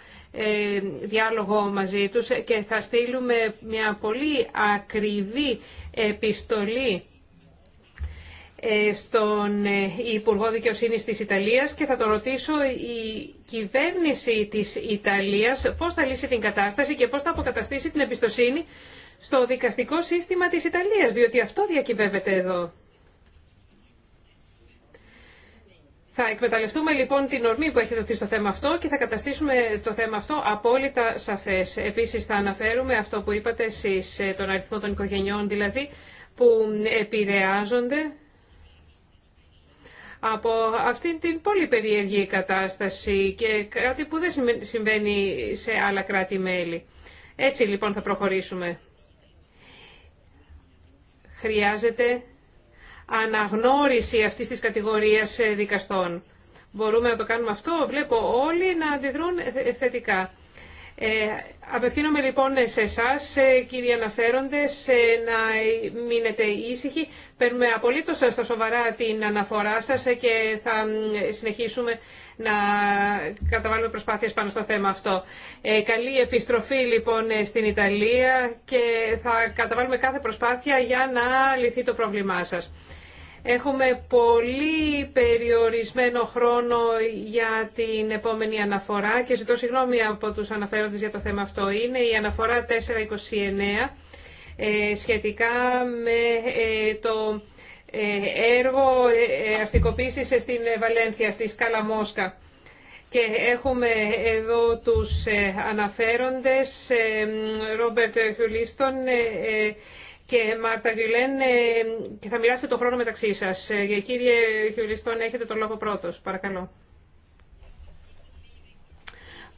διάλογο μαζί τους και θα στείλουμε μια πολύ ακριβή επιστολή ε, στον ε, Υπουργό Δικαιοσύνη της Ιταλίας και θα το ρωτήσω η κυβέρνηση της Ιταλίας πώς θα λύσει την κατάσταση και πώς θα αποκαταστήσει την εμπιστοσύνη στο δικαστικό σύστημα της Ιταλίας, διότι αυτό διακυβεύεται εδώ. Θα εκμεταλλευτούμε λοιπόν την ορμή που έχει δοθεί στο θέμα αυτό και θα καταστήσουμε το θέμα αυτό απόλυτα σαφές. Επίσης θα αναφέρουμε αυτό που είπατε εσείς, ε, τον αριθμό των οικογενειών δηλαδή, που επηρεάζονται από αυτήν την πολύ περίεργη κατάσταση και κάτι που δεν συμβαίνει σε άλλα κράτη-μέλη. Έτσι λοιπόν θα προχωρήσουμε. Χρειάζεται αναγνώριση αυτής της κατηγορίας ε, δικαστών. Μπορούμε να το κάνουμε αυτό, βλέπω όλοι να αντιδρούν θετικά. Ε, απευθύνομαι λοιπόν σε εσά, ε, κύριοι αναφέροντε, ε, να μείνετε ήσυχοι. Παίρνουμε απολύτω στα σοβαρά την αναφορά σα και θα συνεχίσουμε να καταβάλουμε προσπάθειες πάνω στο θέμα αυτό. καλή επιστροφή λοιπόν στην Ιταλία και θα καταβάλουμε κάθε προσπάθεια για να λυθεί το πρόβλημά σας. Έχουμε πολύ περιορισμένο χρόνο για την επόμενη αναφορά και ζητώ συγγνώμη από τους αναφέροντες για το θέμα αυτό. Είναι η αναφορά 429 ε, σχετικά με ε, το ε, έργο αστικοποίησης στην Βαλένθια, στη Σκαλαμόσκα. Και έχουμε εδώ τους αναφέροντες, Ρόμπερτ Χιουλίστον, και Μάρτα Γιουλέν ε, και θα μοιράσετε το χρόνο μεταξύ σας. Ε, κύριε Χιουλιστόν, έχετε το λόγο πρώτος. Παρακαλώ.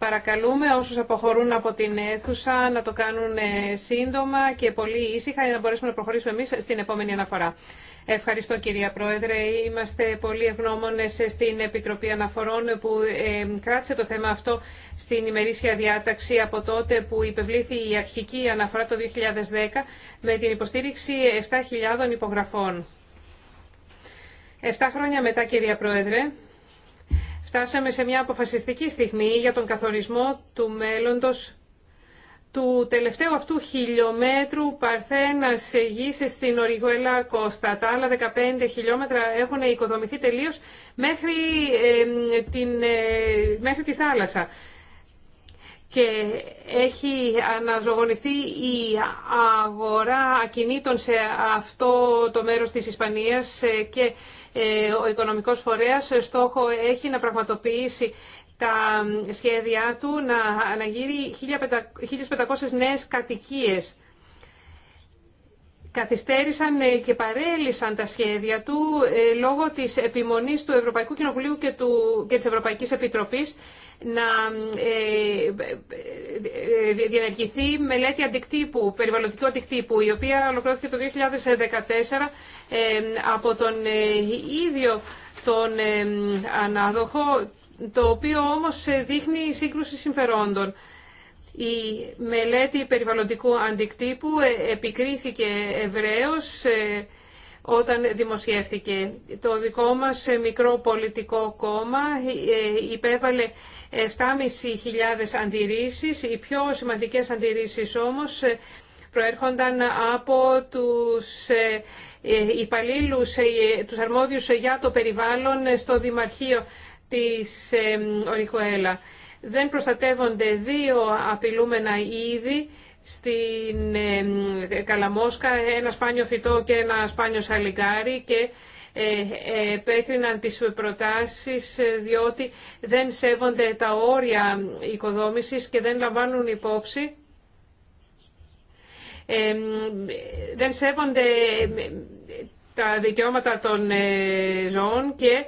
Παρακαλούμε όσους αποχωρούν από την αίθουσα να το κάνουν ε, σύντομα και πολύ ήσυχα για να μπορέσουμε να προχωρήσουμε εμείς στην επόμενη αναφορά. Ευχαριστώ κυρία Πρόεδρε. Είμαστε πολύ ευγνώμονες στην Επιτροπή Αναφορών που ε, κράτησε το θέμα αυτό στην ημερήσια διάταξη από τότε που υπευλήθη η αρχική αναφορά το 2010 με την υποστήριξη 7.000 υπογραφών. Εφτά χρόνια μετά κυρία Πρόεδρε, φτάσαμε σε μια αποφασιστική στιγμή για τον καθορισμό του μέλλοντος του τελευταίου αυτού χιλιόμετρου σε γη στην Οριγουέλα Κώστα. Τα άλλα 15 χιλιόμετρα έχουν οικοδομηθεί τελείω μέχρι, την, ε, μέχρι τη θάλασσα. Και έχει αναζωογονηθεί η αγορά ακινήτων σε αυτό το μέρος της Ισπανίας ε, και ε, ο οικονομικός φορέας ε, στόχο έχει να πραγματοποιήσει τα σχέδιά του να αναγύρει 1.500 νέες κατοικίες καθυστέρησαν ε, και παρέλυσαν τα σχέδια του ε, λόγω της επιμονής του Ευρωπαϊκού Κοινοβουλίου και, του, και της Ευρωπαϊκής Επιτροπής να ε, διενεργηθεί μελέτη αντικτύπου, περιβαλλοντικού αντικτύπου, η οποία ολοκληρώθηκε το 2014 από τον ίδιο τον ανάδοχο, το οποίο όμως δείχνει σύγκρουση συμφερόντων. Η μελέτη περιβαλλοντικού αντικτύπου ε, επικρίθηκε ευρέως ε, όταν δημοσιεύθηκε. Το δικό μας ε, μικρό πολιτικό κόμμα υπέβαλε 7.500 αντιρρήσεις. Οι πιο σημαντικές αντιρρήσεις όμως προέρχονταν από τους υπαλλήλους, τους αρμόδιους για το περιβάλλον στο Δημαρχείο της Ορυχοέλα δεν προστατεύονται δύο απειλούμενα είδη στην Καλαμόσκα, ένα σπάνιο φυτό και ένα σπάνιο σαλιγκάρι και ε, επέκριναν τις προτάσεις ε, διότι δεν σέβονται τα όρια οικοδόμησης και δεν λαμβάνουν υπόψη δεν σέβονται τα δικαιώματα των ε, ζώων και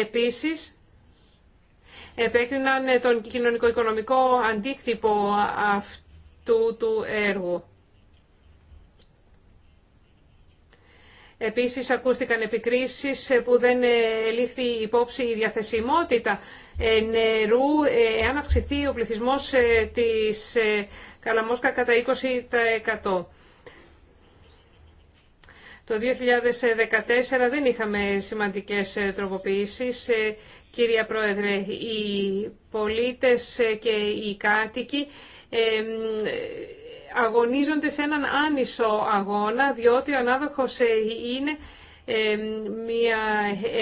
επίσης επέκριναν ε, τον κοινωνικο-οικονομικό αντίκτυπο αυτού του έργου. Επίσης ακούστηκαν επικρίσεις ε, που δεν ε, λήφθη υπόψη η διαθεσιμότητα νερού εάν αυξηθεί ο πληθυσμός της Καλαμόσκα κατά 20%. Το 2014 δεν είχαμε σημαντικές τροποποιήσεις κυρία Πρόεδρε. Οι πολίτες και οι κάτοικοι αγωνίζονται σε έναν άνισο αγώνα, διότι ο ανάδοχος είναι μια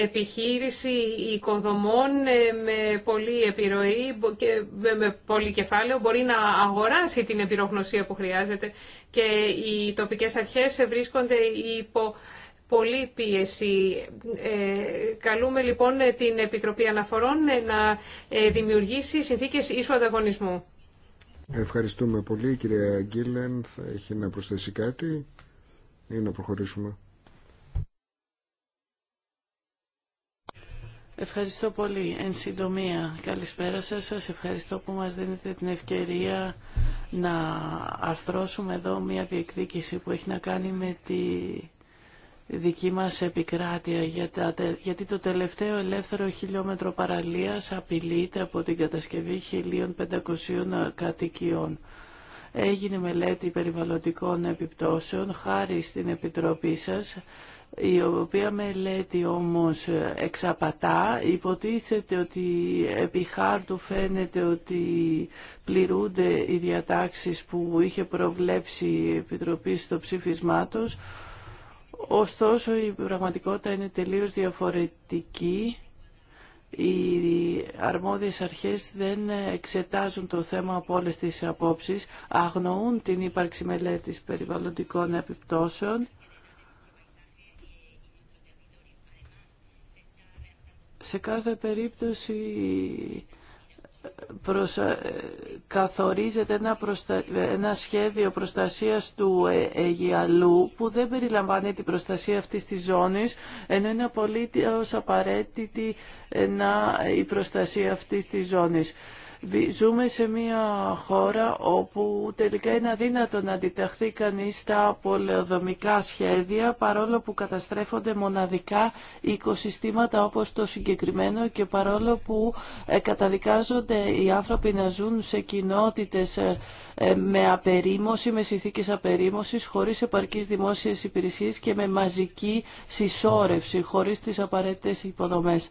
επιχείρηση οικοδομών ε, με πολύ επιρροή και με πολύ κεφάλαιο μπορεί να αγοράσει την επιρογνωσία που χρειάζεται και οι τοπικές αρχές βρίσκονται υπό Πολύ πίεση. Ε, καλούμε λοιπόν την Επιτροπή Αναφορών να ε, δημιουργήσει συνθήκες ίσου ανταγωνισμού.
Ευχαριστούμε πολύ κυρία Γκίλεν. Θα έχει να προσθέσει κάτι ή να προχωρήσουμε.
Ευχαριστώ πολύ. Εν συντομία, καλησπέρα σας. Σας ευχαριστώ που μας δίνετε την ευκαιρία να αρθρώσουμε εδώ μια διεκδίκηση που έχει να κάνει με τη δική μας επικράτεια γιατί το τελευταίο ελεύθερο χιλιόμετρο παραλίας απειλείται από την κατασκευή 1500 κατοικιών. Έγινε μελέτη περιβαλλοντικών επιπτώσεων χάρη στην Επιτροπή σας η οποία μελέτη όμως εξαπατά. Υποτίθεται ότι επί χάρτου φαίνεται ότι πληρούνται οι διατάξεις που είχε προβλέψει η Επιτροπή στο ψήφισμά Ωστόσο η πραγματικότητα είναι τελείως διαφορετική. Οι αρμόδιες αρχές δεν εξετάζουν το θέμα από όλες τις απόψεις, αγνοούν την ύπαρξη μελέτης περιβαλλοντικών επιπτώσεων σε κάθε περίπτωση προς, ε, καθορίζεται ένα, προστα... ένα σχέδιο προστασίας του ε, Αιγιαλού που δεν περιλαμβάνει την προστασία αυτής της ζώνης ενώ είναι απολύτως απαραίτητη ε, να... η προστασία αυτής της ζώνης. Ζούμε σε μια χώρα όπου τελικά είναι αδύνατο να αντιταχθεί κανείς στα πολεοδομικά σχέδια παρόλο που καταστρέφονται μοναδικά οικοσυστήματα όπως το συγκεκριμένο και παρόλο που ε, καταδικάζονται οι άνθρωποι να ζουν σε κοινότητες ε, ε, με απερίμωση, με συνθήκες απερίμωσης, χωρίς επαρκείς δημόσιες υπηρεσίες και με μαζική συσσόρευση, χωρίς τις απαραίτητες υποδομές.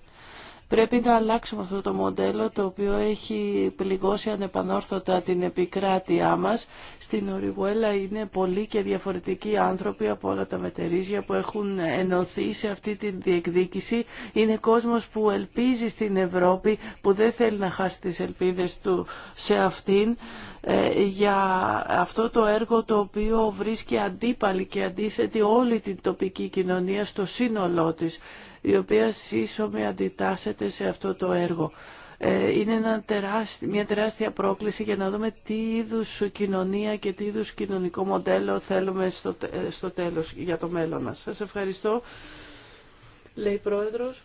Πρέπει να αλλάξουμε αυτό το μοντέλο το οποίο έχει πληγώσει ανεπανόρθωτα την επικράτειά μας. Στην Οριγουέλα είναι πολλοί και διαφορετικοί άνθρωποι από όλα τα μετερίζια που έχουν ενωθεί σε αυτή τη διεκδίκηση. Είναι κόσμος που ελπίζει στην Ευρώπη, που δεν θέλει να χάσει τις ελπίδες του σε αυτήν ε, για αυτό το έργο το οποίο βρίσκει αντίπαλη και αντίθετη όλη την τοπική κοινωνία στο σύνολό της η οποία σύσσωμη αντιτάσσεται σε αυτό το έργο. Ε, είναι μια τεράστια πρόκληση για να δούμε τι είδους κοινωνία και τι είδους κοινωνικό μοντέλο θέλουμε στο, ε, στο τέλος για το μέλλον μας. Σας ευχαριστώ, λέει Πρόεδρος.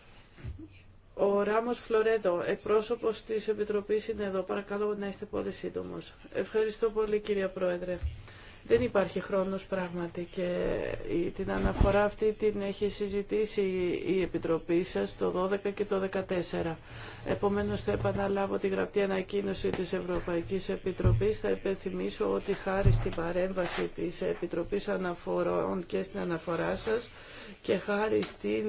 Ο Ράμος Φλωρέδο, εκπρόσωπος της Επιτροπής, είναι εδώ. Παρακαλώ να είστε πολύ σύντομος. Ευχαριστώ πολύ, κυρία Πρόεδρε. Δεν υπάρχει χρόνος πράγματι και την αναφορά αυτή την έχει συζητήσει η Επιτροπή σας το 12 και το 14. Επομένως θα επαναλάβω τη γραπτή ανακοίνωση της Ευρωπαϊκής Επιτροπής. Θα υπενθυμίσω ότι χάρη στην παρέμβαση της Επιτροπής Αναφορών και στην αναφορά σας και χάρη στην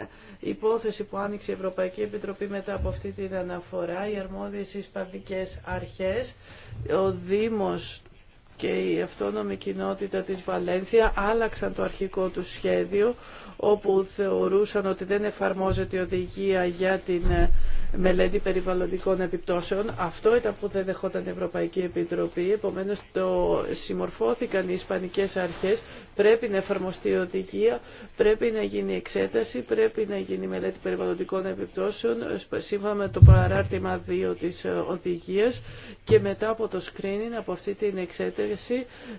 ε, υπόθεση που άνοιξε η Ευρωπαϊκή Επιτροπή μετά από αυτή την αναφορά, οι αρμόδιες ισπανικές αρχές, ο Δήμος και η αυτόνομη κοινότητα της Βαλένθια άλλαξαν το αρχικό του σχέδιο όπου θεωρούσαν ότι δεν εφαρμόζεται η οδηγία για την ε, μελέτη περιβαλλοντικών επιπτώσεων. Αυτό ήταν που δεν δεχόταν η Ευρωπαϊκή Επιτροπή. Επομένως, το συμμορφώθηκαν οι Ισπανικές αρχές. Πρέπει να εφαρμοστεί η οδηγία, πρέπει να γίνει εξέταση, πρέπει να γίνει μελέτη περιβαλλοντικών επιπτώσεων σύμφωνα με το παράρτημα 2 της ε, οδηγίας και μετά από το screening, από αυτή την εξέταση,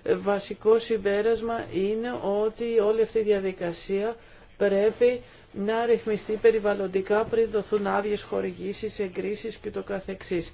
ε, βασικό συμπέρασμα είναι ότι όλη αυτή η διαδικασία πρέπει να ρυθμιστεί περιβαλλοντικά πριν δοθούν άδειες χορηγήσεις, εγκρίσεις και το καθεξής.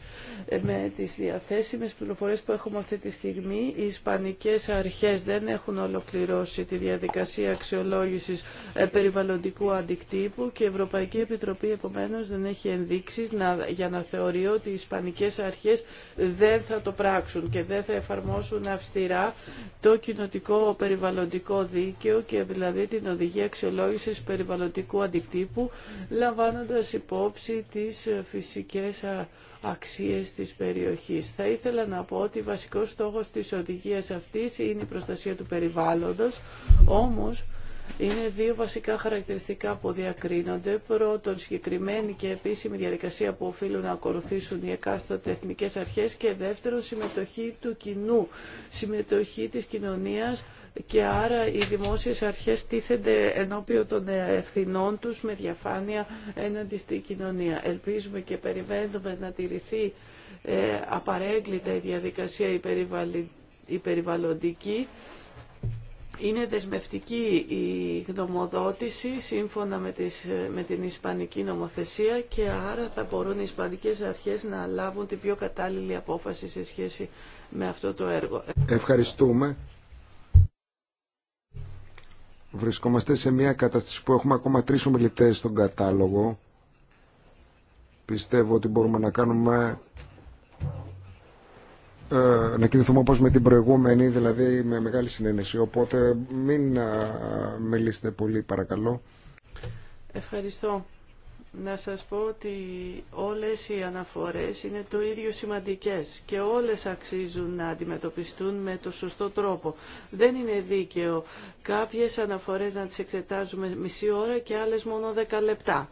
Ε, με τις διαθέσιμες πληροφορίες που έχουμε αυτή τη στιγμή, οι Ισπανικές αρχές δεν έχουν ολοκληρώσει τη διαδικασία αξιολόγησης ε, περιβαλλοντικού αντικτύπου και η Ευρωπαϊκή Επιτροπή επομένως δεν έχει ενδείξεις για να θεωρεί ότι οι Ισπανικές αρχές δεν θα το πράξουν και δεν θα εφαρμόσουν αυστηρά το κοινοτικό περιβαλλοντικό δίκαιο και δηλαδή την οδηγία αξιολόγηση περιβαλλοντικού Λαμβάνοντα αντικτύπου, λαμβάνοντας υπόψη τις φυσικές αξίες της περιοχής. Θα ήθελα να πω ότι βασικός στόχος της οδηγίας αυτής είναι η προστασία του περιβάλλοντος, όμως είναι δύο βασικά χαρακτηριστικά που διακρίνονται. Πρώτον, συγκεκριμένη και επίσημη διαδικασία που οφείλουν να ακολουθήσουν οι εκάστοτε εθνικές αρχές και δεύτερον, συμμετοχή του κοινού, συμμετοχή της κοινωνίας και άρα οι δημόσιες αρχές τίθενται ενώπιον των ευθυνών τους με διαφάνεια έναντι στην κοινωνία. Ελπίζουμε και περιμένουμε να τηρηθεί ε, απαρέγκλητα η διαδικασία η περιβαλλοντική. Είναι δεσμευτική η γνωμοδότηση σύμφωνα με, με την Ισπανική νομοθεσία και άρα θα μπορούν οι Ισπανικές αρχές να λάβουν την πιο κατάλληλη απόφαση σε σχέση με αυτό το έργο.
Ευχαριστούμε. Βρισκόμαστε σε μια κατάσταση που έχουμε ακόμα τρεις ομιλητές στον κατάλογο. Πιστεύω ότι μπορούμε να κάνουμε ε, να κινηθούμε όπως με την προηγούμενη, δηλαδή με μεγάλη συνένεση. Οπότε μην ε, μιλήσετε πολύ παρακαλώ.
Ευχαριστώ να σας πω ότι όλες οι αναφορές είναι το ίδιο σημαντικές και όλες αξίζουν να αντιμετωπιστούν με το σωστό τρόπο. Δεν είναι δίκαιο κάποιες αναφορές να τις εξετάζουμε μισή ώρα και άλλες μόνο δέκα λεπτά.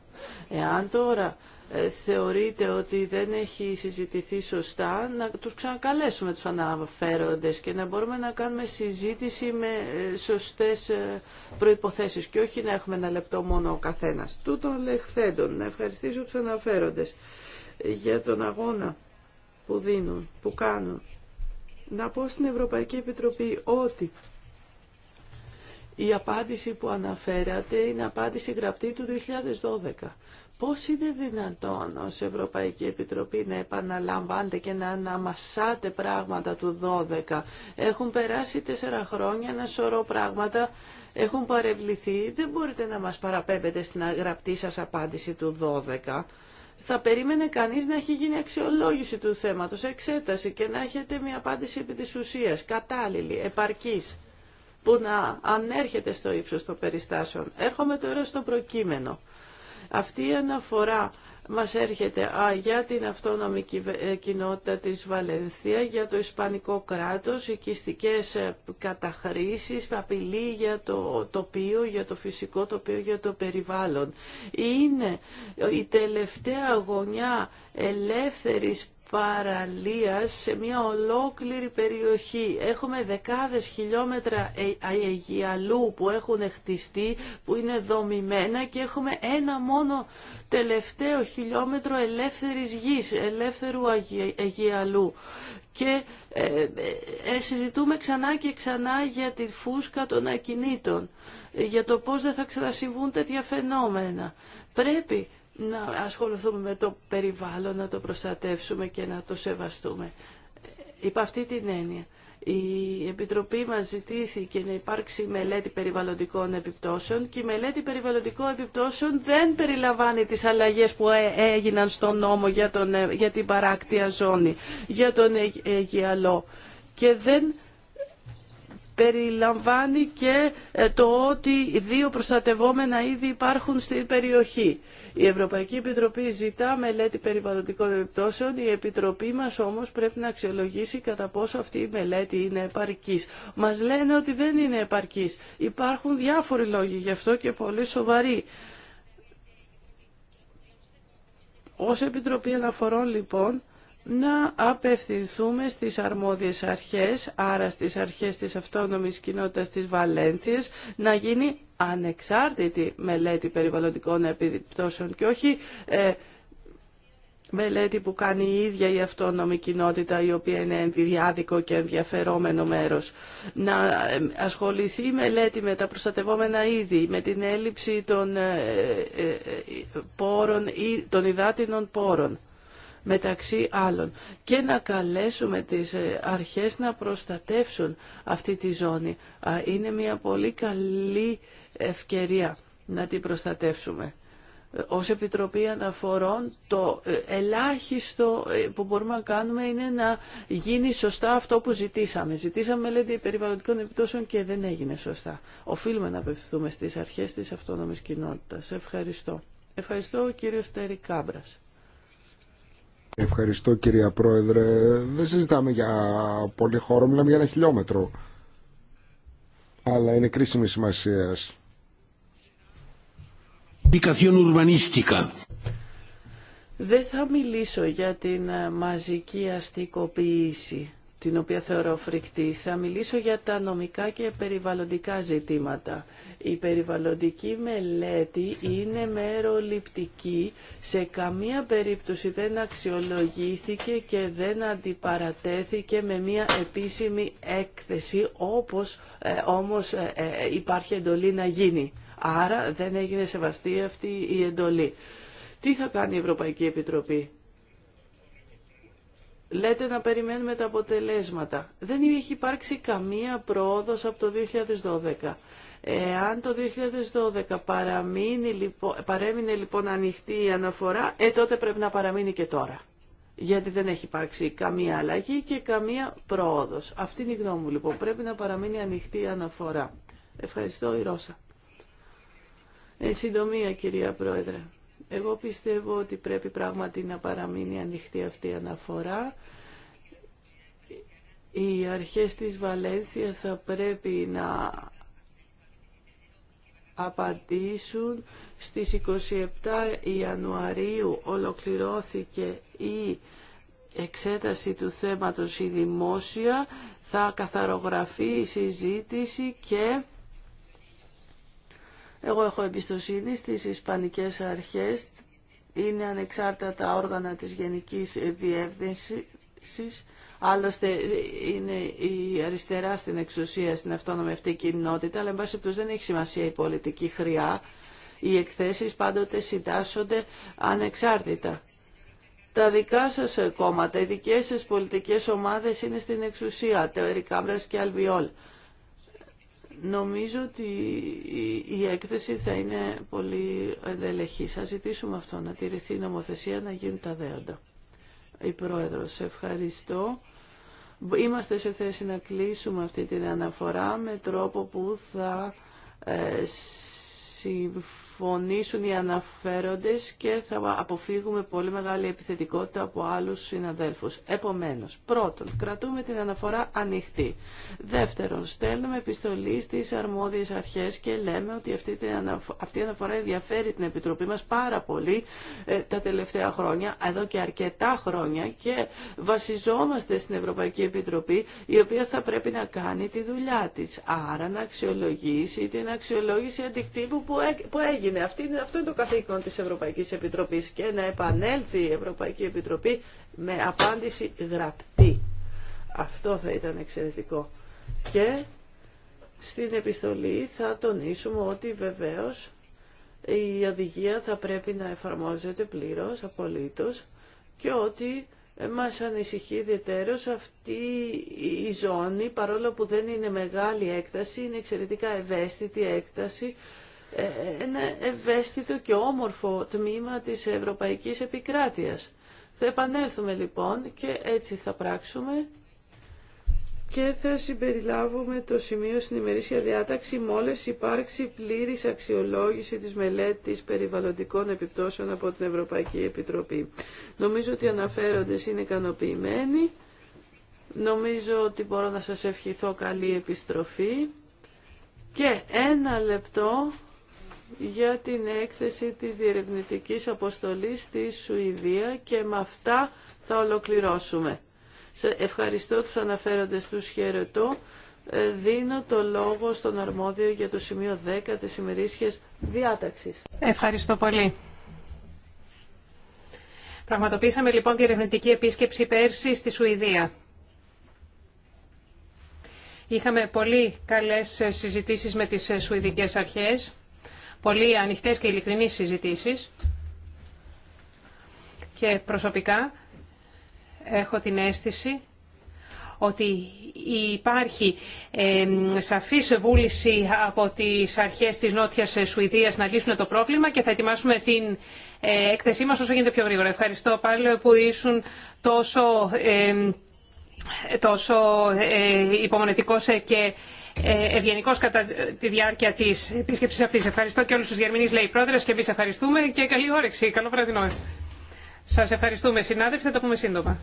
Εάν τώρα ε, θεωρείται ότι δεν έχει συζητηθεί σωστά, να τους ξανακαλέσουμε τους αναφέροντες και να μπορούμε να κάνουμε συζήτηση με ε, σωστές ε, προϋποθέσεις και όχι να έχουμε ένα λεπτό μόνο ο καθένας. Τούτων λεχθέντων, να ευχαριστήσω τους αναφέροντες για τον αγώνα που δίνουν, που κάνουν. Να πω στην Ευρωπαϊκή Επιτροπή ότι η απάντηση που αναφέρατε είναι απάντηση γραπτή του 2012 Πώς είναι δυνατόν ως Ευρωπαϊκή Επιτροπή να επαναλαμβάνετε και να αναμασάτε πράγματα του 12. Έχουν περάσει τέσσερα χρόνια, ένα σωρό πράγματα έχουν παρευληθεί. Δεν μπορείτε να μας παραπέμπετε στην αγραπτή σας απάντηση του 12 θα περίμενε κανείς να έχει γίνει αξιολόγηση του θέματος, εξέταση και να έχετε μια απάντηση επί της ουσίας, κατάλληλη, επαρκής, που να ανέρχεται στο ύψος των περιστάσεων. Έρχομαι τώρα στο προκείμενο. Αυτή η αναφορά μας έρχεται για την αυτόνομη ε, κοινότητα της Βαλενθία, για το Ισπανικό κράτος, οικιστικές ε, καταχρήσεις, απειλή για το τοπίο, για το φυσικό τοπίο, για το περιβάλλον. Είναι η τελευταία γωνιά ελεύθερης παραλίας σε μια ολόκληρη περιοχή. Έχουμε δεκάδες χιλιόμετρα ε, αιγιαλού ε, που έχουν χτιστεί, που είναι δομημένα και έχουμε ένα μόνο τελευταίο χιλιόμετρο ελεύθερης γης, ελεύθερου αιγιαλού. Ε, και ε, συζητούμε ξανά και ξανά για τη φούσκα των ακινήτων, για το πώς δεν θα ξανασυμβούν τέτοια φαινόμενα. Πρέπει να ασχοληθούμε με το περιβάλλον, να το προστατεύσουμε και να το σεβαστούμε. Υπ' αυτή την έννοια. Η Επιτροπή μας ζητήθηκε να υπάρξει μελέτη περιβαλλοντικών επιπτώσεων και η μελέτη περιβαλλοντικών επιπτώσεων δεν περιλαμβάνει τις αλλαγές που έγιναν στον νόμο για, ε- την παράκτια ζώνη, για τον Αιγυαλό ε- ε- και δεν περιλαμβάνει και ε, το ότι δύο προστατευόμενα είδη υπάρχουν στην περιοχή. Η Ευρωπαϊκή Επιτροπή ζητά μελέτη περιβαλλοντικών επιπτώσεων, η Επιτροπή μας όμως πρέπει να αξιολογήσει κατά πόσο αυτή η μελέτη είναι επαρκής. Μας λένε ότι δεν είναι επαρκής. Υπάρχουν διάφοροι λόγοι γι' αυτό και πολύ σοβαροί. Ως Επιτροπή Αναφορών λοιπόν να απευθυνθούμε στις αρμόδιες αρχές, άρα στις αρχές της αυτόνομης κοινότητας της Βαλένθιας, να γίνει ανεξάρτητη μελέτη περιβαλλοντικών επιπτώσεων και όχι ε, μελέτη που κάνει η ίδια η αυτόνομη κοινότητα η οποία είναι ενδιάδικο και ενδιαφερόμενο μέρος. Να ε, ασχοληθεί η μελέτη με τα προστατευόμενα είδη, με την έλλειψη των, ε, πόρων, ή των υδάτινων πόρων μεταξύ άλλων και να καλέσουμε τις ε, αρχές να προστατεύσουν αυτή τη ζώνη. Είναι μια πολύ καλή ευκαιρία να την προστατεύσουμε. Ε, ως Επιτροπή Αναφορών το ε, ελάχιστο που μπορούμε να κάνουμε είναι να γίνει σωστά αυτό που ζητήσαμε. Ζητήσαμε μελέτη περιβαλλοντικών επιπτώσεων και δεν έγινε σωστά. Οφείλουμε να απευθυνθούμε στις αρχές της αυτόνομης κοινότητας. Ευχαριστώ. Ευχαριστώ ο κύριος Κάμπρας.
Ευχαριστώ κυρία Πρόεδρε. Δεν συζητάμε για πολύ χώρο, μιλάμε για ένα χιλιόμετρο. Αλλά είναι κρίσιμη σημασία.
Δεν θα μιλήσω για την ε, μαζική αστικοποίηση την οποία θεωρώ φρικτή. Θα μιλήσω για τα νομικά και περιβαλλοντικά ζητήματα. Η περιβαλλοντική μελέτη είναι μεροληπτική. Σε καμία περίπτωση δεν αξιολογήθηκε και δεν αντιπαρατέθηκε με μια επίσημη έκθεση όπως ε, όμως ε, ε, υπάρχει εντολή να γίνει. Άρα δεν έγινε σεβαστή αυτή η εντολή. Τι θα κάνει η Ευρωπαϊκή Επιτροπή Λέτε να περιμένουμε τα αποτελέσματα. Δεν έχει υπάρξει καμία πρόοδος από το 2012. Εάν το 2012 παραμείνει, λοιπόν, παρέμεινε λοιπόν ανοιχτή η αναφορά, ε, τότε πρέπει να παραμείνει και τώρα. Γιατί δεν έχει υπάρξει καμία αλλαγή και καμία πρόοδος. Αυτή είναι η γνώμη μου λοιπόν. Πρέπει να παραμείνει ανοιχτή η αναφορά. Ευχαριστώ η Ρώσα. Ε, συντομία κυρία Πρόεδρε. Εγώ πιστεύω ότι πρέπει πράγματι να παραμείνει ανοιχτή αυτή η αναφορά. Οι αρχές της Βαλένθια θα πρέπει να απαντήσουν. Στις 27 Ιανουαρίου ολοκληρώθηκε η εξέταση του θέματος η δημόσια, θα καθαρογραφεί η συζήτηση και εγώ έχω εμπιστοσύνη στις Ισπανικές αρχές, είναι ανεξάρτητα τα όργανα της Γενικής Διεύθυνσης, άλλωστε είναι η αριστερά στην εξουσία στην αυτόνομη αυτή κοινότητα, αλλά εν πάση δεν έχει σημασία η πολιτική χρειά. Οι εκθέσεις πάντοτε συντάσσονται ανεξάρτητα. Τα δικά σας κόμματα, οι δικές σας πολιτικές ομάδες είναι στην εξουσία, τεωρικά και Αλβιόλ. Νομίζω ότι η έκθεση θα είναι πολύ ενδελεχή. Θα ζητήσουμε αυτό, να τηρηθεί η νομοθεσία, να γίνουν τα δέοντα. Η Πρόεδρος, ευχαριστώ. Είμαστε σε θέση να κλείσουμε αυτή την αναφορά με τρόπο που θα ε, συμφωνήσουν οι αναφέροντες και θα αποφύγουμε πολύ μεγάλη επιθετικότητα από άλλους συναδέλφους. Επομένως, πρώτον, κρατούμε την αναφορά ανοιχτή. Δεύτερον, στέλνουμε επιστολή στις αρμόδιες αρχές και λέμε ότι αυτή, η αναφορά ενδιαφέρει την Επιτροπή μας πάρα πολύ ε, τα τελευταία χρόνια, εδώ και αρκετά χρόνια και βασιζόμαστε στην Ευρωπαϊκή Επιτροπή η οποία θα πρέπει να κάνει τη δουλειά της. Άρα να αξιολογήσει την αξιολόγηση αντικτύπου που έγινε έγινε Αυτό είναι το καθήκον της Ευρωπαϊκής Επιτροπής και να επανέλθει η Ευρωπαϊκή Επιτροπή με απάντηση γραπτή. Αυτό θα ήταν εξαιρετικό. Και στην επιστολή θα τονίσουμε ότι βεβαίως η οδηγία θα πρέπει να εφαρμόζεται πλήρως, απολύτως και ότι μας ανησυχεί ιδιαίτερως αυτή η ζώνη, παρόλο που δεν είναι μεγάλη έκταση, είναι εξαιρετικά ευαίσθητη έκταση ένα ευαίσθητο και όμορφο τμήμα της ευρωπαϊκής επικράτειας. Θα επανέλθουμε λοιπόν και έτσι θα πράξουμε και θα συμπεριλάβουμε το σημείο στην ημερήσια διάταξη μόλις υπάρξει πλήρης αξιολόγηση της μελέτης περιβαλλοντικών επιπτώσεων από την Ευρωπαϊκή Επιτροπή. Νομίζω ότι οι αναφέροντες είναι ικανοποιημένοι. Νομίζω ότι μπορώ να σας ευχηθώ καλή επιστροφή. Και ένα λεπτό για την έκθεση της διερευνητικής αποστολής στη Σουηδία και με αυτά θα ολοκληρώσουμε. Σε ευχαριστώ τους αναφέροντες τους χαιρετώ. Ε, δίνω το λόγο στον αρμόδιο για το σημείο 10 της
ημερήσιας διάταξης. Ευχαριστώ πολύ. Πραγματοποίησαμε λοιπόν ερευνητική επίσκεψη πέρσι στη Σουηδία. Είχαμε πολύ καλές συζητήσεις με τις Σουηδικές Αρχές πολύ ανοιχτές και ειλικρινείς συζητήσεις. Και προσωπικά έχω την αίσθηση ότι υπάρχει σαφής βούληση από τις αρχές της Νότιας Σουηδίας να λύσουν το πρόβλημα και θα ετοιμάσουμε την ε, έκθεσή μας όσο γίνεται πιο γρήγορα. Ευχαριστώ πάλι που ήσουν τόσο τόσο ε, υπομονετικός και ε, ευγενικό κατά τη διάρκεια τη επίσκεψη αυτή. Ευχαριστώ και όλου του Γερμηνεί, λέει η και εμεί ευχαριστούμε και καλή όρεξη. Καλό βραδινό. Σα ευχαριστούμε, συνάδελφοι. Θα τα πούμε σύντομα.